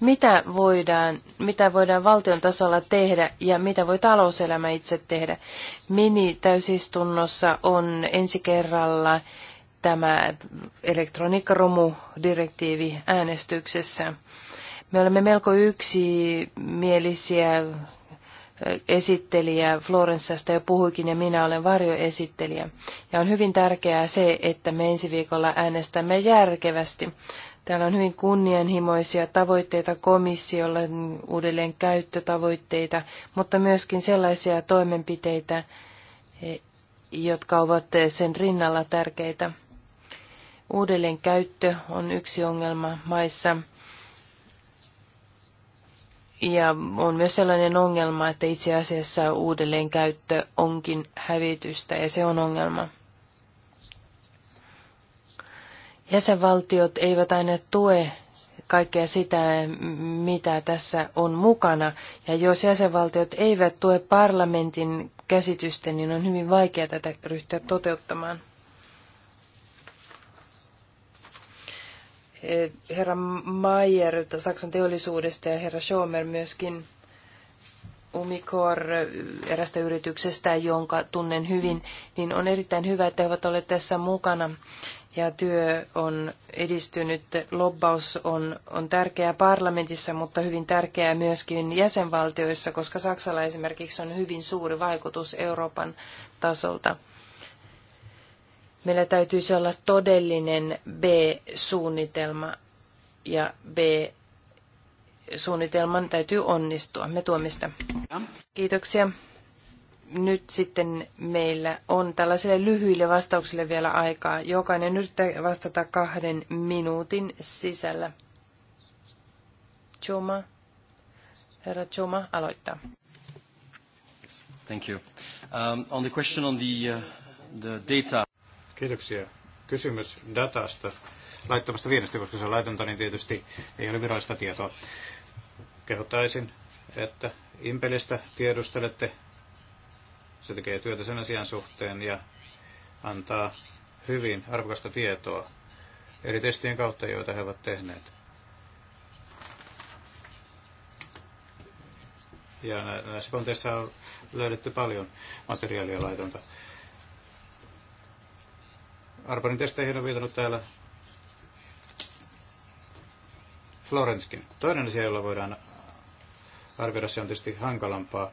Mitä voidaan, mitä voidaan valtion tasolla tehdä ja mitä voi talouselämä itse tehdä? Mini-täysistunnossa on ensi kerralla tämä elektroniikkaromudirektiivi äänestyksessä. Me olemme melko yksimielisiä esittelijä Florenssasta jo puhuikin ja minä olen varjoesittelijä. Ja on hyvin tärkeää se, että me ensi viikolla äänestämme järkevästi. Täällä on hyvin kunnianhimoisia tavoitteita komissiolla, uudelleen käyttötavoitteita, mutta myöskin sellaisia toimenpiteitä, e, jotka ovat sen rinnalla tärkeitä. Uudelleen käyttö on yksi ongelma maissa – ja on myös sellainen ongelma, että itse asiassa uudelleenkäyttö onkin hävitystä ja se on ongelma. Jäsenvaltiot eivät aina tue kaikkea sitä, mitä tässä on mukana. Ja jos jäsenvaltiot eivät tue parlamentin käsitystä, niin on hyvin vaikea tätä ryhtyä toteuttamaan. Eh, herra Mayer Saksan teollisuudesta ja herra Schomer myöskin Umikor eh, erästä yrityksestä, jonka tunnen hyvin, niin on erittäin hyvä, että he ovat olleet tässä mukana ja työ on edistynyt. Lobbaus on, on tärkeää parlamentissa, mutta hyvin tärkeää myöskin jäsenvaltioissa, koska Saksalla esimerkiksi on hyvin suuri vaikutus Euroopan tasolta. Meillä täytyisi olla todellinen B-suunnitelma ja B-suunnitelman täytyy onnistua. Me tuomme sitä. Kiitoksia. Nyt sitten meillä on tällaisille lyhyille vastauksille vielä aikaa. Jokainen yrittää vastata kahden minuutin sisällä. Choma, herra Choma aloittaa. Thank you. Um, on the question on the, uh, the data. Kiitoksia. Kysymys datasta, laittomasta viennistä, koska se on laitonta, niin tietysti ei ole virallista tietoa. Kehottaisin, että Impelistä tiedustelette. Se tekee työtä sen asian suhteen ja antaa hyvin arvokasta tietoa eri testien kautta, joita he ovat tehneet. Ja näissä konteissa on löydetty paljon materiaalia laitonta. Arpanin testeihin on viitannut täällä Florenskin. Toinen asia, jolla voidaan arvioida, se on tietysti hankalampaa.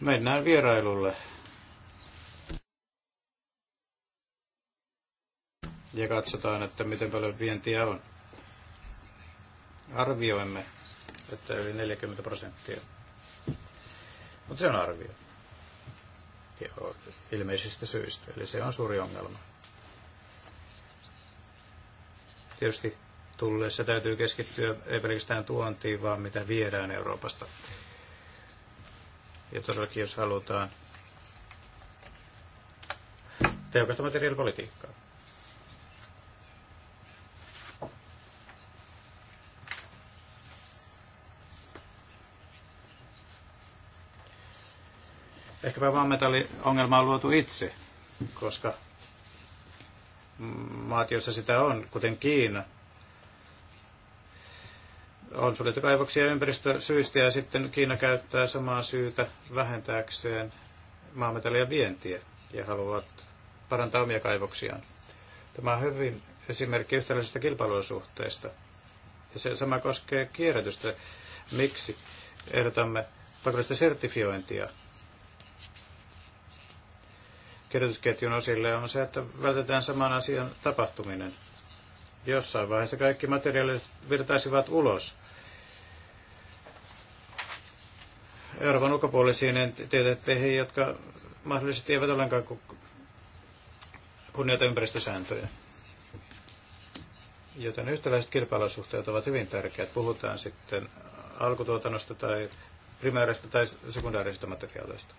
Mennään vierailulle. Ja katsotaan, että miten paljon vientiä on. Arvioimme, että yli 40 prosenttia. Mutta se on arvio ilmeisistä syistä. Eli se on suuri ongelma. Tietysti tulleessa täytyy keskittyä ei pelkästään tuontiin, vaan mitä viedään Euroopasta. Ja todellakin, jos halutaan tehokasta materiaalipolitiikkaa. ehkäpä metalliongelma on luotu itse, koska maat, joissa sitä on, kuten Kiina, on suljettu kaivoksia ympäristösyistä ja sitten Kiina käyttää samaa syytä vähentääkseen maametallia vientiä ja haluavat parantaa omia kaivoksiaan. Tämä on hyvin esimerkki yhtäläisestä kilpailusuhteesta. Ja se sama koskee kierrätystä. Miksi ehdotamme pakollista sertifiointia kirjoitusketjun osille on se, että vältetään saman asian tapahtuminen. Jossain vaiheessa kaikki materiaalit virtaisivat ulos. Euroopan ulkopuolisiin entiteetteihin, jotka mahdollisesti eivät ollenkaan kunnioita ympäristösääntöjä. Joten yhtäläiset kilpailusuhteet ovat hyvin tärkeät. Puhutaan sitten alkutuotannosta tai primääristä tai sekundaarisista materiaaleista.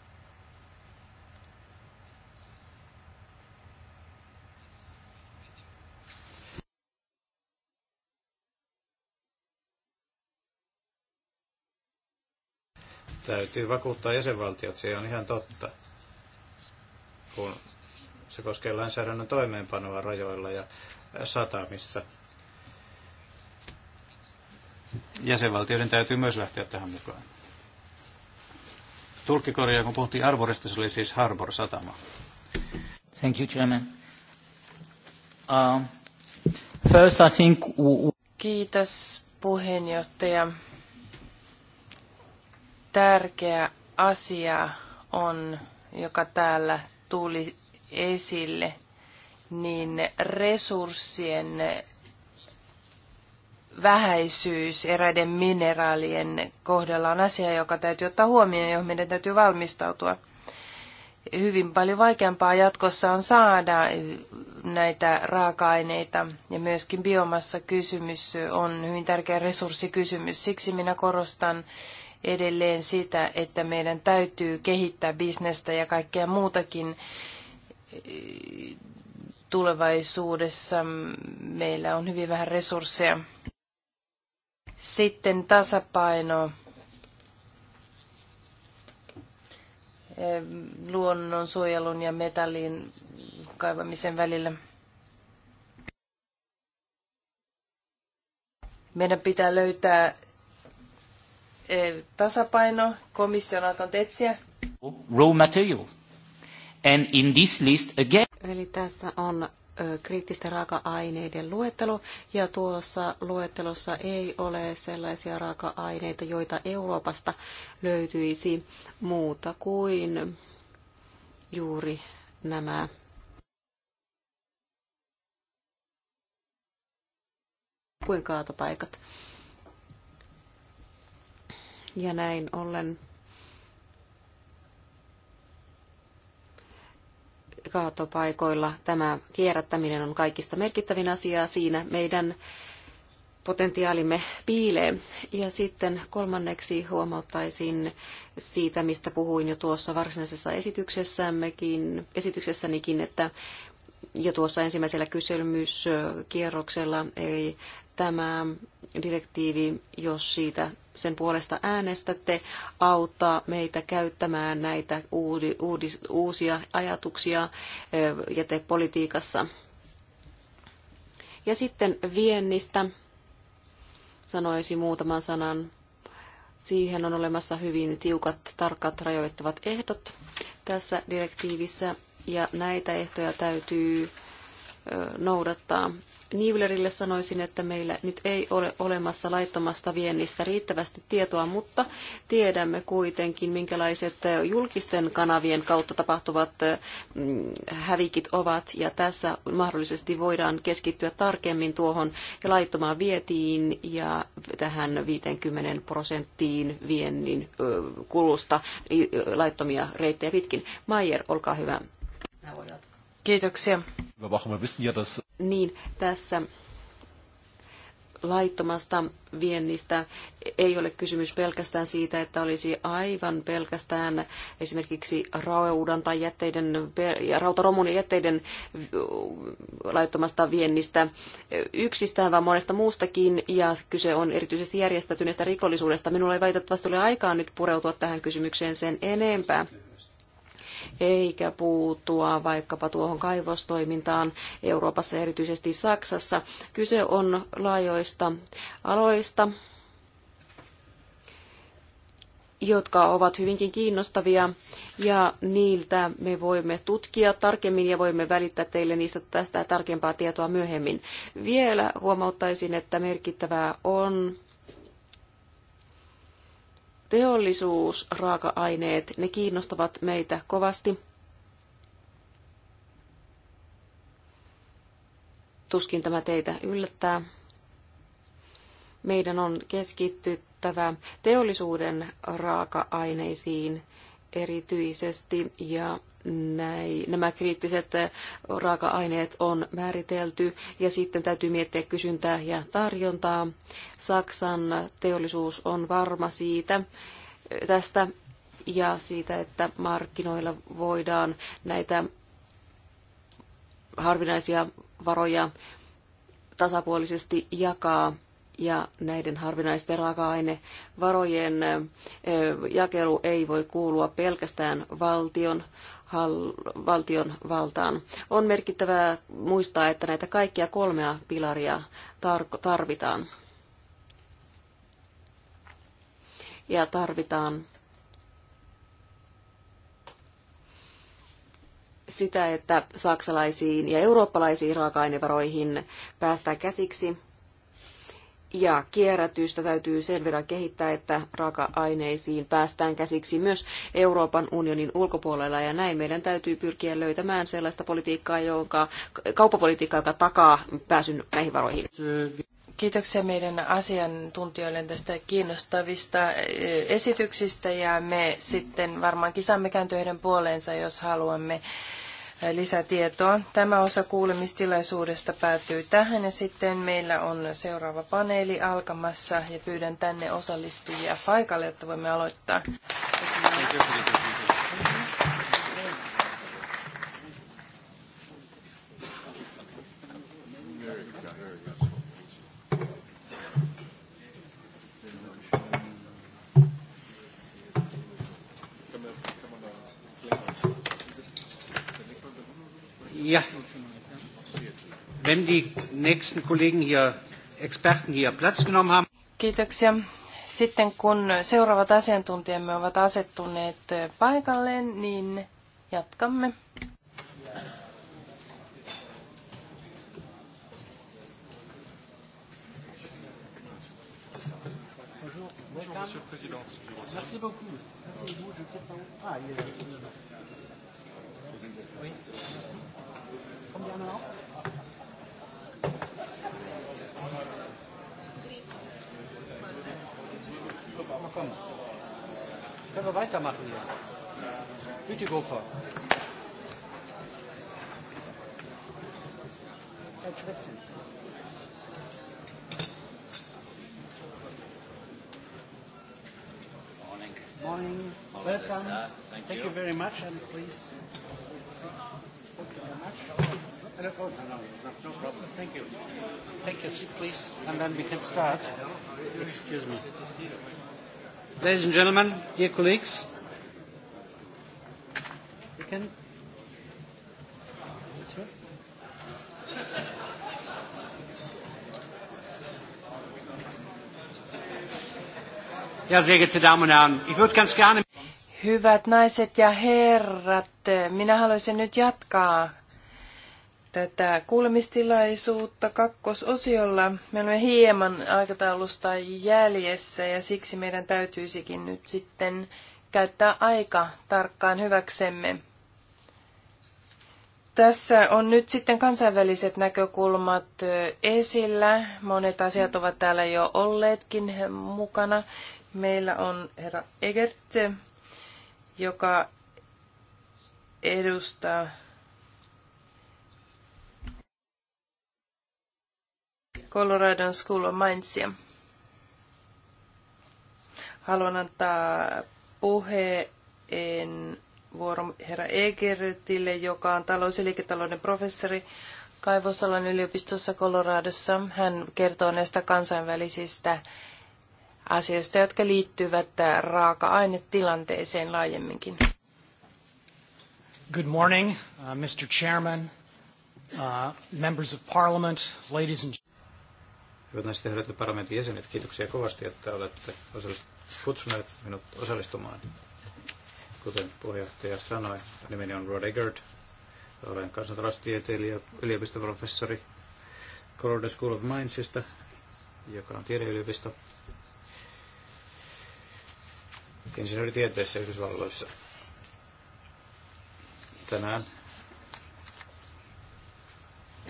Täytyy vakuuttaa jäsenvaltiot, se on ihan totta, kun se koskee lainsäädännön toimeenpanoa rajoilla ja satamissa. Jäsenvaltioiden täytyy myös lähteä tähän mukaan. Tulkkikorjaa, kun puhuttiin Arborista, se oli siis Harbor satama. Thank you, Chairman. Uh, first I think... Kiitos, puheenjohtaja tärkeä asia on, joka täällä tuli esille, niin resurssien vähäisyys eräiden mineraalien kohdalla on asia, joka täytyy ottaa huomioon, johon meidän täytyy valmistautua. Hyvin paljon vaikeampaa jatkossa on saada näitä raaka-aineita ja myöskin biomassa kysymys on hyvin tärkeä resurssikysymys. Siksi minä korostan edelleen sitä, että meidän täytyy kehittää bisnestä ja kaikkea muutakin eh, tulevaisuudessa. Meillä on hyvin vähän resursseja. Sitten tasapaino eh, luonnonsuojelun ja metallin kaivamisen välillä. Meidän pitää löytää Eh, tasapaino. Komissio on alkanut etsiä. Raw material. And in this list again. Eli tässä on kriittisten raaka-aineiden luettelo, ja tuossa luettelossa ei ole sellaisia raaka-aineita, joita Euroopasta löytyisi muuta kuin juuri nämä kuin kaatopaikat. Ja näin ollen kaatopaikoilla tämä kierrättäminen on kaikista merkittävin asia. Siinä meidän potentiaalimme piilee. Ja sitten kolmanneksi huomauttaisin siitä, mistä puhuin jo tuossa varsinaisessa esityksessämmekin, esityksessänikin, että ja tuossa ensimmäisellä kysymyskierroksella, eli tämä direktiivi, jos siitä sen puolesta äänestätte, auttaa meitä käyttämään näitä uusia ajatuksia jätepolitiikassa. Ja sitten viennistä sanoisin muutaman sanan. Siihen on olemassa hyvin tiukat, tarkat, rajoittavat ehdot tässä direktiivissä, ja näitä ehtoja täytyy noudattaa. Niivlerille sanoisin, että meillä nyt ei ole olemassa laittomasta viennistä riittävästi tietoa, mutta tiedämme kuitenkin, minkälaiset julkisten kanavien kautta tapahtuvat mm, hävikit ovat. Ja tässä mahdollisesti voidaan keskittyä tarkemmin tuohon laittomaan vietiin ja tähän 50 prosenttiin viennin kulusta laittomia reittejä pitkin. Maier, olkaa hyvä. Mä voin jatkaa. Kiitoksia. Niin, tässä laittomasta viennistä ei ole kysymys pelkästään siitä, että olisi aivan pelkästään esimerkiksi raudan tai jätteiden, rautaromun ja jätteiden laittomasta viennistä yksistään, vaan monesta muustakin, ja kyse on erityisesti järjestäytyneestä rikollisuudesta. Minulla ei väitettävästi ole aikaa nyt pureutua tähän kysymykseen sen enempää eikä puuttua vaikkapa tuohon kaivostoimintaan Euroopassa, erityisesti Saksassa. Kyse on laajoista aloista, jotka ovat hyvinkin kiinnostavia ja niiltä me voimme tutkia tarkemmin ja voimme välittää teille niistä tästä tarkempaa tietoa myöhemmin. Vielä huomauttaisin, että merkittävää on Teollisuusraaka-aineet, ne kiinnostavat meitä kovasti. Tuskin tämä teitä yllättää. Meidän on keskittyttävä teollisuuden raaka-aineisiin – erityisesti ja näin, nämä kriittiset eh, raaka-aineet on määritelty ja sitten täytyy miettiä kysyntää ja tarjontaa. Saksan teollisuus on varma siitä eh, tästä ja siitä, että markkinoilla voidaan näitä harvinaisia varoja tasapuolisesti jakaa ja näiden harvinaisten raaka-ainevarojen jakelu ei voi kuulua pelkästään valtion valtion valtaan. On merkittävää muistaa, että näitä kaikkia kolmea pilaria tarvitaan. Ja tarvitaan sitä, että saksalaisiin ja eurooppalaisiin raaka-ainevaroihin päästään käsiksi – ja kierrätystä täytyy sen verran kehittää, että raaka-aineisiin päästään käsiksi myös Euroopan unionin ulkopuolella. Ja näin meidän täytyy pyrkiä löytämään sellaista politiikkaa, jonka, kauppapolitiikkaa, joka takaa pääsyn näihin varoihin. Kiitoksia meidän asiantuntijoille tästä kiinnostavista e, esityksistä ja me sitten varmaankin saamme kääntyä heidän puoleensa, jos haluamme lisätietoa. Tämä osa kuulemistilaisuudesta päätyy tähän ja sitten meillä on seuraava paneeli alkamassa ja pyydän tänne osallistujia paikalle, jotta voimme aloittaa. Thank you. Ja, wenn die nächsten Kollegen hier, Experten hier Platz genommen haben. Kiitoksia. Sitten kun seuraavat asiantuntijamme ovat asettuneet paikalleen, niin jatkamme. Bonjour, Monsieur le Président. Merci beaucoup. Merci beaucoup. Je ah, il est là. Können wir weitermachen hier? Bütikofer. Kein Schwitzen. Morning. Morning. Welcome. Thank Thank you very much and please. Thank you. Take your seat, please, and then we can start. Excuse me. Ladies and gentlemen, dear colleagues, we can. Ja, sehr geehrte Damen und Herren, ich würde ganz gerne. Hyvät naiset ja herrat, minä haluaisin nyt jatkaa tätä kuulemistilaisuutta kakkososiolla. Me olemme hieman aikataulusta jäljessä ja siksi meidän täytyisikin nyt sitten käyttää aika tarkkaan hyväksemme. Tässä on nyt sitten kansainväliset näkökulmat esillä. Monet asiat ovat täällä jo olleetkin mukana. Meillä on herra Egert, joka edustaa Coloradon School of Mindsia. Haluan antaa puheen vuoron herra Egertille, joka on talous- ja liiketalouden professori Kaivosalan yliopistossa Coloradossa. Hän kertoo näistä kansainvälisistä asioista, jotka liittyvät äh, raaka-ainetilanteeseen laajemminkin. Good morning, uh, Mr. Chairman, uh, members of parliament, ladies and Hyvät naiset ja herrat parlamentin jäsenet, kiitoksia kovasti, että olette kutsuneet minut osallistumaan. Kuten puheenjohtaja sanoi, nimeni on Rod Eggert. Olen kansantaloustieteilijä, yliopistoprofessori Colorado School of Minesista joka on tiedeyliopisto insinööritieteessä Yhdysvalloissa. Tänään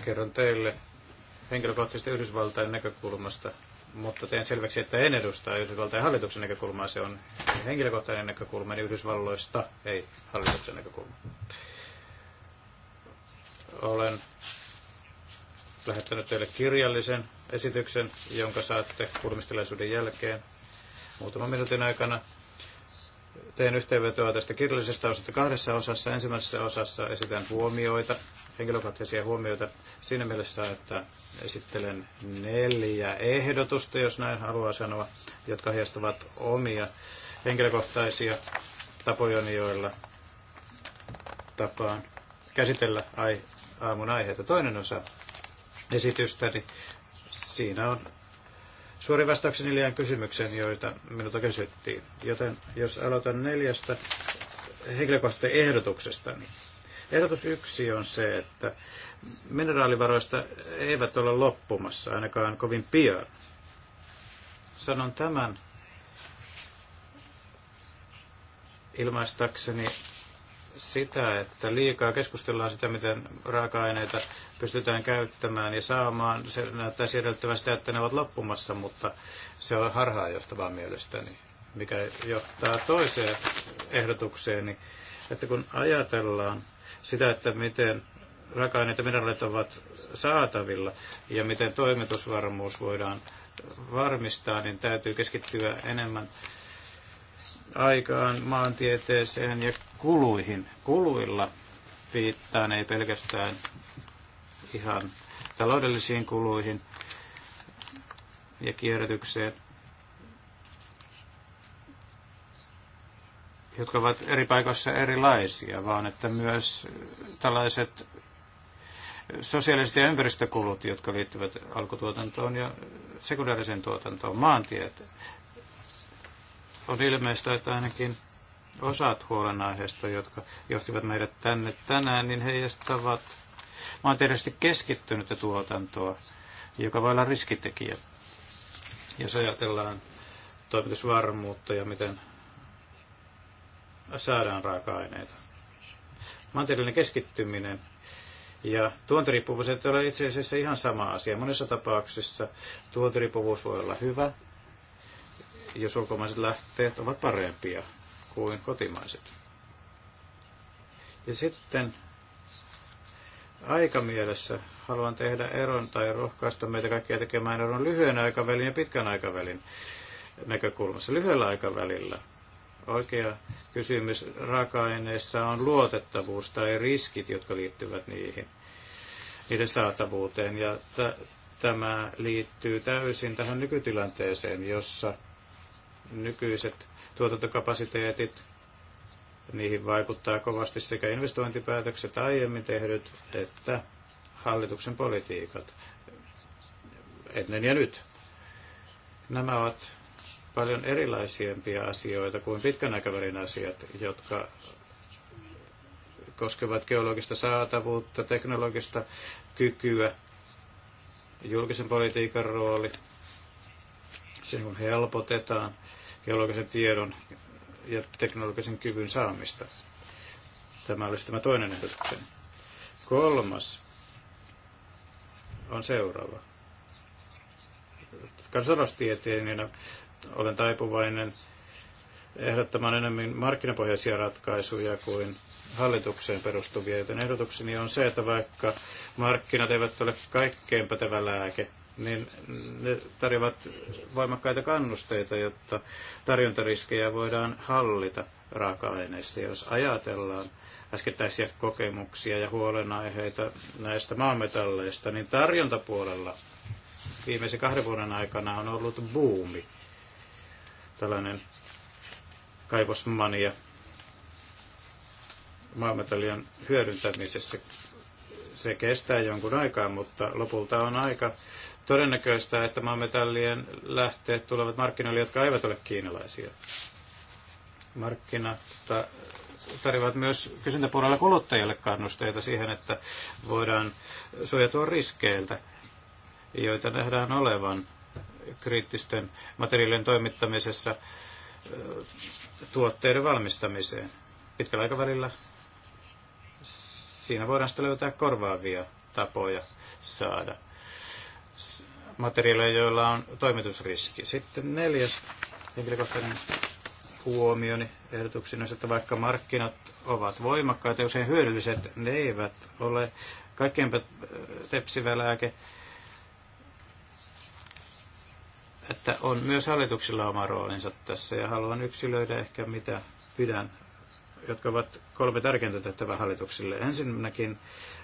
kerron teille henkilökohtaisesti Yhdysvaltain näkökulmasta, mutta teen selväksi, että en edusta Yhdysvaltain hallituksen näkökulmaa. Se on henkilökohtainen näkökulma, niin Yhdysvalloista ei hallituksen näkökulma. Olen lähettänyt teille kirjallisen esityksen, jonka saatte kulmistilaisuuden jälkeen muutaman minuutin aikana teen yhteenvetoa tästä kirjallisesta osasta kahdessa osassa. Ensimmäisessä osassa esitän huomioita, henkilökohtaisia huomioita siinä mielessä, että esittelen neljä ehdotusta, jos näin haluaa sanoa, jotka heistävät omia henkilökohtaisia tapoja, joilla tapaan käsitellä ai, aamun aiheita. Toinen osa esitystäni, niin siinä on Suori vastaukseni liian kysymykseen, joita minulta kysyttiin. Joten jos aloitan neljästä henkilökohtaisesta ehdotuksesta, niin ehdotus yksi on se, että mineraalivaroista eivät ole loppumassa ainakaan kovin pian. Sanon tämän ilmaistakseni sitä, että liikaa keskustellaan sitä, miten raaka-aineita pystytään käyttämään ja saamaan. Se näyttää siirryttävän sitä, että ne ovat loppumassa, mutta se on harhaanjohtavaa mielestäni, mikä johtaa toiseen ehdotukseen, niin että kun ajatellaan sitä, että miten raaka aineita ja ovat saatavilla ja miten toimitusvarmuus voidaan varmistaa, niin täytyy keskittyä enemmän aikaan, maantieteeseen ja kuluihin. Kuluilla viittaan ei pelkästään ihan taloudellisiin kuluihin ja kierrätykseen, jotka ovat eri paikoissa erilaisia, vaan että myös tällaiset sosiaaliset ja ympäristökulut, jotka liittyvät alkutuotantoon ja sekundaariseen tuotantoon, maantieteen. On ilmeistä, että ainakin osat huolenaiheesta, jotka johtivat meidät tänne tänään, niin heijastavat maantieteellisesti keskittynyttä tuotantoa, joka voi olla riskitekijä. Jos ajatellaan toimitusvarmuutta ja miten saadaan raaka-aineita. Maantieteellinen keskittyminen ja tuontiriippuvuus ei ole itse asiassa ihan sama asia. Monessa tapauksessa tuontiriippuvuus voi olla hyvä, jos ulkomaiset lähteet ovat parempia kuin kotimaiset. Ja sitten aikamielessä haluan tehdä eron tai rohkaista meitä kaikkia tekemään eron lyhyen aikavälin ja pitkän aikavälin näkökulmassa. Lyhyellä aikavälillä oikea kysymys raaka-aineissa on luotettavuus tai riskit, jotka liittyvät niihin, niiden saatavuuteen. Ja t- tämä liittyy täysin tähän nykytilanteeseen, jossa nykyiset tuotantokapasiteetit, niihin vaikuttaa kovasti sekä investointipäätökset aiemmin tehdyt että hallituksen politiikat ennen ja nyt. Nämä ovat paljon erilaisempia asioita kuin pitkän aikavälin asiat, jotka koskevat geologista saatavuutta, teknologista kykyä, julkisen politiikan rooli, sen kun helpotetaan geologisen tiedon ja teknologisen kyvyn saamista. Tämä olisi tämä toinen ehdotukseni. Kolmas on seuraava. Kansalaistieteilijänä olen taipuvainen ehdottamaan enemmän markkinapohjaisia ratkaisuja kuin hallitukseen perustuvia, joten ehdotukseni on se, että vaikka markkinat eivät ole kaikkein pätevä lääke niin ne tarjoavat voimakkaita kannusteita, jotta tarjontariskejä voidaan hallita raaka-aineista. Jos ajatellaan äskettäisiä kokemuksia ja huolenaiheita näistä maametalleista, niin tarjontapuolella viimeisen kahden vuoden aikana on ollut buumi, tällainen kaivosmania maametallien hyödyntämisessä se kestää jonkun aikaa, mutta lopulta on aika todennäköistä, että maametallien lähteet tulevat markkinoille, jotka eivät ole kiinalaisia. Markkinat tarjoavat myös kysyntäpuolella kuluttajille kannusteita siihen, että voidaan suojatua riskeiltä, joita nähdään olevan kriittisten materiaalien toimittamisessa tuotteiden valmistamiseen. Pitkällä aikavälillä siinä voidaan sitten löytää korvaavia tapoja saada materiaaleja, joilla on toimitusriski. Sitten neljäs henkilökohtainen huomioni ehdotuksena, että vaikka markkinat ovat voimakkaita, usein hyödylliset, ne eivät ole kaikkein äh, tepsivä lääke, että on myös hallituksilla oma roolinsa tässä ja haluan yksilöidä ehkä mitä pidän, jotka ovat kolme tärkeintä tehtävää hallituksille. Ensinnäkin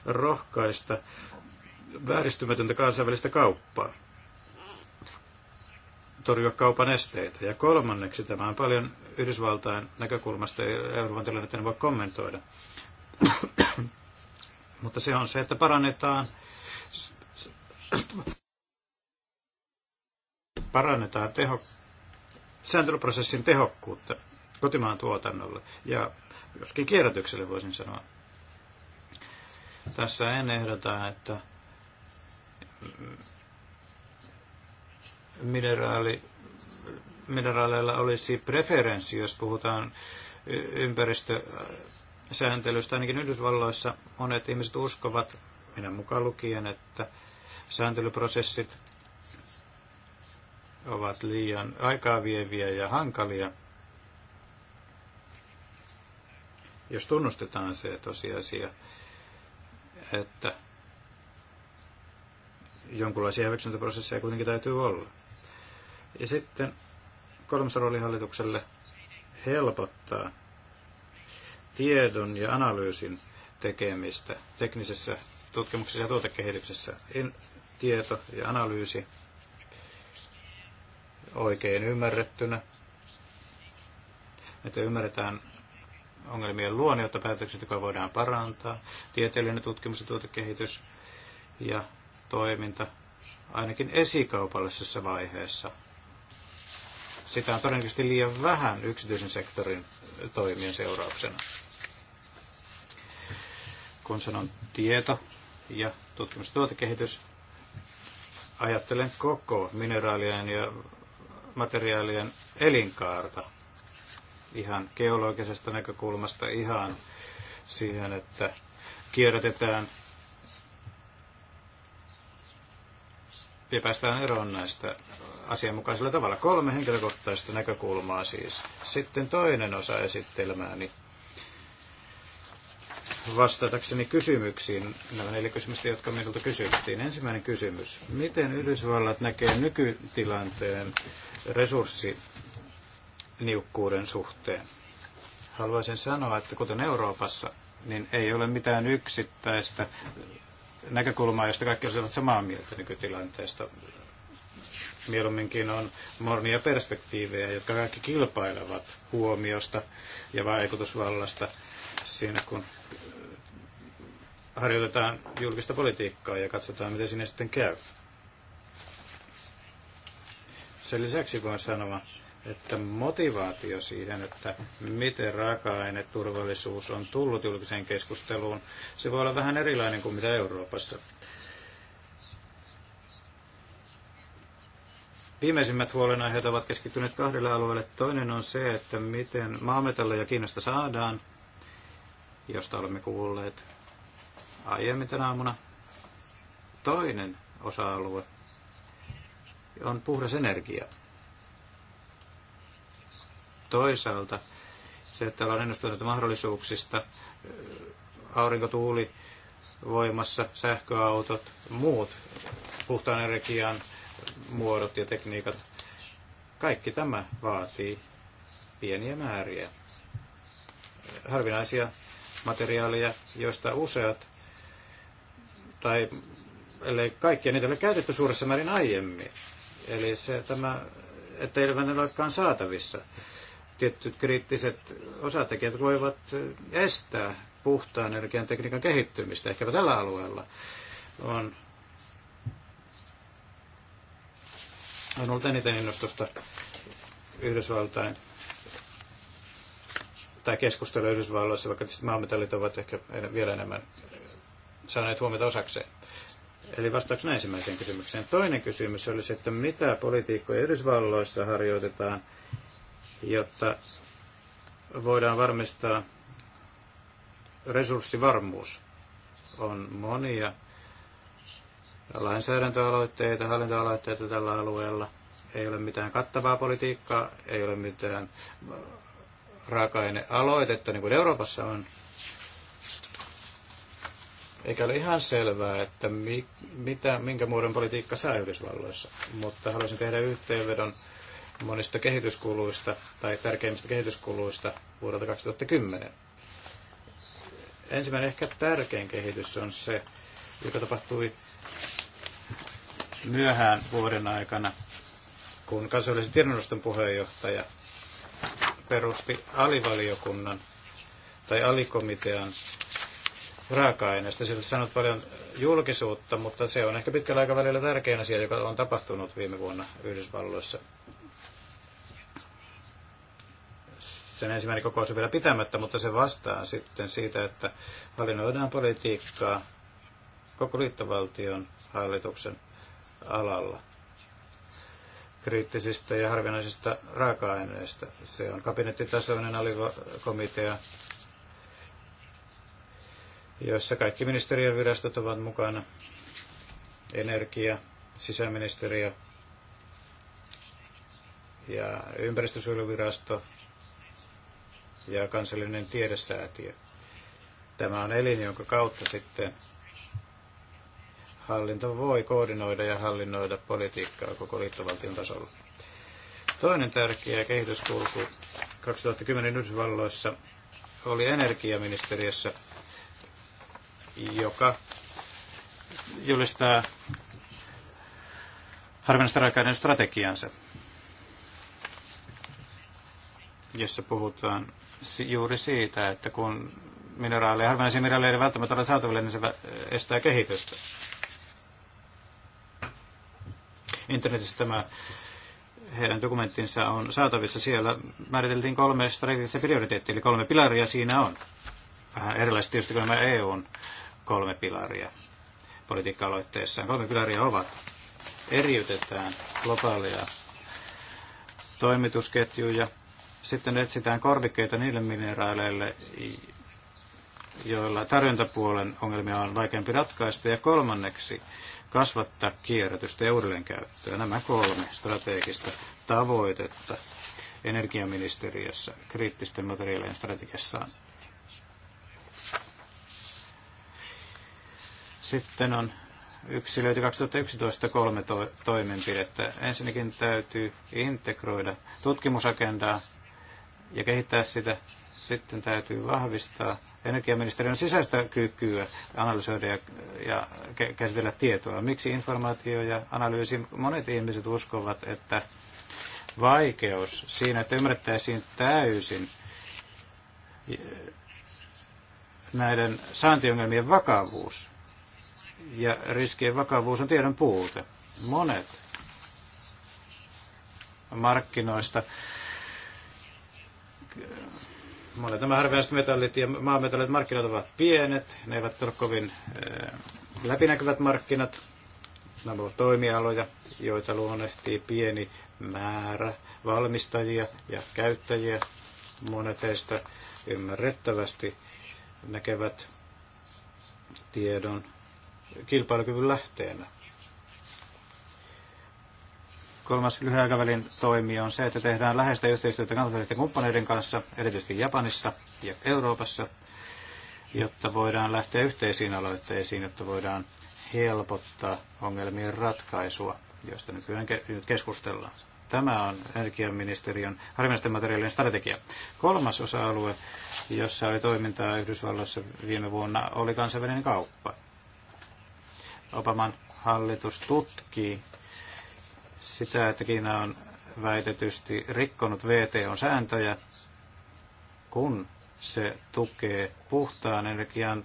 rohkaista vääristymätöntä kansainvälistä kauppaa, torjua kaupan esteitä. Ja kolmanneksi, tämä on paljon Yhdysvaltain näkökulmasta, Euroopan tilannetta en voi kommentoida, mutta se on se, että parannetaan parannetaan teho, sääntelyprosessin tehokkuutta kotimaan tuotannolle ja joskin kierrätykselle voisin sanoa. Tässä en ehdota, että mineraali, mineraaleilla olisi preferenssi, jos puhutaan ympäristösääntelystä. Ainakin Yhdysvalloissa monet ihmiset uskovat, minä mukaan lukien, että sääntelyprosessit ovat liian aikaa vieviä ja hankalia. Jos tunnustetaan se tosiasia, että jonkinlaisia hyväksyntäprosesseja kuitenkin täytyy olla. Ja sitten kolmas rooli hallitukselle helpottaa tiedon ja analyysin tekemistä teknisessä tutkimuksessa ja tuotekehityksessä. In, tieto ja analyysi oikein ymmärrettynä, että ymmärretään ongelmien luonne, jotta päätöksentekoa voidaan parantaa, tieteellinen tutkimus ja tuotekehitys ja toiminta ainakin esikaupallisessa vaiheessa. Sitä on todennäköisesti liian vähän yksityisen sektorin toimien seurauksena. Kun sanon tieto ja tutkimus- ja ajattelen koko mineraalien ja materiaalien elinkaarta ihan geologisesta näkökulmasta ihan siihen, että kierrätetään ja päästään eroon näistä asianmukaisella tavalla. Kolme henkilökohtaista näkökulmaa siis. Sitten toinen osa esittelmääni vastatakseni kysymyksiin, nämä neljä kysymystä, jotka minulta kysyttiin. Ensimmäinen kysymys. Miten Yhdysvallat näkee nykytilanteen resurssiniukkuuden suhteen? Haluaisin sanoa, että kuten Euroopassa, niin ei ole mitään yksittäistä näkökulmaa, josta kaikki olisivat samaa mieltä nykytilanteesta. Mieluumminkin on monia perspektiivejä, jotka kaikki kilpailevat huomiosta ja vaikutusvallasta siinä, kun harjoitetaan julkista politiikkaa ja katsotaan, miten sinne sitten käy. Sen lisäksi voin sanoa, että motivaatio siihen, että miten raaka-aineturvallisuus on tullut julkiseen keskusteluun, se voi olla vähän erilainen kuin mitä Euroopassa. Viimeisimmät huolenaiheet ovat keskittyneet kahdelle alueelle. Toinen on se, että miten maametalleja Kiinasta saadaan, josta olemme kuulleet aiemmin tänä aamuna. Toinen osa-alue on puhdas energia. Toisaalta se, että ollaan ennustuneita mahdollisuuksista, aurinkotuuli voimassa, sähköautot, muut puhtaan energian muodot ja tekniikat, kaikki tämä vaatii pieniä määriä harvinaisia materiaaleja, joista useat, tai ellei kaikkia, niitä ole käytetty suuressa määrin aiemmin. Eli se tämä, että ne olekaan saatavissa tietyt kriittiset osatekijät voivat estää puhtaan energian tekniikan kehittymistä, ehkäpä tällä alueella on, on ollut eniten innostusta Yhdysvaltain tai keskustelu Yhdysvalloissa, vaikka tietysti maametallit ovat ehkä vielä enemmän saaneet huomiota osakseen. Eli vastauksena ensimmäiseen kysymykseen. Toinen kysymys oli se, että mitä politiikkoja Yhdysvalloissa harjoitetaan jotta voidaan varmistaa resurssivarmuus. On monia lainsäädäntöaloitteita, hallintoaloitteita tällä alueella. Ei ole mitään kattavaa politiikkaa, ei ole mitään raaka-ainealoitetta, niin kuin Euroopassa on. Eikä ole ihan selvää, että mi, mitä, minkä muodon politiikka saa Yhdysvalloissa. Mutta haluaisin tehdä yhteenvedon monista kehityskuluista tai tärkeimmistä kehityskuluista vuodelta 2010. Ensimmäinen ehkä tärkein kehitys on se, joka tapahtui myöhään vuoden aikana, kun kansainvälisen tiedonnoston puheenjohtaja perusti alivaliokunnan tai alikomitean raaka-aineista. Sillä on saanut paljon julkisuutta, mutta se on ehkä pitkällä aikavälillä tärkein asia, joka on tapahtunut viime vuonna Yhdysvalloissa. sen ensimmäinen kokous on vielä pitämättä, mutta se vastaa sitten siitä, että hallinnoidaan politiikkaa koko liittovaltion hallituksen alalla kriittisistä ja harvinaisista raaka-aineista. Se on kabinettitasoinen alikomitea, jossa kaikki ministeriön virastot ovat mukana. Energia, sisäministeriö ja ympäristösuojeluvirasto, ja kansallinen tiedesäätiö. Tämä on elin, jonka kautta sitten hallinto voi koordinoida ja hallinnoida politiikkaa koko liittovaltion tasolla. Toinen tärkeä kehityskulku 2010 Yhdysvalloissa oli energiaministeriössä, joka julistaa harvinaista strategiansa. jossa puhutaan juuri siitä, että kun mineraaleja, harvinaisia mineraaleja välttämättä ole saatavilla, niin se estää kehitystä. Internetissä tämä heidän dokumenttinsa on saatavissa. Siellä määriteltiin kolme strategista prioriteettia, eli kolme pilaria siinä on. Vähän erilaiset tietysti kuin nämä EUn kolme pilaria politiikka-aloitteessaan. Kolme pilaria ovat eriytetään globaaleja toimitusketjuja, sitten etsitään korvikkeita niille mineraaleille, joilla tarjontapuolen ongelmia on vaikeampi ratkaista. Ja kolmanneksi kasvattaa kierrätystä ja uudelleenkäyttöä. Nämä kolme strategista tavoitetta energiaministeriössä kriittisten materiaalien strategiassaan. Sitten on yksi, yksilöity 2011 kolme to- toimenpidettä. Ensinnäkin täytyy integroida tutkimusagendaa ja kehittää sitä. Sitten täytyy vahvistaa energiaministeriön sisäistä kykyä analysoida ja, ja käsitellä tietoa. Miksi informaatio ja analyysi? Monet ihmiset uskovat, että vaikeus siinä, että ymmärrettäisiin täysin näiden saantiongelmien vakavuus ja riskien vakavuus on tiedon puute. Monet markkinoista monet nämä harvinaiset metallit ja maametallit markkinat ovat pienet, ne eivät ole kovin eh, läpinäkyvät markkinat. Nämä ovat toimialoja, joita luonnehtii pieni määrä valmistajia ja käyttäjiä. Monet heistä ymmärrettävästi näkevät tiedon kilpailukyvyn lähteenä. Kolmas lyhyen aikavälin toimi on se, että tehdään läheistä yhteistyötä kansainvälisten kumppaneiden kanssa, erityisesti Japanissa ja Euroopassa, jotta voidaan lähteä yhteisiin aloitteisiin, jotta voidaan helpottaa ongelmien ratkaisua, josta nykyään nyt keskustellaan. Tämä on energiaministeriön harvinaisten materiaalien strategia. Kolmas osa-alue, jossa oli toimintaa Yhdysvalloissa viime vuonna, oli kansainvälinen kauppa. Obaman hallitus tutkii sitä, että Kiina on väitetysti rikkonut VTO-sääntöjä, kun se tukee puhtaan energian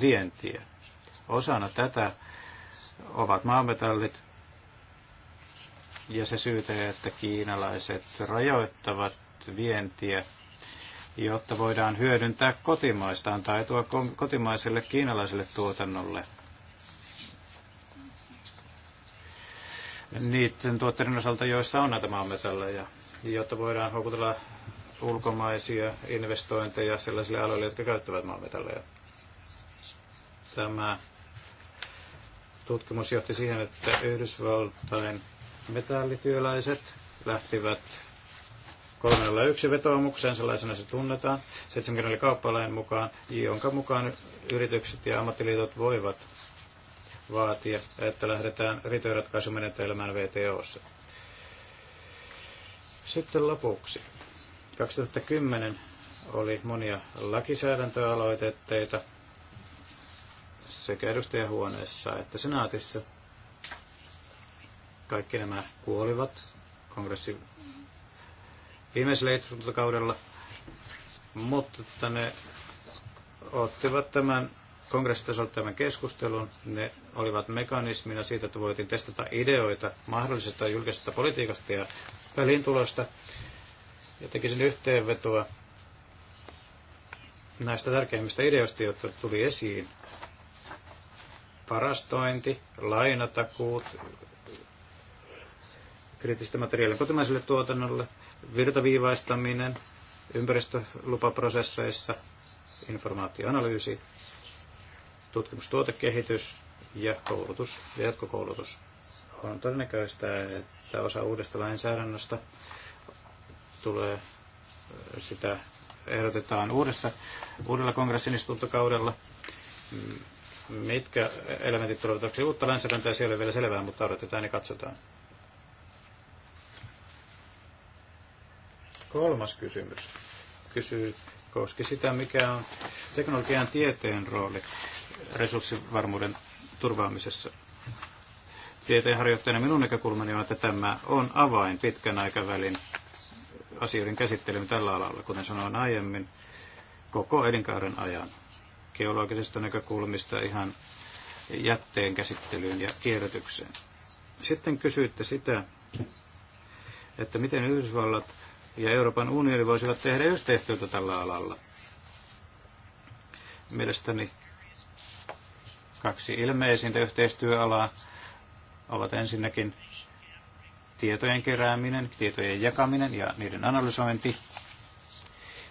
vientiä. Osana tätä ovat maametallit ja se syytä, että kiinalaiset rajoittavat vientiä, jotta voidaan hyödyntää kotimaistaan tai etua kotimaiselle kiinalaiselle tuotannolle – niiden tuotteiden osalta, joissa on näitä maametalleja, jotta voidaan houkutella ulkomaisia investointeja sellaisille aloille, jotka käyttävät maametalleja. Tämä tutkimus johti siihen, että Yhdysvaltain metallityöläiset lähtivät 301 vetoomukseen, sellaisena se tunnetaan, 70 kauppalain mukaan, jonka mukaan yritykset ja ammattiliitot voivat vaatia, että lähdetään riitojenratkaisumenetelmään VTOssa. Sitten lopuksi. 2010 oli monia lakisäädäntöaloitetteita sekä edustajahuoneessa että senaatissa. Kaikki nämä kuolivat kongressin viimeisellä eduskuntakaudella, mutta ne ottivat tämän kongressitasolta tämän keskustelun. Ne olivat mekanismina siitä, että voitiin testata ideoita mahdollisesta julkisesta politiikasta ja välintulosta. Ja tekisin yhteenvetoa näistä tärkeimmistä ideoista, jotka tuli esiin. Parastointi, lainatakuut, kriittistä materiaalia kotimaiselle tuotannolle, virtaviivaistaminen, ympäristölupaprosesseissa, informaatioanalyysi, tutkimustuotekehitys ja koulutus ja jatkokoulutus. On todennäköistä, että osa uudesta lainsäädännöstä tulee sitä ehdotetaan uudessa, uudella kongressin istuntokaudella. Mitkä elementit tulevat osaksi uutta lainsäädäntöä, se ei ole vielä selvää, mutta odotetaan ja katsotaan. Kolmas kysymys kysyy, koski sitä, mikä on teknologian tieteen rooli resurssivarmuuden turvaamisessa. Tieteenharjoittajana minun näkökulmani on, että tämä on avain pitkän aikavälin asioiden käsittelyyn tällä alalla, kuten sanoin aiemmin, koko elinkaaren ajan. Geologisesta näkökulmista ihan jätteen käsittelyyn ja kierrätykseen. Sitten kysyitte sitä, että miten Yhdysvallat ja Euroopan unioni voisivat tehdä yhteistyötä tällä alalla. Mielestäni Kaksi ilmeisintä yhteistyöalaa ovat ensinnäkin tietojen kerääminen, tietojen jakaminen ja niiden analysointi.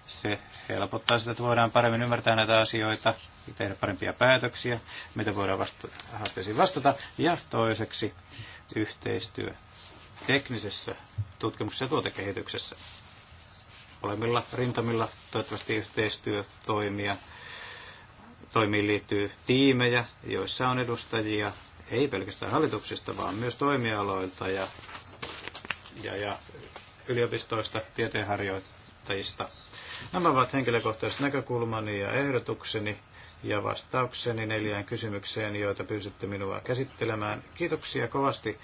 Se helpottaa sitä, että voidaan paremmin ymmärtää näitä asioita ja tehdä parempia päätöksiä, mitä voidaan vasta- haasteisiin vastata. Ja toiseksi yhteistyö teknisessä tutkimuksessa ja tuotekehityksessä. Olemilla rintamilla toivottavasti yhteistyö toimia toimiin liittyy tiimejä, joissa on edustajia ei pelkästään hallituksista, vaan myös toimialoilta ja, ja, ja yliopistoista, tieteenharjoittajista. Nämä ovat henkilökohtaiset näkökulmani ja ehdotukseni ja vastaukseni neljään kysymykseen, joita pyysitte minua käsittelemään. Kiitoksia kovasti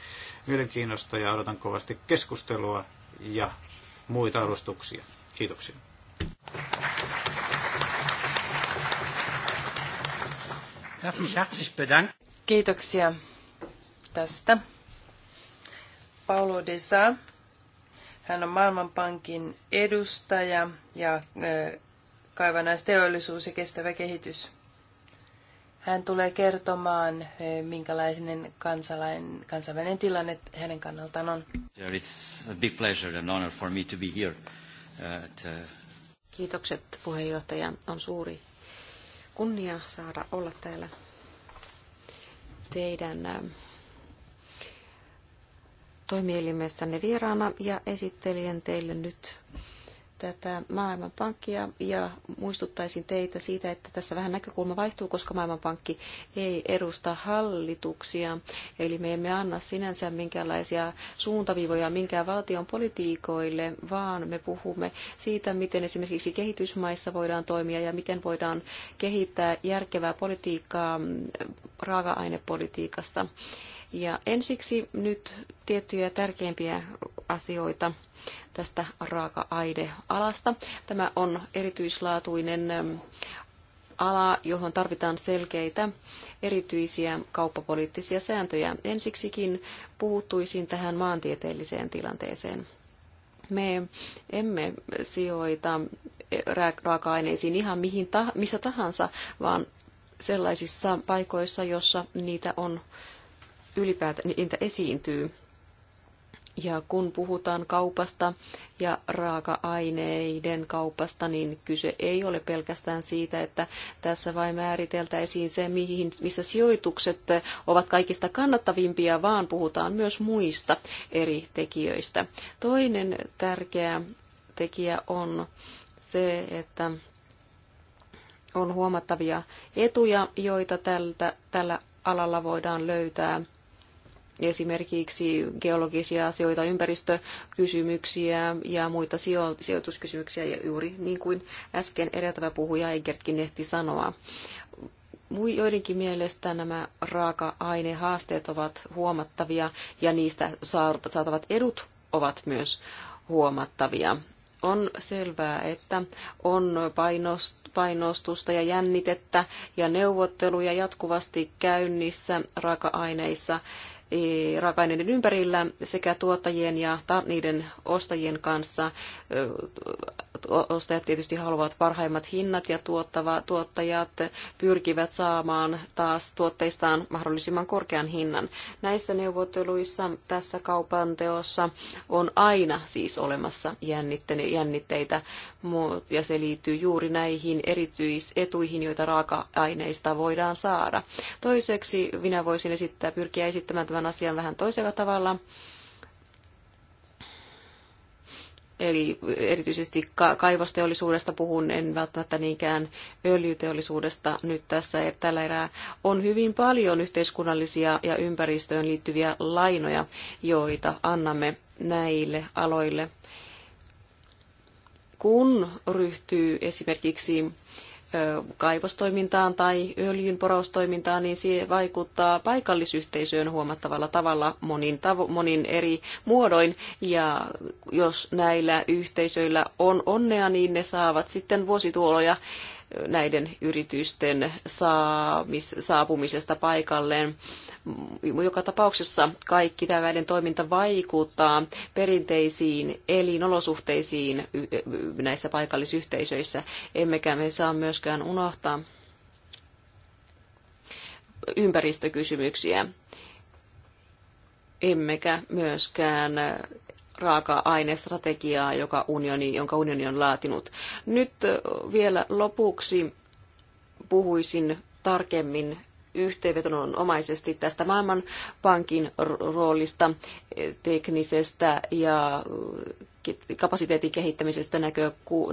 mielenkiinnosta ja odotan kovasti keskustelua ja muita alustuksia. Kiitoksia. Kiitoksia tästä. Paulo Desa, hän on Maailmanpankin edustaja ja kaivannaisteollisuus ja kestävä kehitys. Hän tulee kertomaan, minkälainen kansalainen, kansainvälinen tilanne hänen kannaltaan on. It's a big pleasure and honor for me to be here. Uh, uh, Kiitokset puheenjohtaja. On suuri kunnia saada olla täällä teidän toimielimessänne vieraana ja esittelijän teille nyt tätä Maailmanpankkia ja muistuttaisin teitä siitä, että tässä vähän näkökulma vaihtuu, koska Maailmanpankki ei edusta hallituksia. Eli me emme anna sinänsä minkäänlaisia suuntaviivoja minkään valtion politiikoille, vaan me puhumme siitä, miten esimerkiksi kehitysmaissa voidaan toimia ja miten voidaan kehittää järkevää politiikkaa mm, raaka-ainepolitiikassa. Ja ensiksi nyt tiettyjä tärkeimpiä asioita tästä raaka-aidealasta. Tämä on erityislaatuinen ähm, ala, johon tarvitaan selkeitä erityisiä kauppapoliittisia sääntöjä. Ensiksikin puuttuisin tähän maantieteelliseen tilanteeseen. Me emme sijoita raaka-aineisiin ihan mihin ta- missä tahansa, vaan sellaisissa paikoissa, jossa niitä on ylipäätään, niitä esiintyy. Ja kun puhutaan kaupasta ja raaka-aineiden kaupasta, niin kyse ei ole pelkästään siitä, että tässä vain määriteltäisiin se, mihin, missä sijoitukset ovat kaikista kannattavimpia, vaan puhutaan myös muista eri tekijöistä. Toinen tärkeä tekijä on se, että on huomattavia etuja, joita tältä, tällä alalla voidaan löytää – esimerkiksi geologisia asioita, ympäristökysymyksiä ja muita sijoituskysymyksiä, juuri niin kuin äsken edeltävä puhuja Egertkin ehti sanoa. Joidenkin mielestä nämä raaka-ainehaasteet ovat huomattavia ja niistä saatavat edut ovat myös huomattavia. On selvää, että on painostusta ja jännitettä ja neuvotteluja jatkuvasti käynnissä raaka-aineissa raaka-aineiden ympärillä sekä tuottajien ja niiden ostajien kanssa ostajat tietysti haluavat parhaimmat hinnat ja tuottava, tuottajat pyrkivät saamaan taas tuotteistaan mahdollisimman korkean hinnan. Näissä neuvotteluissa tässä kaupan teossa on aina siis olemassa jännitteitä ja se liittyy juuri näihin erityisetuihin, joita raaka-aineista voidaan saada. Toiseksi minä voisin esittää, pyrkiä esittämään tämän asian vähän toisella tavalla. Eli erityisesti ka- kaivosteollisuudesta puhun, en välttämättä niinkään öljyteollisuudesta nyt tässä että tällä erää. On hyvin paljon yhteiskunnallisia ja ympäristöön liittyviä lainoja, joita annamme näille aloille. Kun ryhtyy esimerkiksi kaivostoimintaan tai öljynporaustoimintaan, niin se vaikuttaa paikallisyhteisöön huomattavalla tavalla monin, tavo- monin eri muodoin. Ja jos näillä yhteisöillä on onnea, niin ne saavat sitten vuosituoloja näiden yritysten saamis, saapumisesta paikalleen. Joka tapauksessa kaikki tällainen toiminta vaikuttaa perinteisiin elinolosuhteisiin näissä paikallisyhteisöissä, emmekä me saa myöskään unohtaa ympäristökysymyksiä emmekä myöskään raaka-ainestrategiaa, joka unioni, jonka unioni on laatinut. Nyt vielä lopuksi puhuisin tarkemmin yhteenvetonomaisesti tästä Maailmanpankin roolista, e, teknisestä ja kapasiteetin kehittämisestä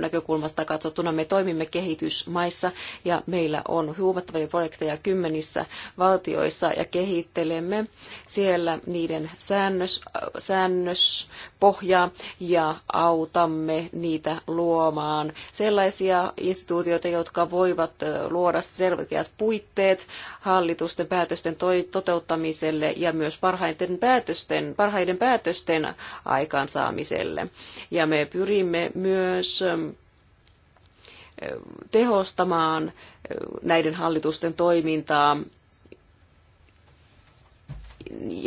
näkökulmasta katsottuna. Me toimimme kehitysmaissa ja meillä on huomattavia projekteja kymmenissä valtioissa ja kehittelemme siellä niiden säännös, säännöspohjaa ja autamme niitä luomaan sellaisia instituutioita, jotka voivat luoda selkeät puitteet hallitusten päätösten toteuttamiselle ja myös parhaiten päätösten, parhaiden päätösten aikaansaamiselle. Ja me pyrimme myös ähm, tehostamaan äh, näiden hallitusten toimintaa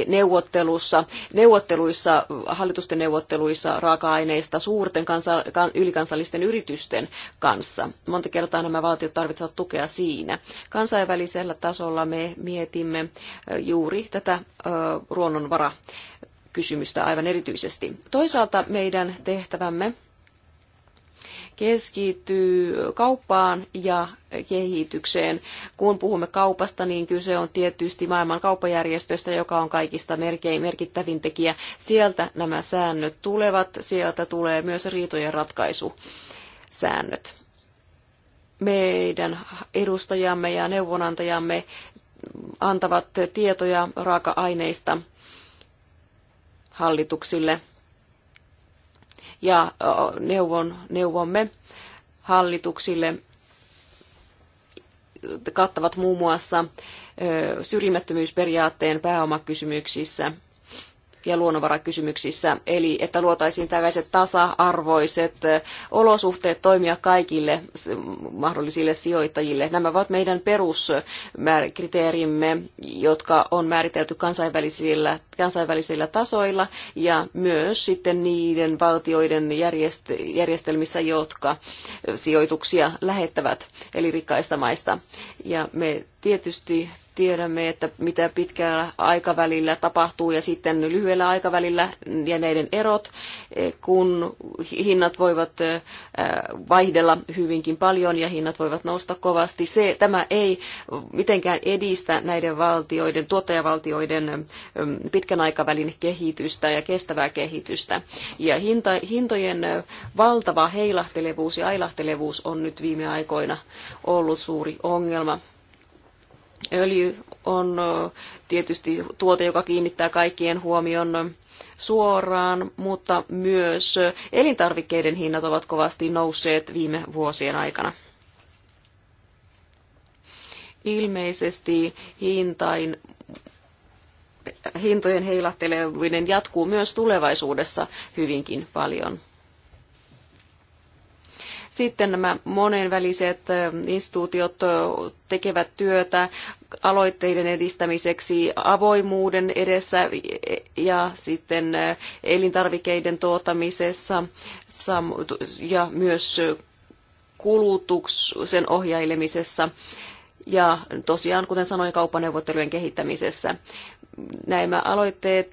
neuvottelussa, neuvotteluissa, hallitusten neuvotteluissa raaka-aineista suurten kansa, ylikansallisten yritysten kanssa. Monta kertaa nämä valtiot tarvitsevat tukea siinä. Kansainvälisellä tasolla me mietimme äh, juuri tätä ö, äh, ruonnonvara kysymystä aivan erityisesti. Toisaalta meidän tehtävämme keskittyy kauppaan ja kehitykseen. Kun puhumme kaupasta, niin kyse on tietysti maailman kauppajärjestöstä, joka on kaikista merkein, merkittävin tekijä. Sieltä nämä säännöt tulevat, sieltä tulee myös riitojen ratkaisusäännöt. Meidän edustajamme ja neuvonantajamme antavat tietoja raaka-aineista hallituksille ja neuvon, neuvomme hallituksille kattavat muun muassa syrjimättömyysperiaatteen pääomakysymyksissä – ja luonnonvarakysymyksissä, eli että luotaisiin tällaiset tasa-arvoiset olosuhteet toimia kaikille mahdollisille sijoittajille. Nämä ovat meidän peruskriteerimme, jotka on määritelty kansainvälisillä, kansainvälisillä tasoilla ja myös sitten niiden valtioiden järjestelmissä, jotka sijoituksia lähettävät, eli rikkaista maista. Ja me tietysti tiedämme, että mitä pitkällä aikavälillä tapahtuu ja sitten lyhyellä aikavälillä ja näiden erot, eh, kun hinnat voivat eh, vaihdella hyvinkin paljon ja hinnat voivat nousta kovasti. Se, tämä ei mitenkään edistä näiden valtioiden, tuottajavaltioiden eh, pitkän aikavälin kehitystä ja kestävää kehitystä. Ja hinta, hintojen valtava heilahtelevuus ja ailahtelevuus on nyt viime aikoina ollut suuri ongelma Öljy on tietysti tuote, joka kiinnittää kaikkien huomion suoraan, mutta myös elintarvikkeiden hinnat ovat kovasti nousseet viime vuosien aikana. Ilmeisesti hintain hintojen heilahteleminen jatkuu myös tulevaisuudessa hyvinkin paljon. Sitten nämä monenväliset instituutiot tekevät työtä aloitteiden edistämiseksi avoimuuden edessä e, ja sitten elintarvikeiden tuottamisessa ja myös kulutuksen ohjailemisessa ja tosiaan, kuten sanoin, kauppaneuvottelujen kehittämisessä nämä aloitteet,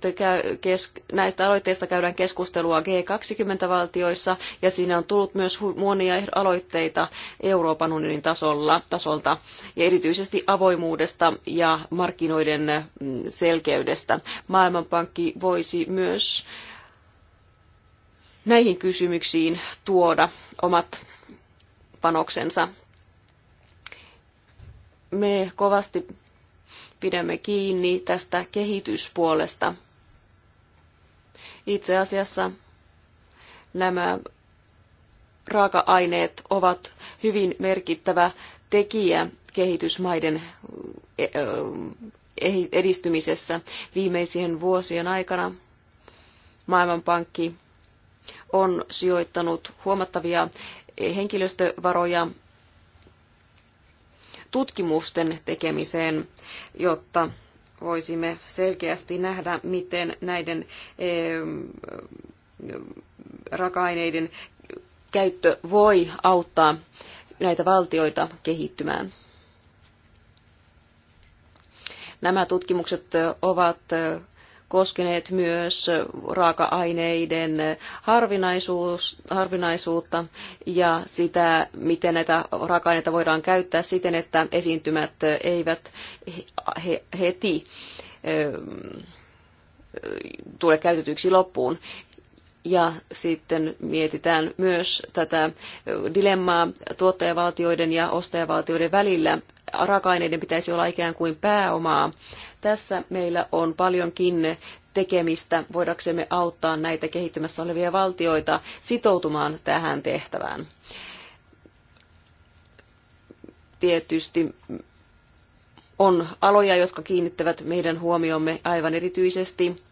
näistä aloitteista käydään keskustelua G20-valtioissa ja siinä on tullut myös monia er- aloitteita Euroopan unionin tasolla, tasolta ja erityisesti avoimuudesta ja markkinoiden mm, selkeydestä. Maailmanpankki voisi myös näihin kysymyksiin tuoda omat panoksensa. Me kovasti pidämme kiinni tästä kehityspuolesta. Itse asiassa nämä raaka-aineet ovat hyvin merkittävä tekijä kehitysmaiden eh, eh, eh, edistymisessä viimeisien vuosien aikana. Maailmanpankki on sijoittanut huomattavia henkilöstövaroja tutkimusten tekemiseen, jotta voisimme selkeästi nähdä, miten näiden eh, raaka-aineiden käyttö voi auttaa näitä valtioita kehittymään. Nämä tutkimukset ovat koskeneet myös raaka-aineiden harvinaisuutta ja sitä, miten näitä raaka-aineita voidaan käyttää siten, että esiintymät eivät heti tule käytetyiksi loppuun. Ja sitten mietitään myös tätä dilemmaa tuottajavaltioiden ja ostajavaltioiden välillä. Raaka-aineiden pitäisi olla ikään kuin pääomaa tässä meillä on paljonkin tekemistä, voidaksemme auttaa näitä kehittymässä olevia valtioita sitoutumaan tähän tehtävään. Tietysti on aloja, jotka kiinnittävät meidän huomiomme aivan erityisesti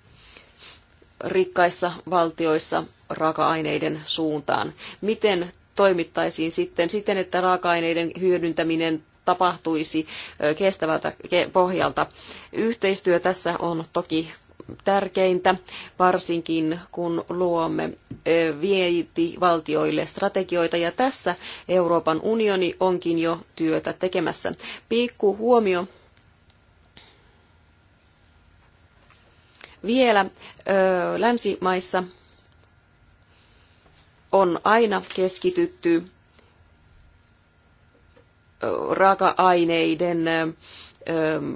rikkaissa valtioissa raaka-aineiden suuntaan. Miten toimittaisiin sitten siten, että raaka-aineiden hyödyntäminen tapahtuisi kestävältä pohjalta. Yhteistyö tässä on toki tärkeintä, varsinkin kun luomme vientivaltioille strategioita, ja tässä Euroopan unioni onkin jo työtä tekemässä. Piikku huomio vielä länsimaissa on aina keskitytty raaka-aineiden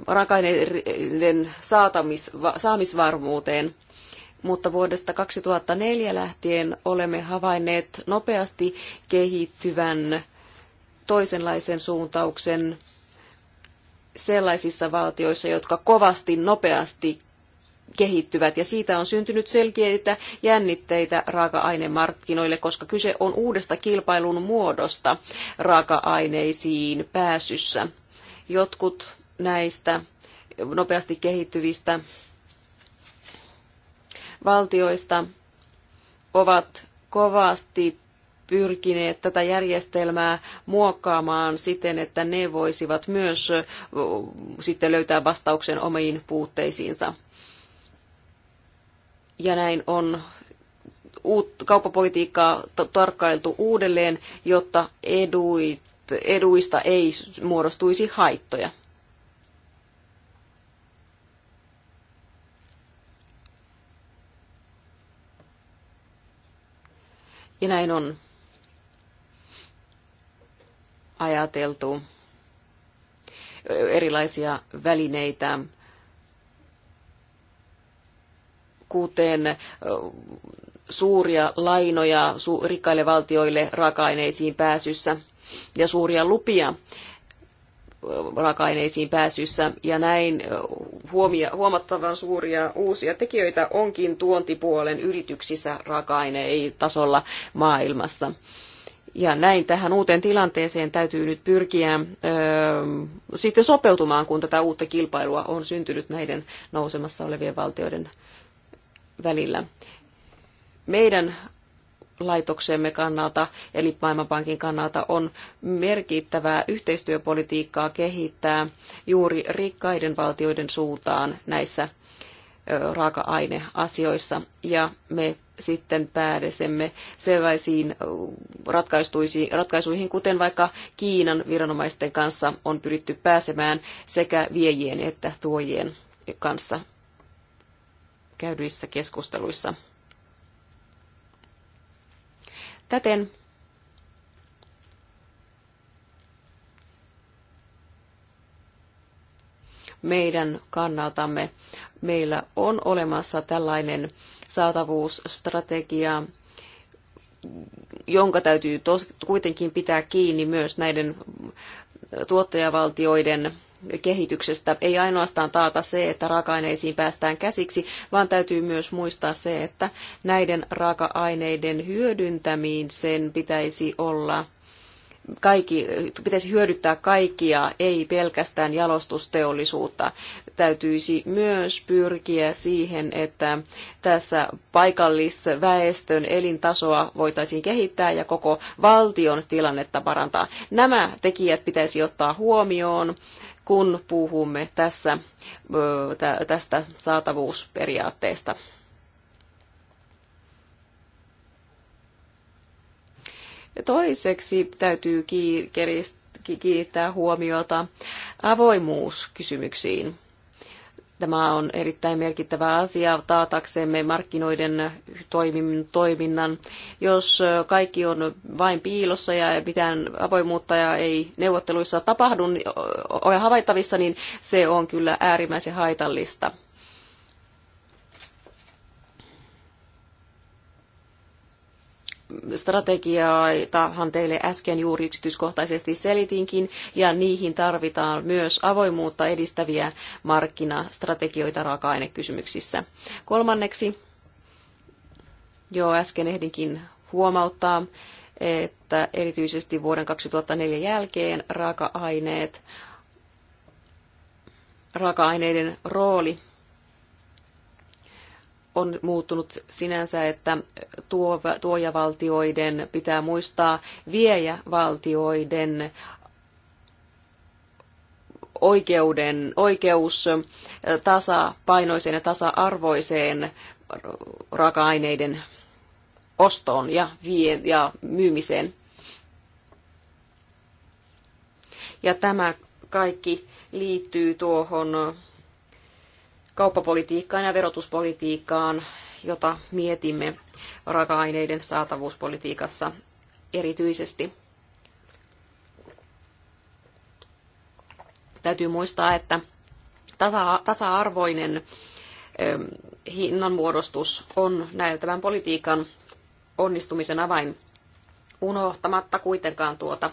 raaka-aineiden saamisvarmuuteen. Mutta vuodesta 2004 lähtien olemme havainneet nopeasti kehittyvän toisenlaisen suuntauksen sellaisissa valtioissa, jotka kovasti nopeasti kehittyvät ja siitä on syntynyt selkeitä jännitteitä raaka-ainemarkkinoille, koska kyse on uudesta kilpailun muodosta raaka-aineisiin pääsyssä. Jotkut näistä nopeasti kehittyvistä valtioista ovat kovasti pyrkineet tätä järjestelmää muokkaamaan siten, että ne voisivat myös sitten löytää vastauksen omiin puutteisiinsa ja näin on uut, kauppapolitiikkaa tarkkailtu uudelleen, jotta eduit, eduista ei muodostuisi haittoja. Ja näin on ajateltu erilaisia välineitä kuuteen suuria lainoja su, rikkaille valtioille raaka-aineisiin pääsyssä ja suuria lupia raaka-aineisiin pääsyssä ja näin huomia, huomattavan suuria uusia tekijöitä onkin tuontipuolen yrityksissä raaka tasolla maailmassa. Ja näin tähän uuteen tilanteeseen täytyy nyt pyrkiä ö, sitten sopeutumaan, kun tätä uutta kilpailua on syntynyt näiden nousemassa olevien valtioiden välillä. Meidän laitoksemme kannalta, eli Maailmanpankin kannalta, on merkittävää yhteistyöpolitiikkaa kehittää juuri rikkaiden valtioiden suuntaan näissä raaka-aineasioissa. Ja me sitten päädesemme sellaisiin ratkaisuihin, kuten vaikka Kiinan viranomaisten kanssa on pyritty pääsemään sekä viejien että tuojien kanssa käydyissä keskusteluissa. Täten meidän kannaltamme meillä on olemassa tällainen saatavuusstrategia, jonka täytyy kuitenkin pitää kiinni myös näiden tuottajavaltioiden kehityksestä. Ei ainoastaan taata se, että raaka-aineisiin päästään käsiksi, vaan täytyy myös muistaa se, että näiden raaka-aineiden hyödyntämisen pitäisi olla kaikki, pitäisi hyödyttää kaikkia, ei pelkästään jalostusteollisuutta. Täytyisi myös pyrkiä siihen, että tässä paikallisväestön elintasoa voitaisiin kehittää ja koko valtion tilannetta parantaa. Nämä tekijät pitäisi ottaa huomioon kun puhumme tässä, tästä saatavuusperiaatteesta. Toiseksi täytyy kiinnittää huomiota avoimuuskysymyksiin. Tämä on erittäin merkittävä asia taataksemme markkinoiden toiminnan. Jos kaikki on vain piilossa ja mitään avoimuutta ja ei neuvotteluissa tapahdu, ole havaittavissa, niin se on kyllä äärimmäisen haitallista. strategioitahan teille äsken juuri yksityiskohtaisesti selitinkin, ja niihin tarvitaan myös avoimuutta edistäviä markkinastrategioita raaka-ainekysymyksissä. Kolmanneksi, jo äsken ehdinkin huomauttaa, että erityisesti vuoden 2004 jälkeen raaka-aineet, raaka-aineiden rooli on muuttunut sinänsä, että tuo, tuojavaltioiden pitää muistaa viejävaltioiden oikeuden, oikeus tasapainoiseen ja tasa-arvoiseen raaka-aineiden ostoon ja, vie- ja myymiseen. Ja tämä kaikki liittyy tuohon kauppapolitiikkaan ja verotuspolitiikkaan, jota mietimme raaka-aineiden saatavuuspolitiikassa erityisesti. Täytyy muistaa, että tasa-arvoinen ähm, hinnanmuodostus on näin politiikan onnistumisen avain unohtamatta kuitenkaan tuota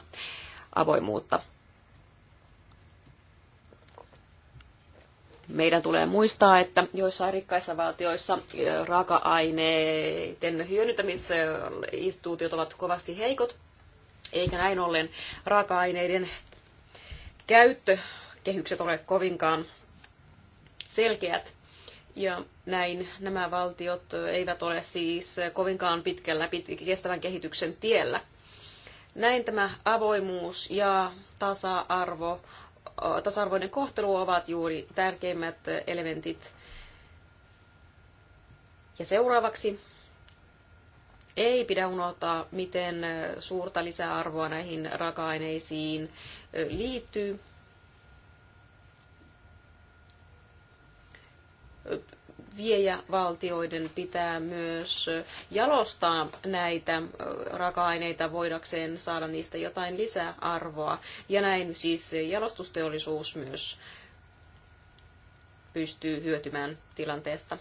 avoimuutta. Meidän tulee muistaa, että joissain rikkaissa valtioissa raaka-aineiden hyödyntämisinstituutiot ovat kovasti heikot, eikä näin ollen raaka-aineiden käyttökehykset ole kovinkaan selkeät. Ja näin nämä valtiot eivät ole siis kovinkaan pitkällä kestävän kehityksen tiellä. Näin tämä avoimuus ja tasa-arvo tasa-arvoinen kohtelu ovat juuri tärkeimmät elementit. Ja seuraavaksi ei pidä unohtaa, miten suurta lisäarvoa näihin raaka-aineisiin liittyy viejävaltioiden pitää myös jalostaa näitä raaka-aineita voidakseen saada niistä jotain lisäarvoa. Ja näin siis jalostusteollisuus myös pystyy hyötymään tilanteesta.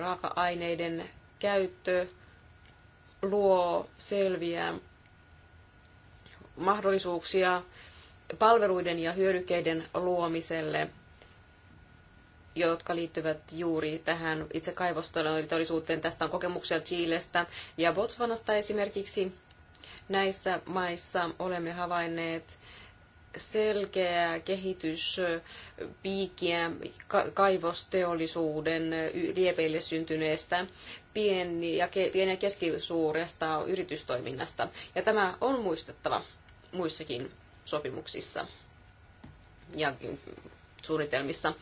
Raaka-aineiden käyttö luo selviä mahdollisuuksia palveluiden ja hyödykkeiden luomiselle, jotka liittyvät juuri tähän itse kaivostodellisuuteen. Tästä on kokemuksia Chilestä ja Botswanasta esimerkiksi. Näissä maissa olemme havainneet selkeää kehityspiikkiä kaivosteollisuuden liepeille syntyneestä pieni ja, ke, pieni ja keskisuuresta yritystoiminnasta. Ja tämä on muistettava muissakin sopimuksissa ja suunnitelmissa.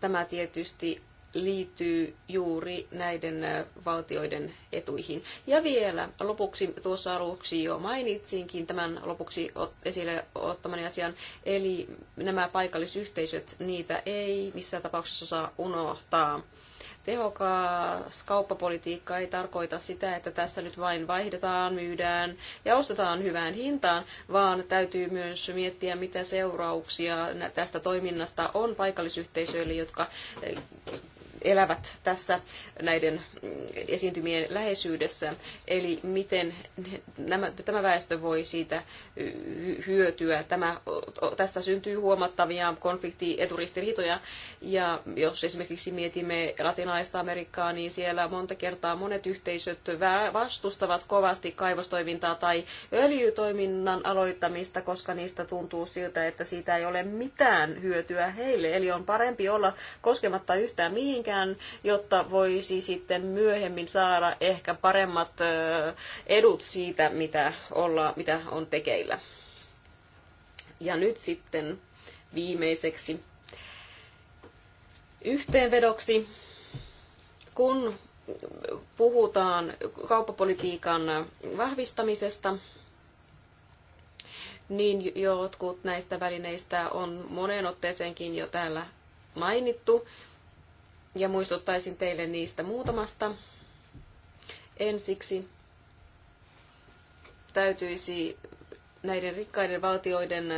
Tämä tietysti liittyy juuri näiden valtioiden etuihin. Ja vielä lopuksi, tuossa aluksi jo mainitsinkin tämän lopuksi esille ottamani asian, eli nämä paikallisyhteisöt, niitä ei missään tapauksessa saa unohtaa Tehokas kauppapolitiikka ei tarkoita sitä, että tässä nyt vain vaihdetaan, myydään ja ostetaan hyvään hintaan, vaan täytyy myös miettiä, mitä seurauksia tästä toiminnasta on paikallisyhteisöille, jotka elävät tässä näiden mm, esiintymien läheisyydessä. Eli miten nämä, tämä väestö voi siitä hyötyä. Tämä, tästä syntyy huomattavia konfliktieturistiriitoja. Ja jos esimerkiksi mietimme latinalaista Amerikkaa, niin siellä monta kertaa monet yhteisöt vastustavat kovasti kaivostoimintaa tai öljytoiminnan aloittamista, koska niistä tuntuu siltä, että siitä ei ole mitään hyötyä heille. Eli on parempi olla koskematta yhtään mihinkään pitkään, jotta voisi sitten myöhemmin saada ehkä paremmat edut siitä, mitä, olla, mitä on tekeillä. Ja nyt sitten viimeiseksi yhteenvedoksi, kun puhutaan kauppapolitiikan vahvistamisesta, niin jotkut näistä välineistä on moneen otteeseenkin jo täällä mainittu ja muistuttaisin teille niistä muutamasta. Ensiksi täytyisi näiden rikkaiden valtioiden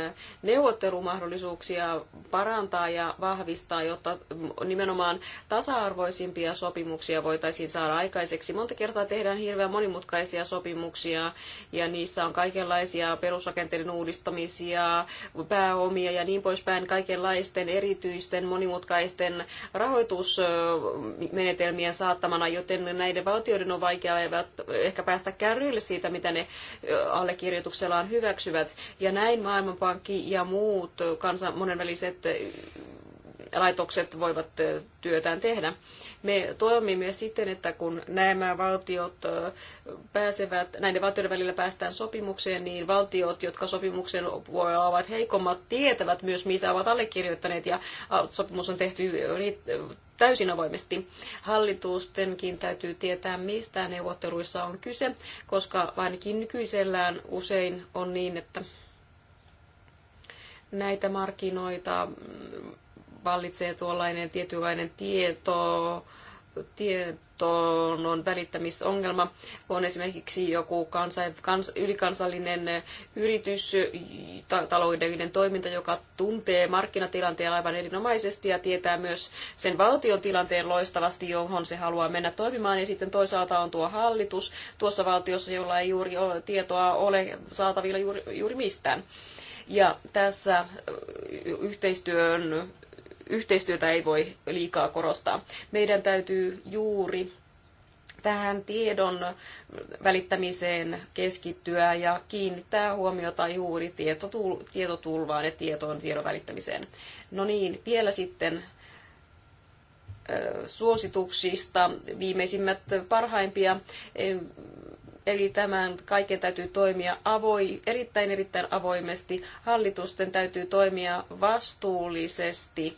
neuvottelumahdollisuuksia parantaa ja vahvistaa, jotta nimenomaan tasa-arvoisimpia sopimuksia voitaisiin saada aikaiseksi. Monta kertaa tehdään hirveän monimutkaisia sopimuksia ja niissä on kaikenlaisia perusrakenteiden uudistamisia, pääomia ja niin poispäin, kaikenlaisten erityisten monimutkaisten rahoitusmenetelmien saattamana, joten näiden valtioiden on vaikea ehkä päästä kärryille siitä, mitä ne allekirjoituksellaan hyvä hyväksyvät. Ja näin Maailmanpankki ja muut kansan, monenväliset laitokset voivat työtään tehdä. Me toimimme siten, että kun nämä valtiot pääsevät, näiden valtioiden välillä päästään sopimukseen, niin valtiot, jotka sopimuksen ovat heikommat, tietävät myös, mitä ovat allekirjoittaneet, ja sopimus on tehty täysin avoimesti. Hallitustenkin täytyy tietää, mistä neuvotteluissa on kyse, koska ainakin nykyisellään usein on niin, että näitä markkinoita vallitsee tuollainen tietynlainen tieto, tietoon välittämisongelma. On esimerkiksi joku kansain, kans, ylikansallinen yritys, ta, taloudellinen toiminta, joka tuntee markkinatilanteen aivan erinomaisesti ja tietää myös sen valtion tilanteen loistavasti, johon se haluaa mennä toimimaan. Ja sitten toisaalta on tuo hallitus tuossa valtiossa, jolla ei juuri ole, tietoa ole saatavilla juuri, juuri mistään. Ja tässä yhteistyön yhteistyötä ei voi liikaa korostaa. Meidän täytyy juuri tähän tiedon välittämiseen keskittyä ja kiinnittää huomiota juuri tietotulvaan ja tietoon tiedon välittämiseen. No niin, vielä sitten suosituksista viimeisimmät parhaimpia. E, eli tämän kaiken täytyy toimia avoin, erittäin erittäin avoimesti. Hallitusten täytyy toimia vastuullisesti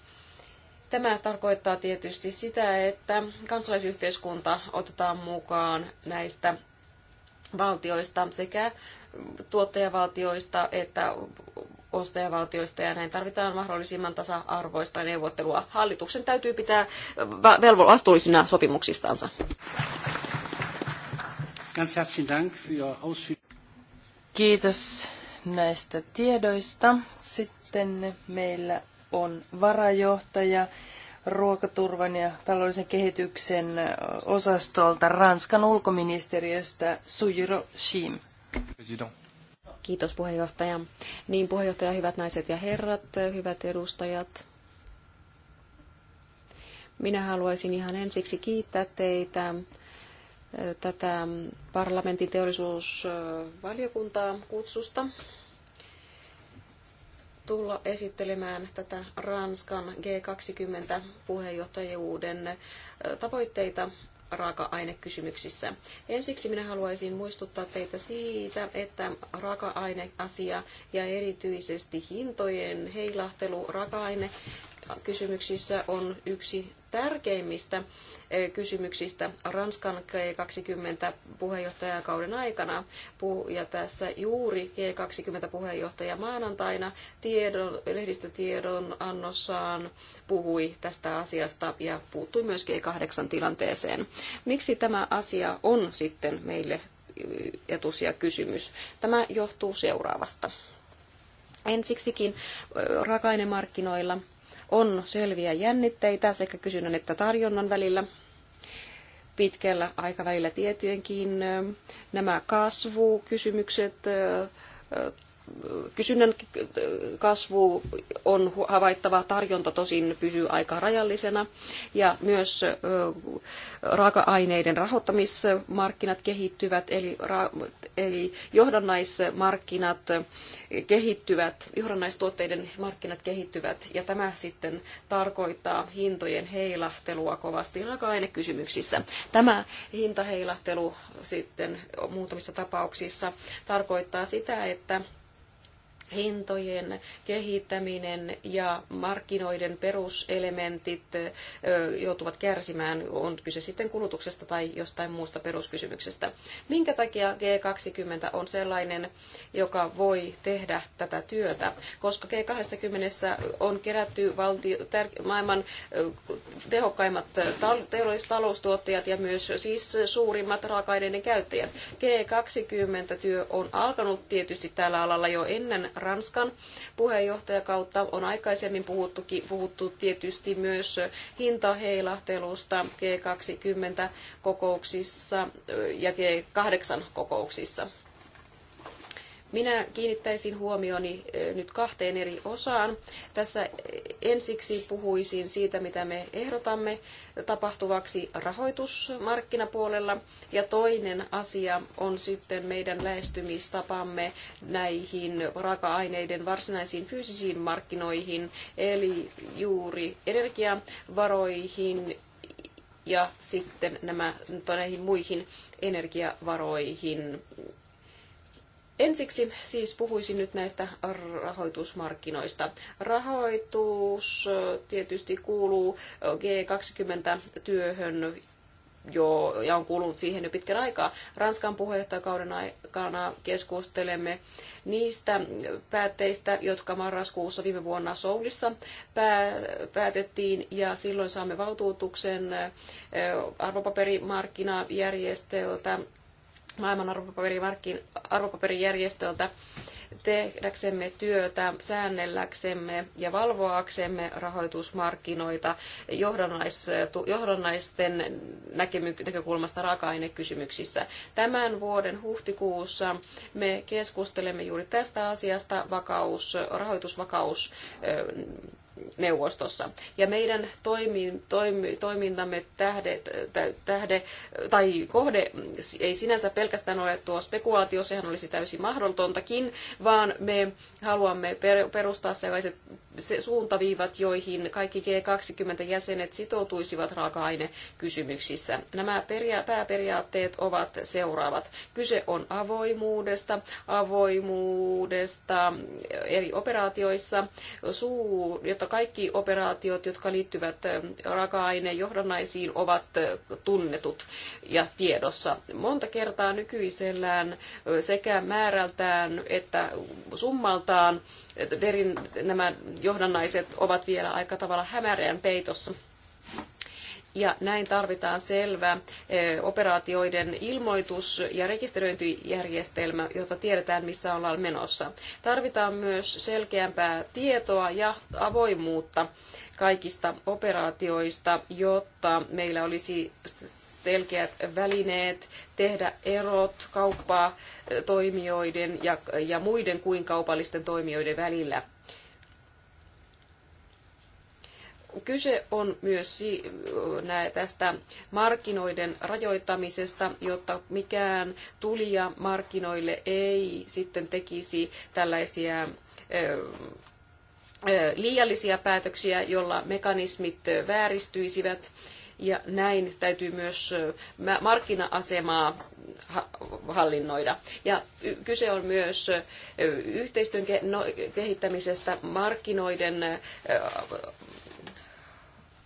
Tämä tarkoittaa tietysti sitä, että kansalaisyhteiskunta otetaan mukaan näistä valtioista sekä tuottajavaltioista että ostajavaltioista ja näin tarvitaan mahdollisimman tasa-arvoista neuvottelua. Hallituksen täytyy pitää velvo vastuullisina sopimuksistansa. Kiitos näistä tiedoista. Sitten meillä on varajohtaja ruokaturvan ja taloudellisen kehityksen osastolta Ranskan ulkoministeriöstä Sujiro Shim. President. Kiitos puheenjohtaja. Niin puheenjohtaja, hyvät naiset ja herrat, hyvät edustajat. Minä haluaisin ihan ensiksi kiittää teitä tätä parlamentin teollisuusvaliokuntaa kutsusta tulla esittelemään tätä Ranskan G20-puheenjohtajuuden tavoitteita raaka-ainekysymyksissä. Ensiksi minä haluaisin muistuttaa teitä siitä, että raaka-aineasia ja erityisesti hintojen heilahtelu raaka-aine kysymyksissä on yksi tärkeimmistä eh, kysymyksistä Ranskan G20-puheenjohtajakauden aikana. Ja tässä juuri G20-puheenjohtaja maanantaina tiedon, lehdistötiedon annossaan puhui tästä asiasta ja puuttui myös G8-tilanteeseen. Miksi tämä asia on sitten meille eh, etusia kysymys? Tämä johtuu seuraavasta. Ensiksikin eh, raaka-ainemarkkinoilla on selviä jännitteitä sekä kysynnän että tarjonnan välillä pitkällä aikavälillä tietenkin nämä kasvukysymykset kysynnän kasvu on havaittava, tarjonta tosin pysyy aika rajallisena ja myös raaka-aineiden rahoittamismarkkinat kehittyvät, eli, eli johdannaismarkkinat kehittyvät, johdannaistuotteiden markkinat kehittyvät ja tämä sitten tarkoittaa hintojen heilahtelua kovasti raaka-ainekysymyksissä. Tämä hintaheilahtelu sitten muutamissa tapauksissa tarkoittaa sitä, että hintojen kehittäminen ja markkinoiden peruselementit joutuvat kärsimään, on kyse sitten kulutuksesta tai jostain muusta peruskysymyksestä. Minkä takia G20 on sellainen, joka voi tehdä tätä työtä? Koska G20 on kerätty valtio, maailman tehokkaimmat teollistaloustuottajat ja myös siis suurimmat raaka-aineiden käyttäjät. G20-työ on alkanut tietysti tällä alalla jo ennen Ranskan puheenjohtajakautta. On aikaisemmin puhuttu, puhuttu tietysti myös hintaheilahtelusta G20-kokouksissa ja G8-kokouksissa. Minä kiinnittäisin huomioni eh, nyt kahteen eri osaan. Tässä ensiksi puhuisin siitä, mitä me ehdotamme tapahtuvaksi rahoitusmarkkinapuolella. Ja toinen asia on sitten meidän lähestymistapamme näihin raaka-aineiden varsinaisiin fyysisiin markkinoihin, eli juuri energiavaroihin ja sitten nämä, näihin muihin energiavaroihin Ensiksi siis puhuisin nyt näistä rahoitusmarkkinoista. Rahoitus tietysti kuuluu G20-työhön jo, ja on kuulunut siihen jo pitkän aikaa. Ranskan puheenjohtajakauden aikana keskustelemme niistä päätteistä, jotka marraskuussa viime vuonna Soulissa päätettiin, ja silloin saamme valtuutuksen arvopaperimarkkinajärjestöltä maailman arvopaperijärjestöltä tehdäksemme työtä, säännelläksemme ja valvoaksemme rahoitusmarkkinoita johdonnaisten näkökulmasta raaka-ainekysymyksissä. Tämän vuoden huhtikuussa me keskustelemme juuri tästä asiasta vakaus, rahoitusvakaus neuvostossa. Ja meidän toimi, toimintamme tähde, tähde, tai kohde ei sinänsä pelkästään ole tuo spekulaatio, sehän olisi täysin mahdotontakin, vaan me haluamme perustaa sellaiset suuntaviivat, joihin kaikki G20-jäsenet sitoutuisivat raaka-ainekysymyksissä. Nämä peria- pääperiaatteet ovat seuraavat. Kyse on avoimuudesta, avoimuudesta eri operaatioissa, suu, jotta kaikki operaatiot, jotka liittyvät raaka johdannaisiin, ovat tunnetut ja tiedossa. Monta kertaa nykyisellään sekä määrältään että summaltaan derin, nämä johdannaiset ovat vielä aika tavalla hämärän peitossa. Ja näin tarvitaan selvä eh, operaatioiden ilmoitus- ja rekisteröintijärjestelmä, jotta tiedetään, missä ollaan menossa. Tarvitaan myös selkeämpää tietoa ja avoimuutta kaikista operaatioista, jotta meillä olisi selkeät välineet tehdä erot kauppaa toimijoiden ja, ja muiden kuin kaupallisten toimijoiden välillä Kyse on myös tästä markkinoiden rajoittamisesta, jotta mikään tulija markkinoille ei sitten tekisi tällaisia liiallisia päätöksiä, jolla mekanismit vääristyisivät ja näin täytyy myös markkina-asemaa hallinnoida. Ja kyse on myös yhteistyön no- kehittämisestä markkinoiden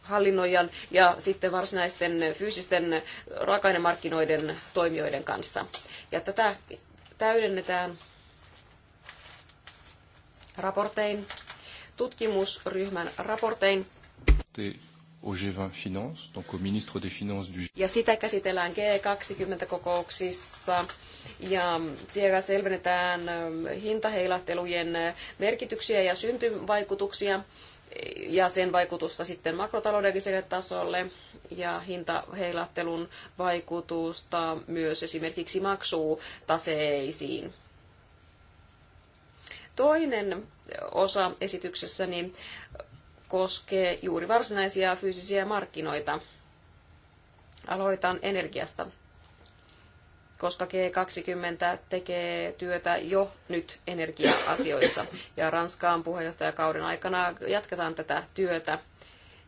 hallinnoijan ja sitten varsinaisten fyysisten raaka-ainemarkkinoiden toimijoiden kanssa. Ja tätä täydennetään raportein, tutkimusryhmän raportein. Au G20 Finance, donc au ministre des Finances du Ja sitä käsitellään G20-kokouksissa ja siellä selvennetään ähm, hintaheilahtelujen äh, merkityksiä ja syntyvaikutuksia ja sen vaikutusta sitten makrotaloudelliselle tasolle ja hintaheilahtelun vaikutusta myös esimerkiksi maksutaseisiin. Toinen osa esityksessäni niin koskee juuri varsinaisia fyysisiä markkinoita. Aloitan energiasta koska G20 tekee työtä jo nyt energia-asioissa. Ja Ranskaan puheenjohtajakauden aikana jatketaan tätä työtä.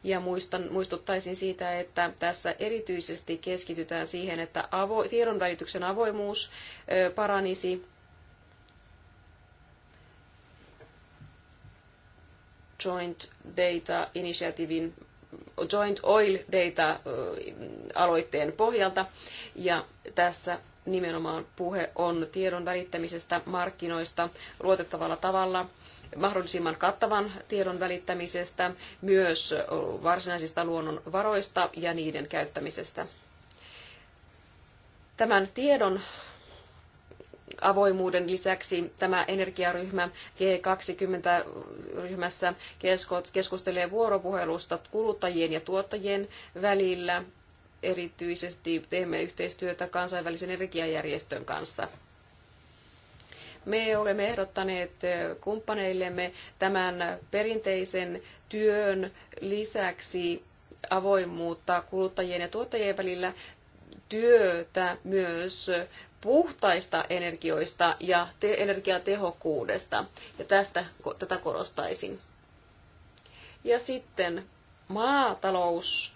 Ja muistan, muistuttaisin siitä, että tässä erityisesti keskitytään siihen, että avo, tiedonvälityksen avoimuus ö, paranisi Joint Data Initiativein Joint Oil Data-aloitteen pohjalta. Ja tässä nimenomaan puhe on tiedon välittämisestä markkinoista luotettavalla tavalla mahdollisimman kattavan tiedon välittämisestä, myös varsinaisista luonnonvaroista ja niiden käyttämisestä. Tämän tiedon avoimuuden lisäksi tämä energiaryhmä G20-ryhmässä keskustelee vuoropuhelusta kuluttajien ja tuottajien välillä erityisesti teemme yhteistyötä kansainvälisen energiajärjestön kanssa. Me olemme ehdottaneet kumppaneillemme tämän perinteisen työn lisäksi avoimuutta kuluttajien ja tuottajien välillä työtä myös puhtaista energioista ja te- energiatehokkuudesta. Ja tästä tätä korostaisin. Ja sitten maatalous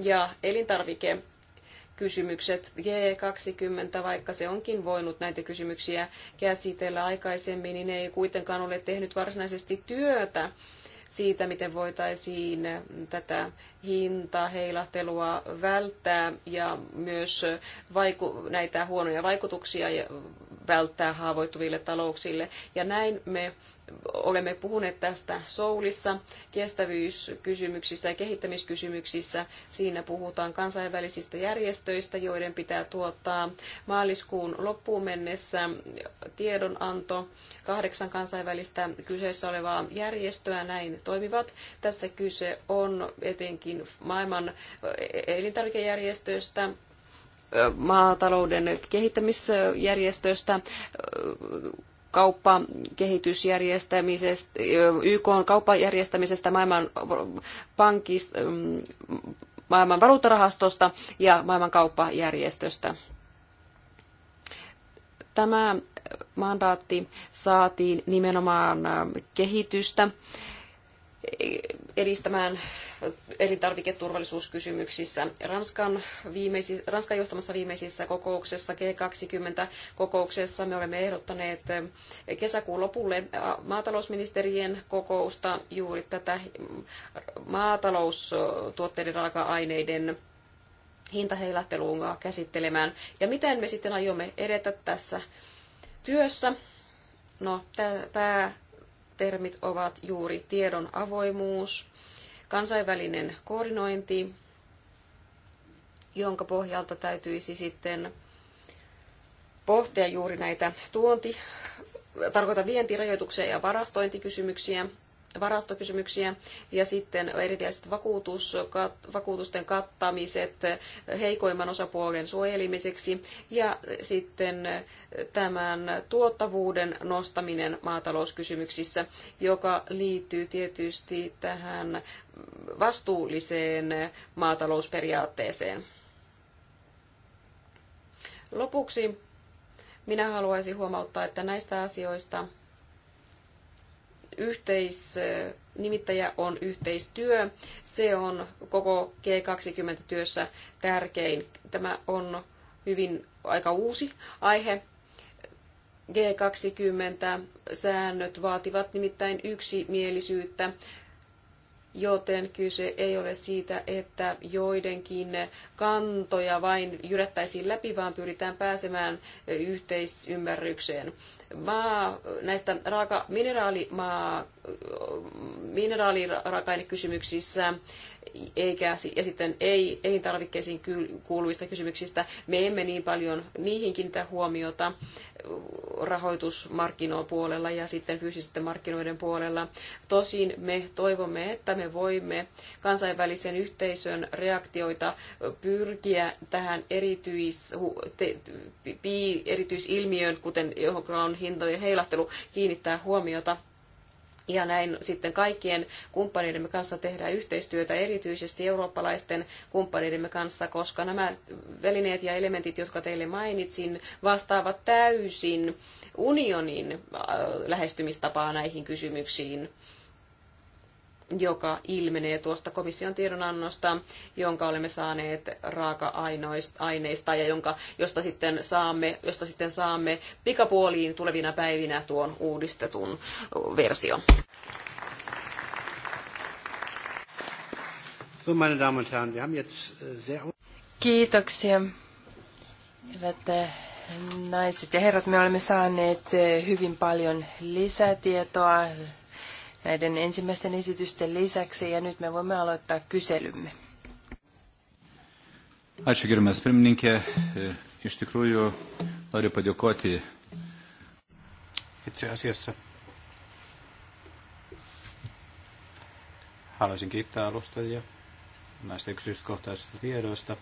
ja elintarvikekysymykset kysymykset. G20, vaikka se onkin voinut näitä kysymyksiä käsitellä aikaisemmin, niin ei kuitenkaan ole tehnyt varsinaisesti työtä siitä, miten voitaisiin tätä hintaheilahtelua välttää ja myös vaiku- näitä huonoja vaikutuksia välttää haavoittuville talouksille. Ja näin me olemme puhuneet tästä Soulissa kestävyyskysymyksistä ja kehittämiskysymyksissä. Siinä puhutaan kansainvälisistä järjestöistä, joiden pitää tuottaa maaliskuun loppuun mennessä tiedonanto. Kahdeksan kansainvälistä kyseessä olevaa järjestöä näin toimivat. Tässä kyse on etenkin maailman elintarvikejärjestöstä, maatalouden kehittämisjärjestöstä, kauppakehitysjärjestämisestä, YK kauppajärjestämisestä, maailman pankista, mm, maailman valuuttarahastosta ja maailman kauppajärjestöstä. Tämä mandaatti saatiin nimenomaan kehitystä edistämään elintarviketurvallisuuskysymyksissä. Ranskan, viimeisi, Ranskan johtamassa viimeisissä kokouksessa, G20-kokouksessa, me olemme ehdottaneet eh, kesäkuun lopulle eh, maatalousministerien kokousta juuri tätä mm, maataloustuotteiden raaka-aineiden hintaheilahteluun käsittelemään. Ja miten me sitten aiomme edetä tässä työssä? No, tämä termit ovat juuri tiedon avoimuus, kansainvälinen koordinointi, jonka pohjalta täytyisi sitten pohtia juuri näitä tuonti, tarkoita vientirajoituksia ja varastointikysymyksiä varastokysymyksiä ja sitten erilaiset vakuutus, vakuutusten kattamiset heikoimman osapuolen suojelemiseksi ja sitten tämän tuottavuuden nostaminen maatalouskysymyksissä, joka liittyy tietysti tähän vastuulliseen maatalousperiaatteeseen. Lopuksi minä haluaisin huomauttaa, että näistä asioista – yhteisnimittäjä on yhteistyö. Se on koko G20-työssä tärkein. Tämä on hyvin aika uusi aihe. G20-säännöt vaativat nimittäin yksimielisyyttä joten kyse ei ole siitä, että joidenkin kantoja vain jyrättäisiin läpi, vaan pyritään pääsemään eh, yhteisymmärrykseen. Maa, näistä raaka, mineraali, eh, mineraaliraaka-ainekysymyksissä eikä, ja sitten ei, ei tarvikkeisiin kuuluvista kysymyksistä. Me emme niin paljon niihin kiinnitä huomiota puolella ja sitten fyysisten markkinoiden puolella. Tosin me toivomme, että me voimme kansainvälisen yhteisön reaktioita pyrkiä tähän erityis, te, pi, erityisilmiöön, kuten johon on hintojen heilahtelu, kiinnittää huomiota ja näin sitten kaikkien kumppaneidemme kanssa tehdään yhteistyötä, erityisesti eurooppalaisten kumppaneidemme kanssa, koska nämä välineet ja elementit, jotka teille mainitsin, vastaavat täysin unionin äh, lähestymistapaa näihin kysymyksiin joka ilmenee tuosta komission tiedonannosta, jonka olemme saaneet raaka-aineista ja jonka, josta, sitten saamme, josta sitten saamme pikapuoliin tulevina päivinä tuon uudistetun version. So, meine Damen und Herren, wir haben jetzt äh, sehr... Kiitoksia. Hyvät äh, naiset ja herrat, me olemme saaneet äh, hyvin paljon lisätietoa näiden ensimmäisten esitysten lisäksi ja nyt me voimme aloittaa kyselymme. Ačiū gerbiamas pirmininkė. E, iš tikrųjų noriu padėkoti. Itse asiassa haluaisin kiittää alustajia näistä yksityiskohtaisista tiedoista,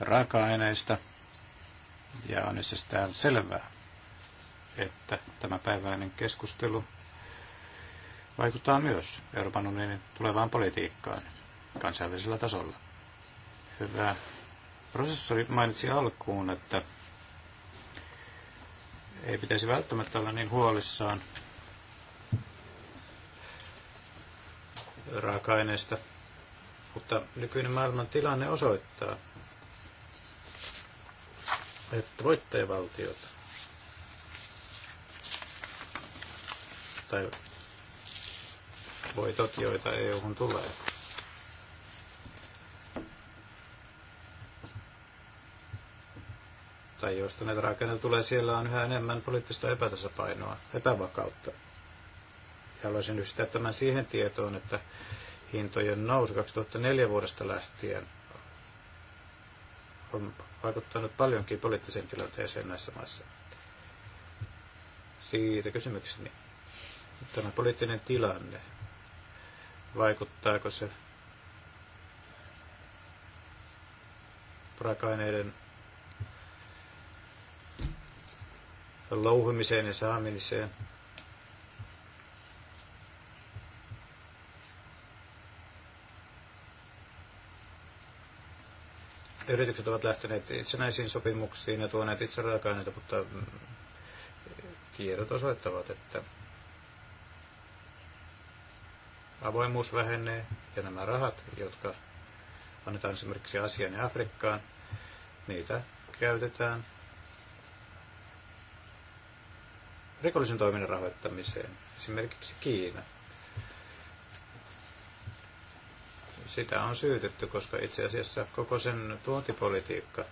raaka-aineista ja on itsestään selvää, että tämä päiväinen keskustelu vaikuttaa myös Euroopan unionin tulevaan politiikkaan kansainvälisellä tasolla. Hyvä. Professori mainitsi alkuun, että ei pitäisi välttämättä olla niin huolissaan raaka-aineista, mutta nykyinen maailman tilanne osoittaa, että voittajavaltiot tai voitot, joita eu tulee. tai joista näitä rakenteita tulee, siellä on yhä enemmän poliittista epätasapainoa, epävakautta. Ja haluaisin yhdistää tämän siihen tietoon, että hintojen nousu 2004 vuodesta lähtien on vaikuttanut paljonkin poliittiseen tilanteeseen näissä maissa. Siitä kysymykseni. Tämä poliittinen tilanne, vaikuttaako se raaka-aineiden louhimiseen ja saamiseen. Yritykset ovat lähteneet itsenäisiin sopimuksiin ja tuoneet itse raaka-aineita, mutta mm, tiedot osoittavat, että avoimuus vähenee ja nämä rahat, jotka annetaan esimerkiksi Asian ja Afrikkaan, niitä käytetään rikollisen toiminnan rahoittamiseen, esimerkiksi Kiina. Sitä on syytetty, koska itse asiassa koko sen tuontipolitiikka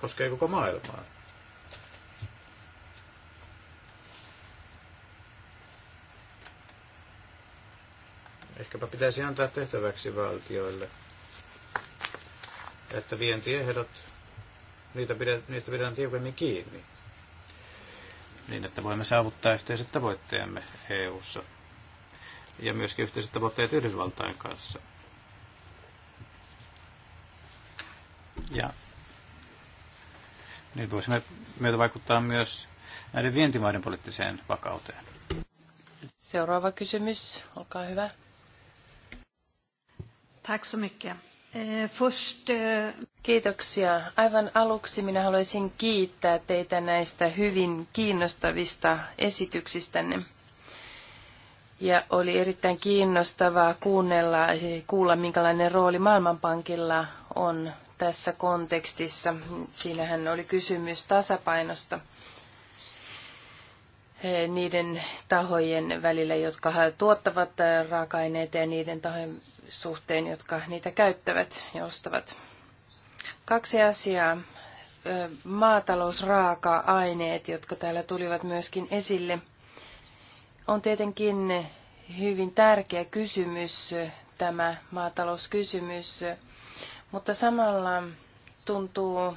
koskee koko maailmaa. ehkäpä pitäisi antaa tehtäväksi valtioille, että vientiehdot, niitä pidä, niistä pidetään tiukemmin kiinni, niin että voimme saavuttaa yhteiset tavoitteemme EU-ssa ja myöskin yhteiset tavoitteet Yhdysvaltain kanssa. Ja niin voisimme myötä vaikuttaa myös näiden vientimaiden poliittiseen vakauteen. Seuraava kysymys, olkaa hyvä. Tack så mycket. Eh, först... Eh, Kiitoksia. Aivan aluksi minä haluaisin kiittää teitä näistä hyvin kiinnostavista esityksistänne. Ja oli erittäin kiinnostavaa kuunnella, kuulla, minkälainen rooli Maailmanpankilla on tässä kontekstissa. Siinähän oli kysymys tasapainosta – Eh, niiden tahojen välillä, jotka tuottavat eh, raaka-aineita ja niiden tahojen suhteen, jotka niitä käyttävät ja ostavat. Kaksi asiaa. Eh, maatalousraaka-aineet, jotka täällä tulivat myöskin esille, on tietenkin hyvin tärkeä kysymys, tämä maatalouskysymys, mutta samalla tuntuu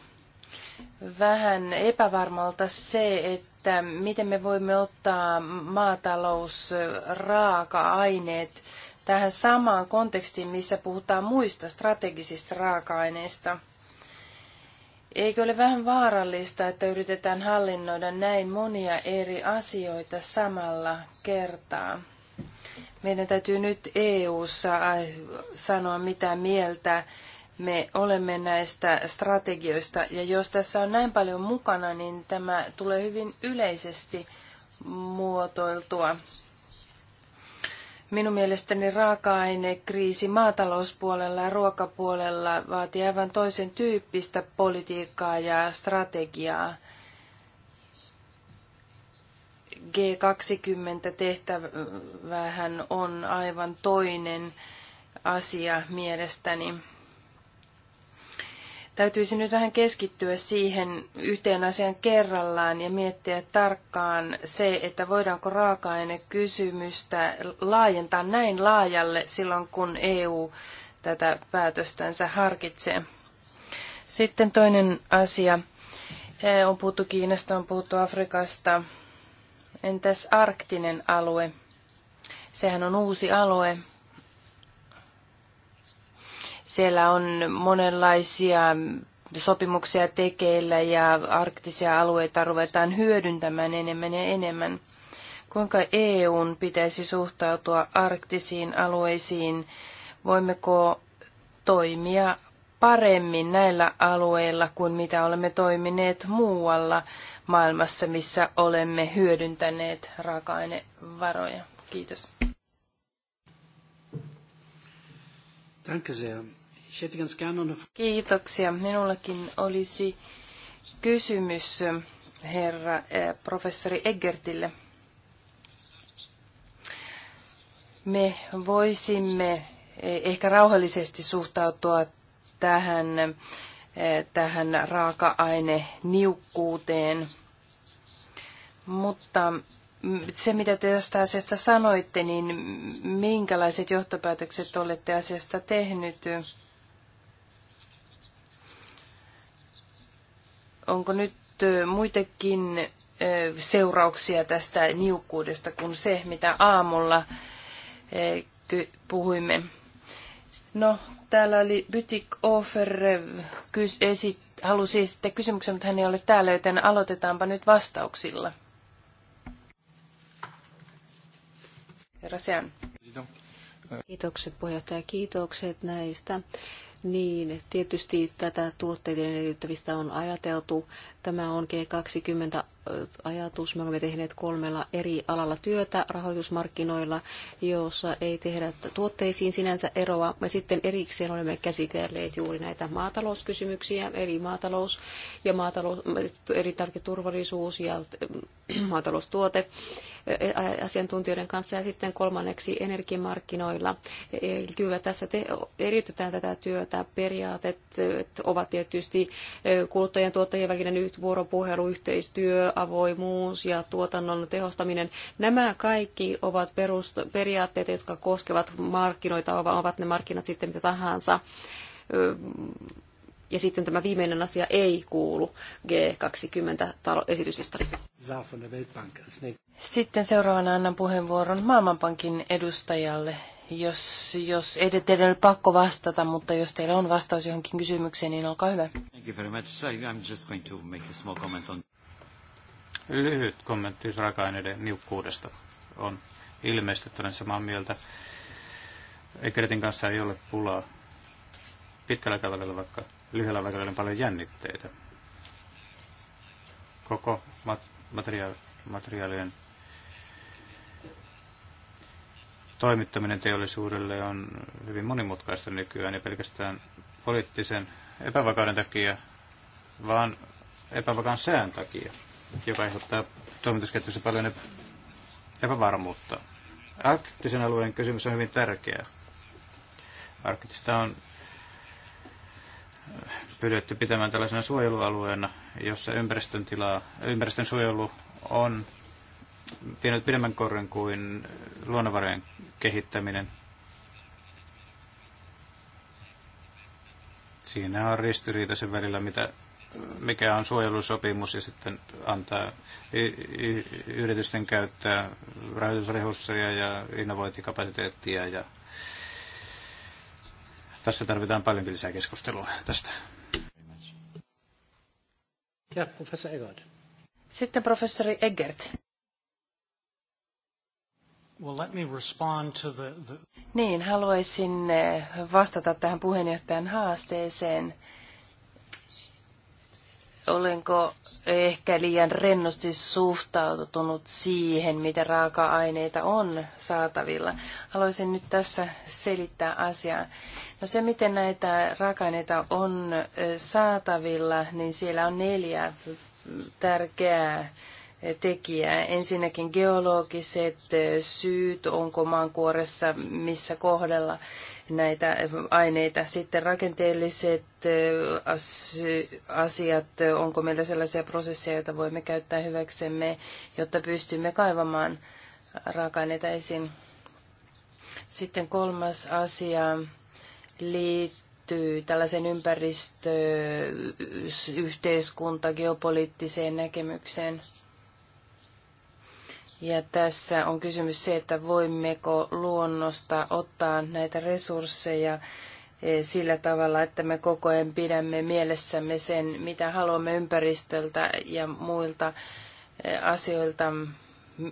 vähän epävarmalta se, että että miten me voimme ottaa maatalous, raaka-aineet tähän samaan kontekstiin, missä puhutaan muista strategisista raaka-aineista. Eikö ole vähän vaarallista, että yritetään hallinnoida näin monia eri asioita samalla kertaa? Meidän täytyy nyt EU-ssa äh, sanoa mitä mieltä me olemme näistä strategioista. Ja jos tässä on näin paljon mukana, niin tämä tulee hyvin yleisesti muotoiltua. Minun mielestäni raaka-ainekriisi maatalouspuolella ja ruokapuolella vaatii aivan toisen tyyppistä politiikkaa ja strategiaa. G20-tehtävähän on aivan toinen asia mielestäni. Täytyisi nyt vähän keskittyä siihen yhteen asian kerrallaan ja miettiä tarkkaan se, että voidaanko raaka-ainekysymystä laajentaa näin laajalle silloin, kun EU tätä päätöstänsä harkitsee. Sitten toinen asia. E on puhuttu Kiinasta, on puhuttu Afrikasta. Entäs arktinen alue? Sehän on uusi alue, siellä on monenlaisia sopimuksia tekeillä ja arktisia alueita ruvetaan hyödyntämään enemmän ja enemmän. Kuinka EUn pitäisi suhtautua arktisiin alueisiin? Voimmeko toimia paremmin näillä alueilla kuin mitä olemme toimineet muualla maailmassa, missä olemme hyödyntäneet raaka-ainevaroja? Kiitos. Danke sehr. Kiitoksia. Minullakin olisi kysymys herra eh, professori Eggertille. Me voisimme eh, ehkä rauhallisesti suhtautua tähän, eh, tähän raaka-aine niukkuuteen, mutta se, mitä te tästä asiasta sanoitte, niin minkälaiset johtopäätökset olette asiasta tehnyt? Onko nyt muitakin seurauksia tästä niukkuudesta kuin se, mitä aamulla puhuimme? No, täällä oli Bytik Offer esit, halusi esittää kysymyksen, mutta hän ei ole täällä, joten aloitetaanpa nyt vastauksilla. Herra Sean. Kiitokset puheenjohtaja, kiitokset näistä niin, tietysti tätä tuotteiden edellyttävistä on ajateltu Tämä on G20-ajatus. Me olemme tehneet kolmella eri alalla työtä rahoitusmarkkinoilla, joissa ei tehdä tuotteisiin sinänsä eroa. Me sitten erikseen olemme käsitelleet juuri näitä maatalouskysymyksiä, eli maatalous ja maatalous, elintarviketurvallisuus ja ähm, maataloustuote asiantuntijoiden kanssa ja sitten kolmanneksi energiamarkkinoilla. Eli kyllä tässä te, eriytetään tätä työtä. Periaatet äh, ovat tietysti äh, kuluttajien tuottajien välinen säännöt, vuoropuhelu, yhteistyö, avoimuus ja tuotannon tehostaminen. Nämä kaikki ovat perust- periaatteet, jotka koskevat markkinoita, ovat ne markkinat sitten mitä tahansa. Ja sitten tämä viimeinen asia ei kuulu G20-esityslistalle. Sitten seuraavana annan puheenvuoron Maailmanpankin edustajalle jos, jos ei teillä ole pakko vastata, mutta jos teillä on vastaus johonkin kysymykseen, niin olkaa hyvä. Thank you very much. I'm just going to make a small comment on... Lyhyt kommentti raaka-aineiden niukkuudesta. On ilmeisesti olen samaa mieltä. Ekeretin kanssa ei ole pulaa. Pitkällä aikavälillä vaikka lyhyellä aikavälillä on paljon jännitteitä. Koko mat- materiaalien toimittaminen teollisuudelle on hyvin monimutkaista nykyään ja pelkästään poliittisen epävakauden takia, vaan epävakaan sään takia, joka aiheuttaa toimitusketjussa paljon epävarmuutta. Arktisen alueen kysymys on hyvin tärkeä. Arktista on pyydetty pitämään tällaisena suojelualueena, jossa ympäristön, tilaa, ympäristön suojelu on vienyt pidemmän korren kuin luonnonvarojen kehittäminen. Siinä on ristiriita sen välillä, mitä, mikä on suojelusopimus ja sitten antaa yritysten käyttää rahoitusresursseja ja innovointikapasiteettia. Ja tässä tarvitaan paljon lisää keskustelua tästä. Ja professori Egert. Sitten professori Eggert. Well, let me respond to the, the... Niin, haluaisin eh, vastata tähän puheenjohtajan haasteeseen. Olenko ehkä liian rennosti suhtautunut siihen, mitä raaka-aineita on saatavilla? Haluaisin nyt tässä selittää asiaa. No se, miten näitä raaka-aineita on eh, saatavilla, niin siellä on neljä tärkeää tekijää. Ensinnäkin geologiset syyt, onko maankuoressa missä kohdella näitä aineita. Sitten rakenteelliset asiat, onko meillä sellaisia prosesseja, joita voimme käyttää hyväksemme, jotta pystymme kaivamaan raaka-aineita esiin. Sitten kolmas asia liittyy tällaisen ympäristö, yhteiskunta, geopoliittiseen näkemykseen. Ja tässä on kysymys se, että voimmeko luonnosta ottaa näitä resursseja eh, sillä tavalla, että me koko ajan pidämme mielessämme sen, mitä haluamme ympäristöltä ja muilta eh, asioilta,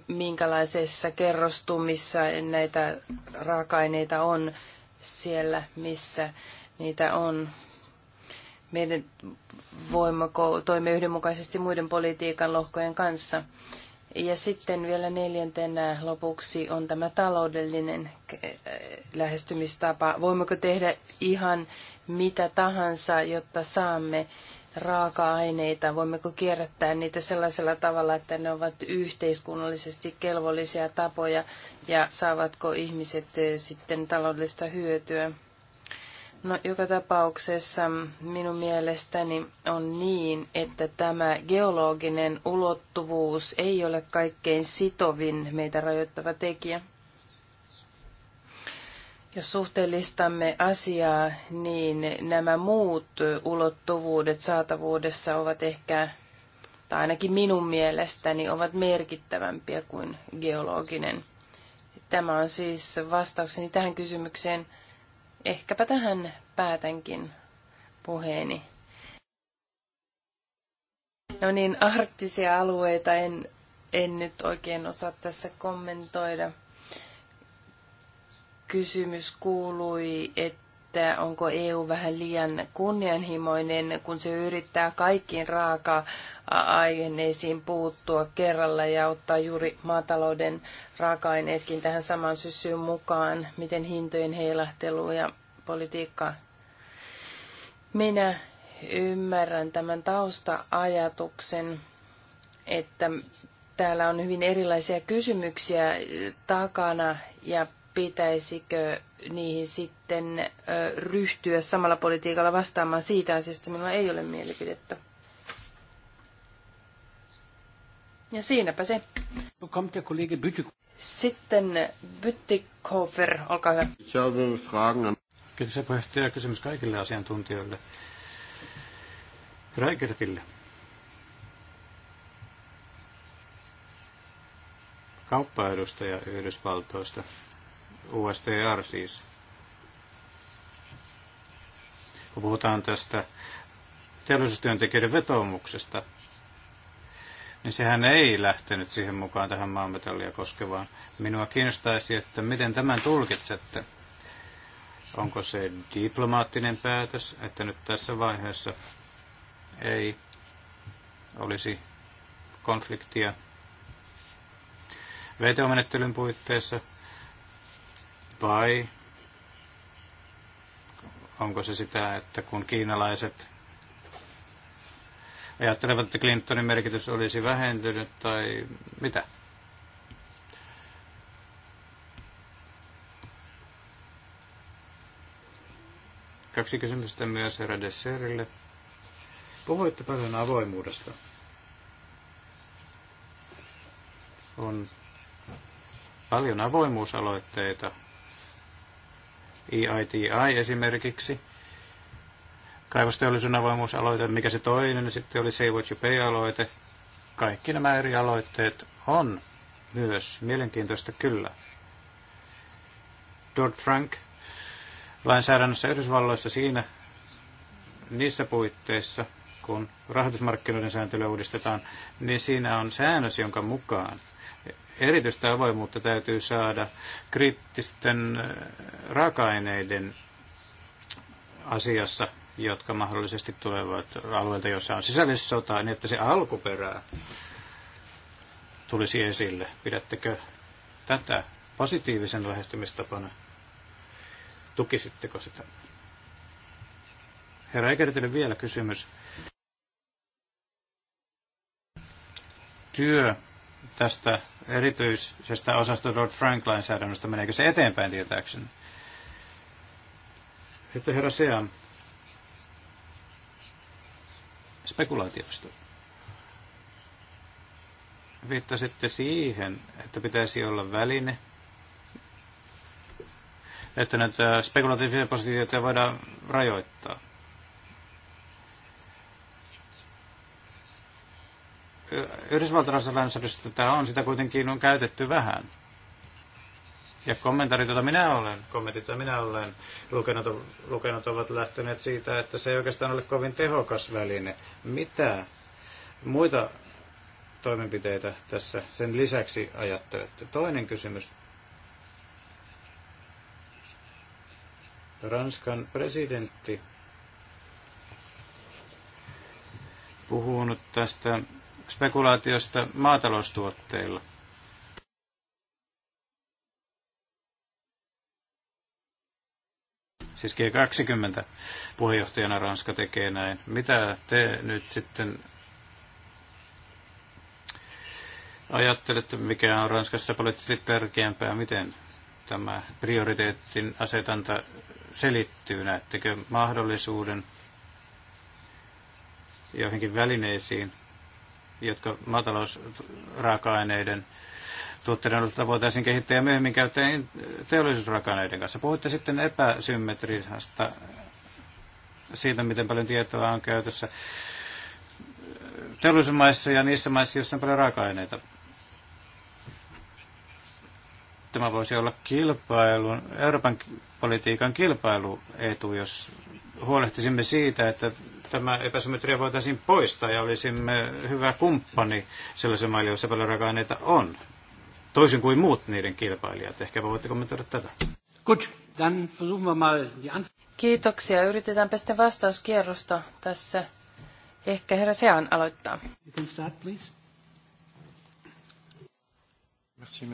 minkälaisessa kerrostumissa näitä raaka-aineita on siellä, missä niitä on. Meidän voimmeko toimia yhdenmukaisesti muiden politiikan lohkojen kanssa. Ja sitten vielä neljäntenä lopuksi on tämä taloudellinen eh, lähestymistapa. Voimmeko tehdä ihan mitä tahansa, jotta saamme raaka-aineita? Voimmeko kierrättää niitä sellaisella tavalla, että ne ovat yhteiskunnallisesti kelvollisia tapoja ja saavatko ihmiset eh, sitten taloudellista hyötyä? No, joka tapauksessa minun mielestäni on niin, että tämä geologinen ulottuvuus ei ole kaikkein sitovin meitä rajoittava tekijä. Jos suhteellistamme asiaa, niin nämä muut ulottuvuudet saatavuudessa ovat ehkä, tai ainakin minun mielestäni, ovat merkittävämpiä kuin geologinen. Tämä on siis vastaukseni tähän kysymykseen – ehkäpä tähän päätänkin puheeni. No niin, arktisia alueita en, en nyt oikein osaa tässä kommentoida. Kysymys kuului, että että onko EU vähän liian kunnianhimoinen, kun se yrittää kaikkiin raaka-aineisiin puuttua kerralla ja ottaa juuri maatalouden raaka-aineetkin tähän samaan syssyyn mukaan, miten hintojen heilahtelu ja politiikka. Minä ymmärrän tämän tausta-ajatuksen, että täällä on hyvin erilaisia kysymyksiä takana ja pitäisikö niihin sitten ryhtyä samalla politiikalla vastaamaan siitä asiasta, minulla ei ole mielipidettä. Ja siinäpä se. Sitten Byttikofer, olkaa hyvä. Kiitoksia puheenjohtaja. Kysymys kaikille asiantuntijoille. Reikertille. kauppaedustaja Yhdysvaltoista USTR siis. Kun puhutaan tästä teollisuustyöntekijöiden vetoomuksesta, niin sehän ei lähtenyt siihen mukaan tähän maanmetallia koskevaan. Minua kiinnostaisi, että miten tämän tulkitsette. Onko se diplomaattinen päätös, että nyt tässä vaiheessa ei olisi konfliktia VTO-menettelyn puitteissa vai onko se sitä, että kun kiinalaiset ajattelevat, että Clintonin merkitys olisi vähentynyt tai mitä? Kaksi kysymystä myös herra Desserille. Puhuitte paljon avoimuudesta. On paljon avoimuusaloitteita EITI esimerkiksi, kaivosteollisuuden avoimuusaloite, mikä se toinen, sitten oli Save What You Pay-aloite. Kaikki nämä eri aloitteet on myös mielenkiintoista kyllä. Dodd-Frank lainsäädännössä Yhdysvalloissa siinä niissä puitteissa, kun rahoitusmarkkinoiden sääntelyä uudistetaan, niin siinä on säännös, jonka mukaan erityistä avoimuutta täytyy saada kriittisten äh, raaka-aineiden asiassa, jotka mahdollisesti tulevat alueelta, jossa on sisällissota, niin että se alkuperää tulisi esille. Pidättekö tätä positiivisen lähestymistapana? Tukisitteko sitä? Herra Ekertille vielä kysymys. työ tästä erityisestä osasta Lord frank lainsäädännöstä meneekö se eteenpäin tietääkseni? Että herra Sean, spekulaatiosta. Viittasitte siihen, että pitäisi olla väline, että näitä spekulatiivisia positiivisia voidaan rajoittaa. Yhdysvaltalaisessa lainsäädännössä tätä on, sitä kuitenkin on käytetty vähän. Ja kommentaarit, joita minä olen, kommentit, joita minä olen lukenut, lukenut, ovat lähteneet siitä, että se ei oikeastaan ole kovin tehokas väline. Mitä muita toimenpiteitä tässä sen lisäksi ajattelette? Toinen kysymys. Ranskan presidentti puhunut tästä spekulaatiosta maataloustuotteilla. Siis G20 puheenjohtajana Ranska tekee näin. Mitä te nyt sitten ajattelette, mikä on Ranskassa poliittisesti tärkeämpää? Miten tämä prioriteettin asetanta selittyy? Näettekö mahdollisuuden joihinkin välineisiin, jotka maatalousraaka-aineiden tuotteiden voitaisiin kehittää ja myöhemmin käyttää teollisuusraaka-aineiden kanssa. Puhuitte sitten epäsymmetriasta, siitä miten paljon tietoa on käytössä teollisuusmaissa ja niissä maissa, joissa on paljon raaka-aineita. Tämä voisi olla kilpailun, Euroopan politiikan kilpailuetu, jos huolehtisimme siitä, että tämä epäsymmetria voitaisiin poistaa ja olisimme hyvä kumppani sellaisen maille, joissa paljon raaka-aineita on, toisin kuin muut niiden kilpailijat. Ehkä voitte kommentoida tätä. Gut, dann versuchen wir mal die Kiitoksia. Yritetäänpä sitten vastauskierrosta tässä. Ehkä herra Sean aloittaa. You can start, please. Merci,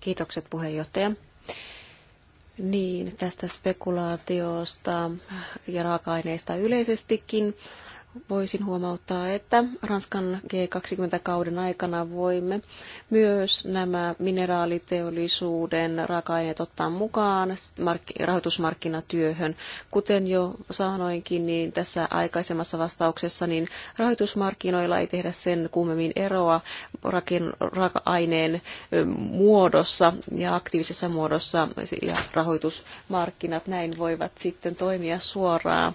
Kiitokset puheenjohtaja. Niin, tästä spekulaatiosta ja raaka-aineista yleisestikin voisin huomauttaa, että Ranskan G20-kauden aikana voimme myös nämä mineraaliteollisuuden raaka-aineet ottaa mukaan rahoitusmarkkinatyöhön. Kuten jo sanoinkin, niin tässä aikaisemmassa vastauksessa, niin rahoitusmarkkinoilla ei tehdä sen kummemmin eroa raaka-aineen muodossa ja aktiivisessa muodossa ja rahoitusmarkkinat näin voivat sitten toimia suoraan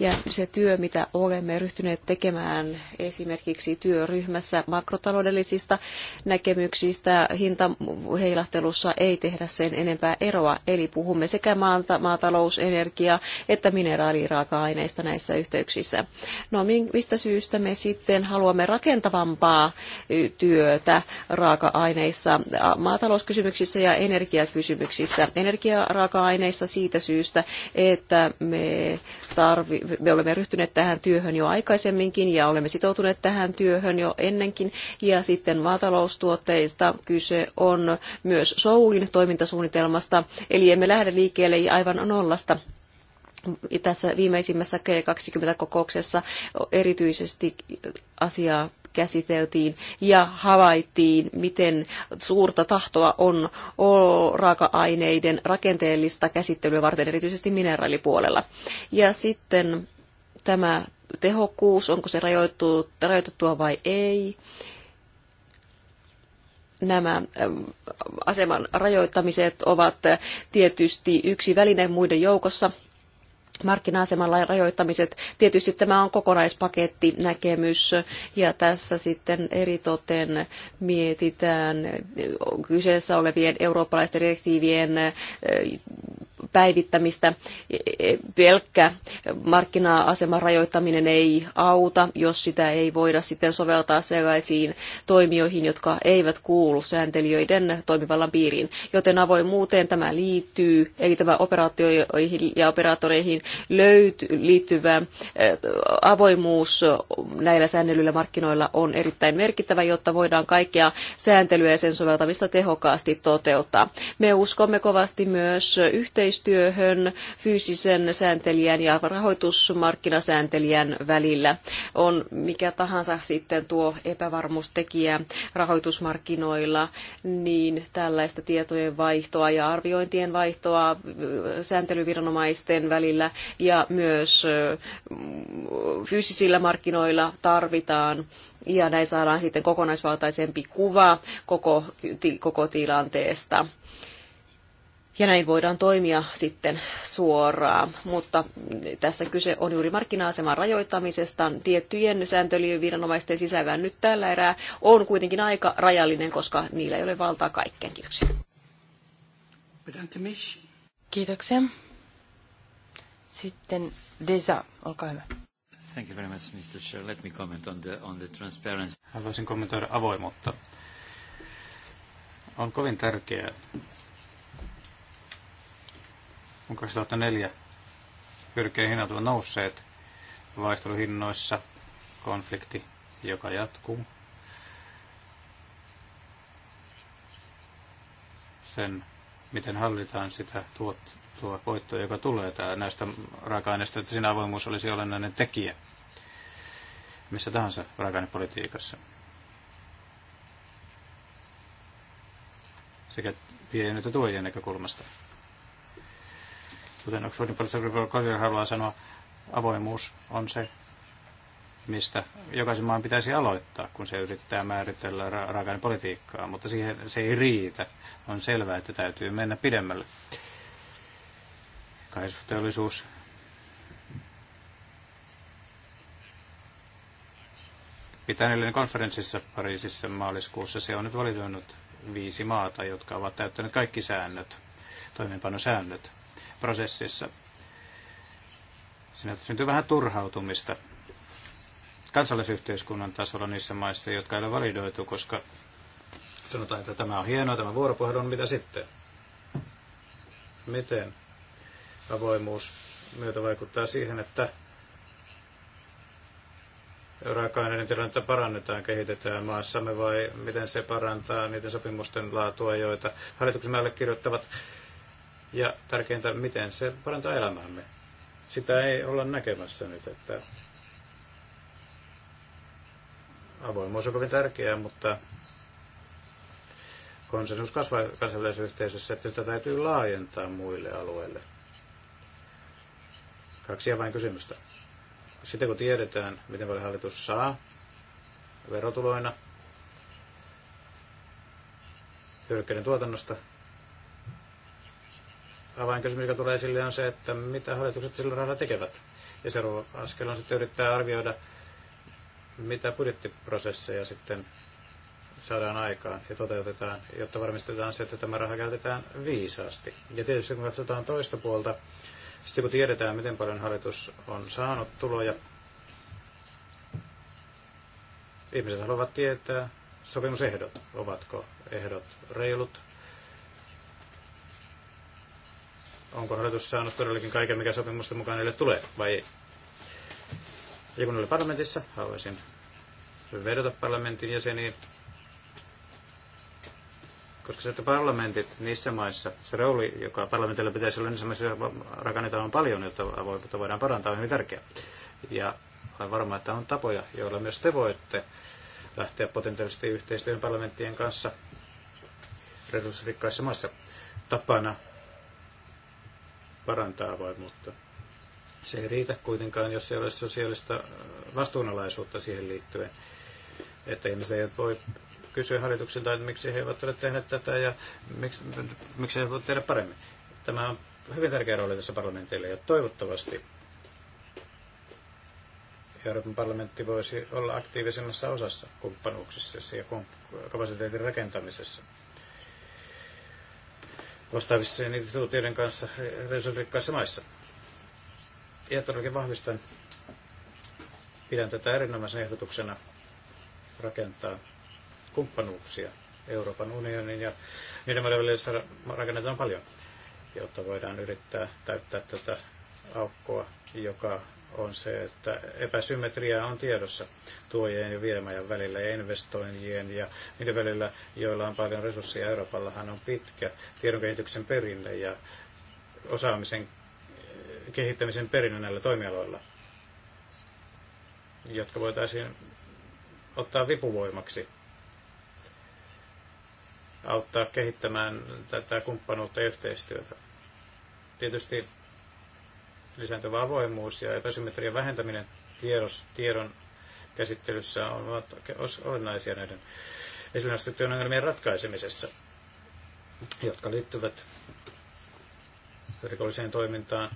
ja se työ, mitä olemme ryhtyneet tekemään esimerkiksi työryhmässä makrotaloudellisista näkemyksistä hintaheilahtelussa ei tehdä sen enempää eroa. Eli puhumme sekä maata, maatalous, energia että mineraaliraaka-aineista näissä yhteyksissä. No mistä syystä me sitten haluamme rakentavampaa työtä raaka-aineissa, maatalouskysymyksissä ja energiakysymyksissä. Energiaraaka-aineissa siitä syystä, että me tarvitsemme me olemme ryhtyneet tähän työhön jo aikaisemminkin ja olemme sitoutuneet tähän työhön jo ennenkin. Ja sitten maataloustuotteista kyse on myös Soulin toimintasuunnitelmasta, eli emme lähde liikkeelle aivan nollasta tässä viimeisimmässä G20-kokouksessa erityisesti asiaa käsiteltiin ja havaittiin, miten suurta tahtoa on raaka-aineiden rakenteellista käsittelyä varten, erityisesti mineraalipuolella. Ja sitten tämä tehokkuus, onko se rajoitettua vai ei. Nämä aseman rajoittamiset ovat tietysti yksi väline muiden joukossa – markkina-aseman rajoittamiset. Tietysti tämä on kokonaispaketti näkemys ja tässä sitten eritoten mietitään kyseessä olevien eurooppalaisten direktiivien päivittämistä. Pelkkä markkina-aseman rajoittaminen ei auta, jos sitä ei voida sitten soveltaa sellaisiin toimijoihin, jotka eivät kuulu sääntelijöiden toimivallan piiriin. Joten avoimuuteen tämä liittyy, eli tämä operaatioihin ja operaattoreihin löyty, liittyvä avoimuus näillä säännellyillä markkinoilla on erittäin merkittävä, jotta voidaan kaikkea sääntelyä ja sen soveltamista tehokkaasti toteuttaa. Me uskomme kovasti myös yhteistyöhön yhteistyöhön fyysisen sääntelijän ja rahoitusmarkkinasääntelijän välillä. On mikä tahansa sitten tuo epävarmuustekijä rahoitusmarkkinoilla, niin tällaista tietojen vaihtoa ja arviointien vaihtoa sääntelyviranomaisten välillä ja myös fyysisillä markkinoilla tarvitaan ja näin saadaan sitten kokonaisvaltaisempi kuva koko, koko tilanteesta ja näin voidaan toimia sitten suoraan. Mutta tässä kyse on juuri markkina-aseman rajoittamisesta tiettyjen viranomaisten sisällään nyt tällä erää on kuitenkin aika rajallinen, koska niillä ei ole valtaa kaikkeen. Kiitoksia. Kiitoksia. Sitten Desa, olkaa hyvä. Thank you very much, Mr. Chair. Let me comment on the, on the transparency. Haluaisin kommentoida avoimuutta. On kovin tärkeää, kun 2004 hyrkeen hinnat ovat nousseet vaihteluhinnoissa, konflikti, joka jatkuu. Sen, miten hallitaan sitä tuot, tuo voittoa, joka tulee tää, näistä raaka-aineista, että siinä avoimuus olisi olennainen tekijä missä tahansa raaka-ainepolitiikassa. sekä pienen että tuojien näkökulmasta. Kuten Oxfordin professori haluaa sanoa, avoimuus on se, mistä jokaisen maan pitäisi aloittaa, kun se yrittää määritellä ra- raaka politiikkaa, mutta siihen se ei riitä. On selvää, että täytyy mennä pidemmälle. Kaisuteollisuus pitäneellinen konferenssissa Pariisissa maaliskuussa. Se on nyt valitunut viisi maata, jotka ovat täyttäneet kaikki säännöt, toimeenpanosäännöt prosessissa. Siinä syntyy vähän turhautumista kansalaisyhteiskunnan tasolla niissä maissa, jotka ei ole validoitu, koska sanotaan, että tämä on hienoa, tämä vuoropuhelu on mitä sitten? Miten avoimuus myötä vaikuttaa siihen, että raaka-aineiden tilannetta parannetaan, kehitetään maassamme vai miten se parantaa niiden sopimusten laatua, joita hallituksen allekirjoittavat ja tärkeintä, miten se parantaa elämäämme. Sitä ei olla näkemässä nyt, että avoimuus on kovin tärkeää, mutta konsensus kasvaa kansainvälisessä että sitä täytyy laajentaa muille alueille. Kaksi ja vain kysymystä. Sitten kun tiedetään, miten paljon hallitus saa verotuloina hyödykkeiden tuotannosta, avainkysymys, mikä tulee esille, on se, että mitä hallitukset sillä rahalla tekevät. Ja se askel on sitten yrittää arvioida, mitä budjettiprosesseja sitten saadaan aikaan ja toteutetaan, jotta varmistetaan se, että tämä raha käytetään viisaasti. Ja tietysti kun katsotaan toista puolta, sitten kun tiedetään, miten paljon hallitus on saanut tuloja, ihmiset haluavat tietää, sopimusehdot, ovatko ehdot reilut, onko hallitus saanut todellakin kaiken, mikä sopimusten mukaan niille tulee, vai ei. Ja kun oli parlamentissa, haluaisin vedota parlamentin jäseniin, koska se, että parlamentit niissä maissa, se rooli, joka parlamentilla pitäisi olla niissä maissa, rakennetaan paljon, jotta avoimuutta voidaan parantaa, on hyvin tärkeä. Ja olen varma, että on tapoja, joilla myös te voitte lähteä potentiaalisesti yhteistyön parlamenttien kanssa resurssirikkaissa maissa. Tapana parantaa avoimuutta. Se ei riitä kuitenkaan, jos ei ole sosiaalista äh, vastuunalaisuutta siihen liittyen, että ihmiset eivät voi kysyä hallituksilta, että miksi he eivät ole tehneet tätä ja miksi, miksi he eivät tehdä paremmin. Tämä on hyvin tärkeä rooli tässä parlamentille ja toivottavasti Euroopan parlamentti voisi olla aktiivisemmassa osassa kumppanuuksissa ja kapasiteetin rakentamisessa vastaavissa instituutioiden kanssa resurssirikkaissa maissa. Ja todellakin vahvistan, pidän tätä erinomaisena ehdotuksena rakentaa kumppanuuksia Euroopan unionin ja niiden maiden välillä rakennetaan paljon, jotta voidaan yrittää täyttää tätä aukkoa, joka on se, että epäsymmetriaa on tiedossa tuojien ja viemäjän välillä ja investoijien ja niiden välillä, joilla on paljon resursseja. Euroopallahan on pitkä tiedonkehityksen perinne ja osaamisen eh, kehittämisen perinne näillä toimialoilla, jotka voitaisiin ottaa vipuvoimaksi auttaa kehittämään tätä kumppanuutta ja yhteistyötä. Tietysti lisääntyvä avoimuus ja epäsymmetrian vähentäminen tiedos, tiedon käsittelyssä ovat olennaisia näiden esille nostettujen ongelmien ratkaisemisessa, jotka liittyvät rikolliseen toimintaan,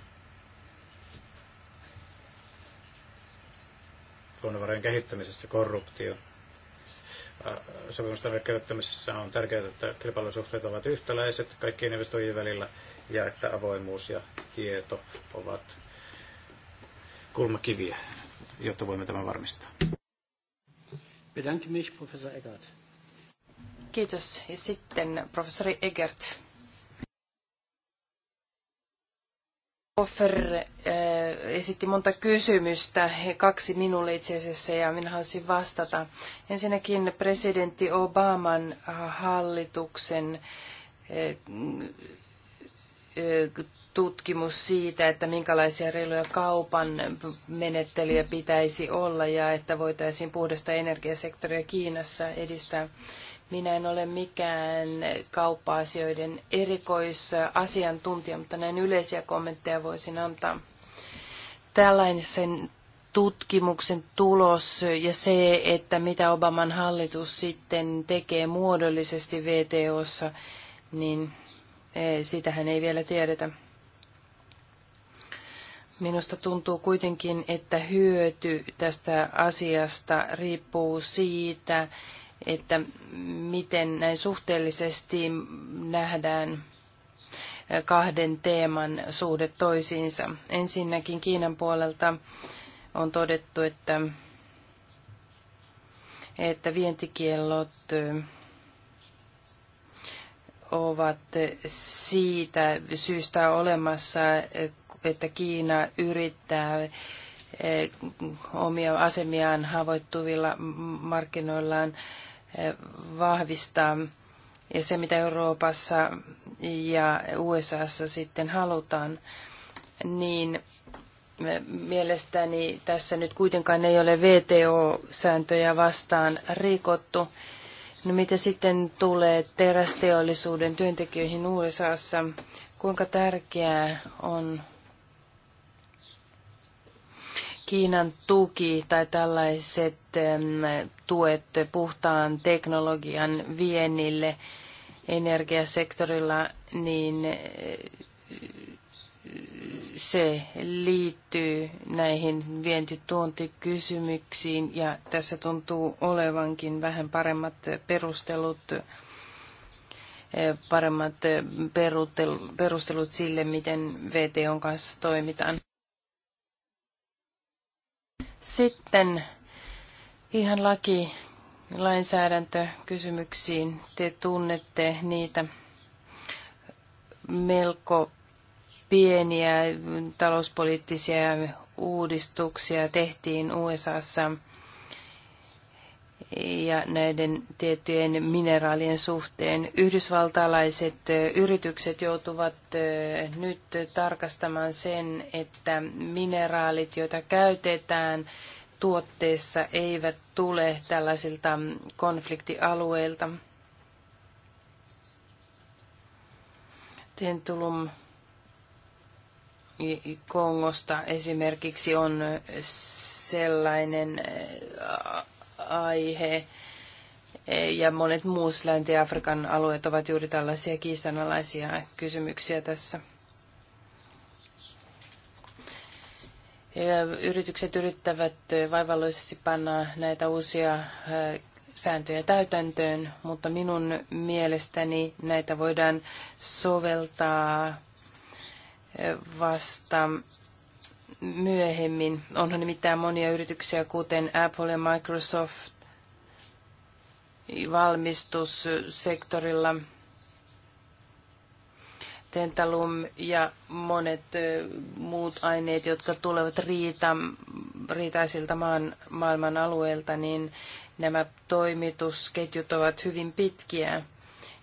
luonnonvarojen kehittämisessä, korruptio, sopimusten käyttämisessä on tärkeää, että kilpailusuhteet ovat yhtäläiset kaikkien investoijien välillä ja että avoimuus ja tieto ovat kulmakiviä, jotta voimme tämän varmistaa. mich, professor Kiitos. Ja sitten professori Egert. Offer äh, esitti monta kysymystä, kaksi minulle itse asiassa, ja minä haluaisin vastata. Ensinnäkin presidentti Obaman hallituksen äh, tutkimus siitä, että minkälaisia reiluja kaupan menettelyjä pitäisi olla ja että voitaisiin puhdasta energiasektoria Kiinassa edistää. Minä en ole mikään kauppa-asioiden erikoisasiantuntija, mutta näin yleisiä kommentteja voisin antaa. Tällaisen tutkimuksen tulos ja se, että mitä Obaman hallitus sitten tekee muodollisesti VTOssa, niin Sitähän ei vielä tiedetä. Minusta tuntuu kuitenkin, että hyöty tästä asiasta riippuu siitä, että miten näin suhteellisesti nähdään kahden teeman suhde toisiinsa. Ensinnäkin Kiinan puolelta on todettu, että, että vientikiellot ovat siitä syystä olemassa, että Kiina yrittää eh, omia asemiaan havoittuvilla markkinoillaan eh, vahvistaa. Ja se, mitä Euroopassa ja USAssa sitten halutaan, niin eh, mielestäni tässä nyt kuitenkaan ei ole VTO-sääntöjä vastaan rikottu. No mitä sitten tulee terästeollisuuden työntekijöihin USAssa, kuinka tärkeää on Kiinan tuki tai tällaiset tuet puhtaan teknologian viennille energiasektorilla, niin se liittyy näihin vientituontikysymyksiin ja tässä tuntuu olevankin vähän paremmat perustelut, paremmat perustelut sille, miten VTOn kanssa toimitaan. Sitten ihan laki lainsäädäntökysymyksiin. Te tunnette niitä melko pieniä talouspoliittisia uudistuksia tehtiin USAssa ja näiden tiettyjen mineraalien suhteen. Yhdysvaltalaiset yritykset joutuvat nyt tarkastamaan sen, että mineraalit, joita käytetään tuotteessa, eivät tule tällaisilta konfliktialueilta. Tentulum Kongosta esimerkiksi on sellainen äh, aihe, ja monet muut Länti-Afrikan alueet ovat juuri tällaisia kiistanalaisia kysymyksiä tässä. Ja yritykset yrittävät vaivalloisesti panna näitä uusia äh, sääntöjä täytäntöön, mutta minun mielestäni näitä voidaan soveltaa vasta myöhemmin. Onhan nimittäin monia yrityksiä, kuten Apple ja Microsoft, valmistussektorilla, tentalum ja monet muut aineet, jotka tulevat riita, riitaisilta maan, maailman alueelta, niin nämä toimitusketjut ovat hyvin pitkiä.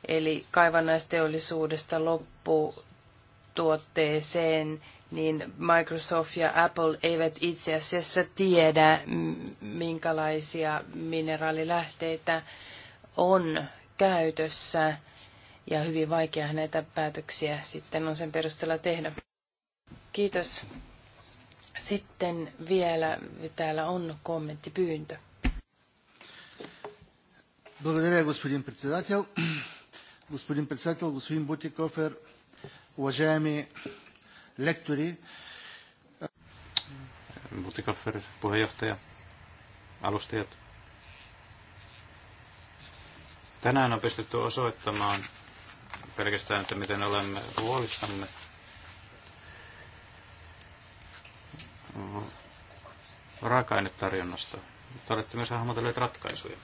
Eli kaivannaisteollisuudesta loppuu tuotteeseen, niin Microsoft ja Apple eivät itse asiassa tiedä, minkälaisia mineraalilähteitä on käytössä. Ja hyvin vaikea näitä päätöksiä sitten on sen perusteella tehdä. Kiitos. Sitten vielä täällä on kommenttipyyntö. Благодаря, господин председател. Господин председател, господин Бутикофер, уважаеми лектори. Butikoffer, puheenjohtaja, alustajat. Tänään on pystytty osoittamaan pelkästään, että miten olemme huolissamme raaka-ainetarjonnasta. Te olette myös hahmotelleet ratkaisuja.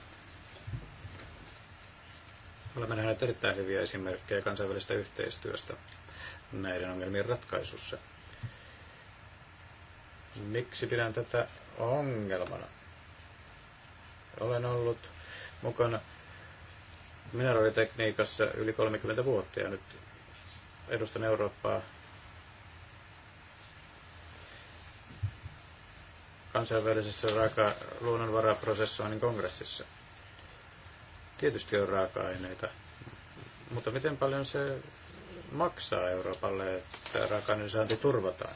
Olemme nähneet erittäin hyviä esimerkkejä kansainvälisestä yhteistyöstä näiden ongelmien ratkaisussa. Miksi pidän tätä ongelmana? Olen ollut mukana mineraalitekniikassa yli 30 vuotta ja nyt edustan Eurooppaa kansainvälisessä raaka- luonnonvaraprosessoinnin kongressissa. Tietysti on raaka-aineita, mutta miten paljon se maksaa Euroopalle, että raaka saanti turvataan.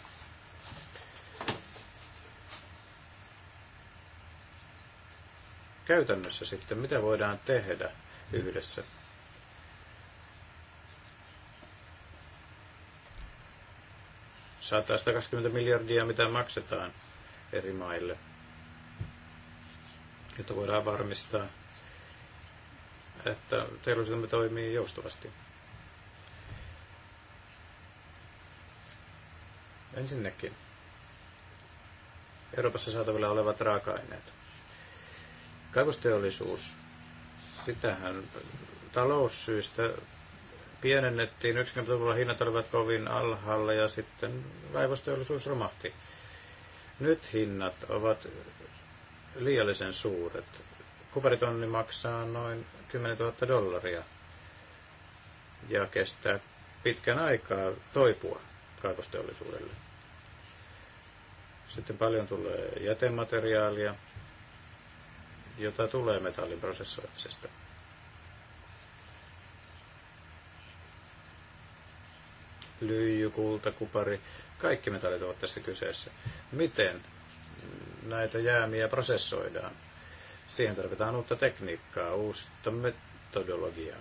Käytännössä sitten, mitä voidaan tehdä yhdessä? Saattaa 120 miljardia, mitä maksetaan eri maille, jotta voidaan varmistaa, että teollisuutemme toimii joustavasti. Ensinnäkin Euroopassa saatavilla olevat raaka-aineet. Kaivosteollisuus, sitähän taloussyistä pienennettiin. 90-luvulla hinnat olivat kovin alhaalla ja sitten kaivosteollisuus romahti. Nyt hinnat ovat liiallisen suuret. Kuparitonni maksaa noin 10 000 dollaria ja kestää pitkän aikaa toipua kaivosteollisuudelle. Sitten paljon tulee jätemateriaalia, jota tulee metallin prosessoimisesta. Lyijy, kulta, kupari, kaikki metallit ovat tässä kyseessä. Miten näitä jäämiä prosessoidaan? Siihen tarvitaan uutta tekniikkaa, uutta metodologiaa.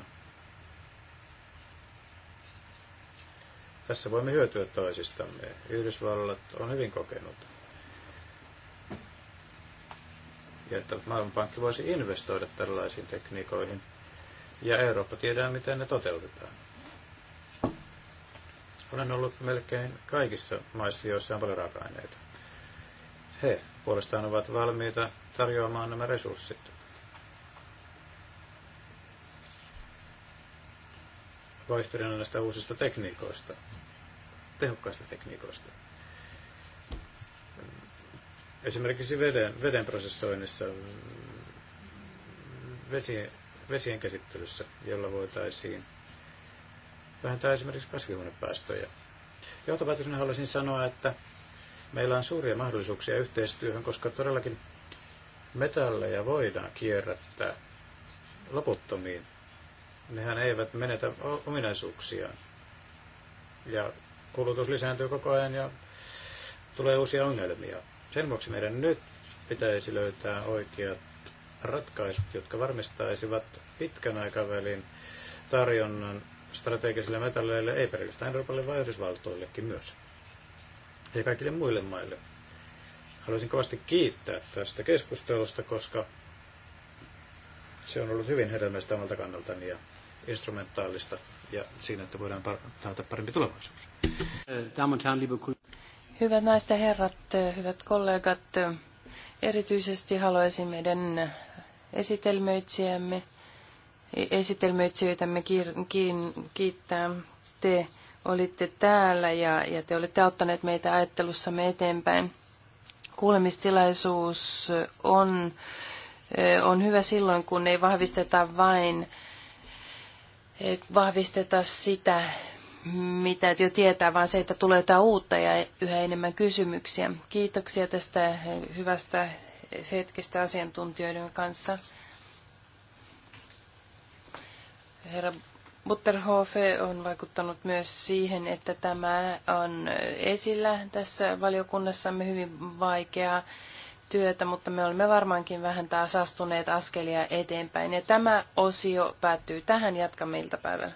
Tässä voimme hyötyä toisistamme. Yhdysvallat on hyvin kokenut. Ja että Maailmanpankki voisi investoida tällaisiin tekniikoihin. Ja Eurooppa tiedää, miten ne toteutetaan. Olen ollut melkein kaikissa maissa, joissa on paljon raaka-aineita. He puolestaan ovat valmiita tarjoamaan nämä resurssit. vaihtelun näistä uusista tekniikoista tehokkaista tekniikoista. Esimerkiksi veden, veden prosessoinnissa, mm, vesien, vesien käsittelyssä, jolla voitaisiin vähentää esimerkiksi kasvihuonepäästöjä. Johtopäätöksenä haluaisin sanoa, että meillä on suuria mahdollisuuksia yhteistyöhön, koska todellakin metalleja voidaan kierrättää loputtomiin. Nehän eivät menetä ominaisuuksiaan. Ja kulutus lisääntyy koko ajan ja tulee uusia ongelmia. Sen vuoksi meidän nyt pitäisi löytää oikeat ratkaisut, jotka varmistaisivat pitkän aikavälin tarjonnan strategisille metalleille, ei pelkästään Euroopalle, vaan Yhdysvaltoillekin myös. Ja kaikille muille maille. Haluaisin kovasti kiittää tästä keskustelusta, koska se on ollut hyvin hedelmällistä omalta kannaltani ja instrumentaalista ja siinä, että voidaan taata parempi tulevaisuus. Hyvät naiset ja herrat, hyvät kollegat, erityisesti haluaisin meidän esitelmöitsijämme, esitelmöitsijöitämme kiittää. Te olitte täällä ja, ja te olette auttaneet meitä ajattelussamme eteenpäin. Kuulemistilaisuus on, on hyvä silloin, kun ei vahvisteta vain vahvisteta sitä, mitä jo tietää, vaan se, että tulee jotain uutta ja yhä enemmän kysymyksiä. Kiitoksia tästä hyvästä hetkestä asiantuntijoiden kanssa. Herra Butterhofe on vaikuttanut myös siihen, että tämä on esillä tässä valiokunnassamme hyvin vaikeaa työtä, mutta me olemme varmaankin vähän taas astuneet askelia eteenpäin. Ja tämä osio päättyy tähän. Jatkamme iltapäivällä.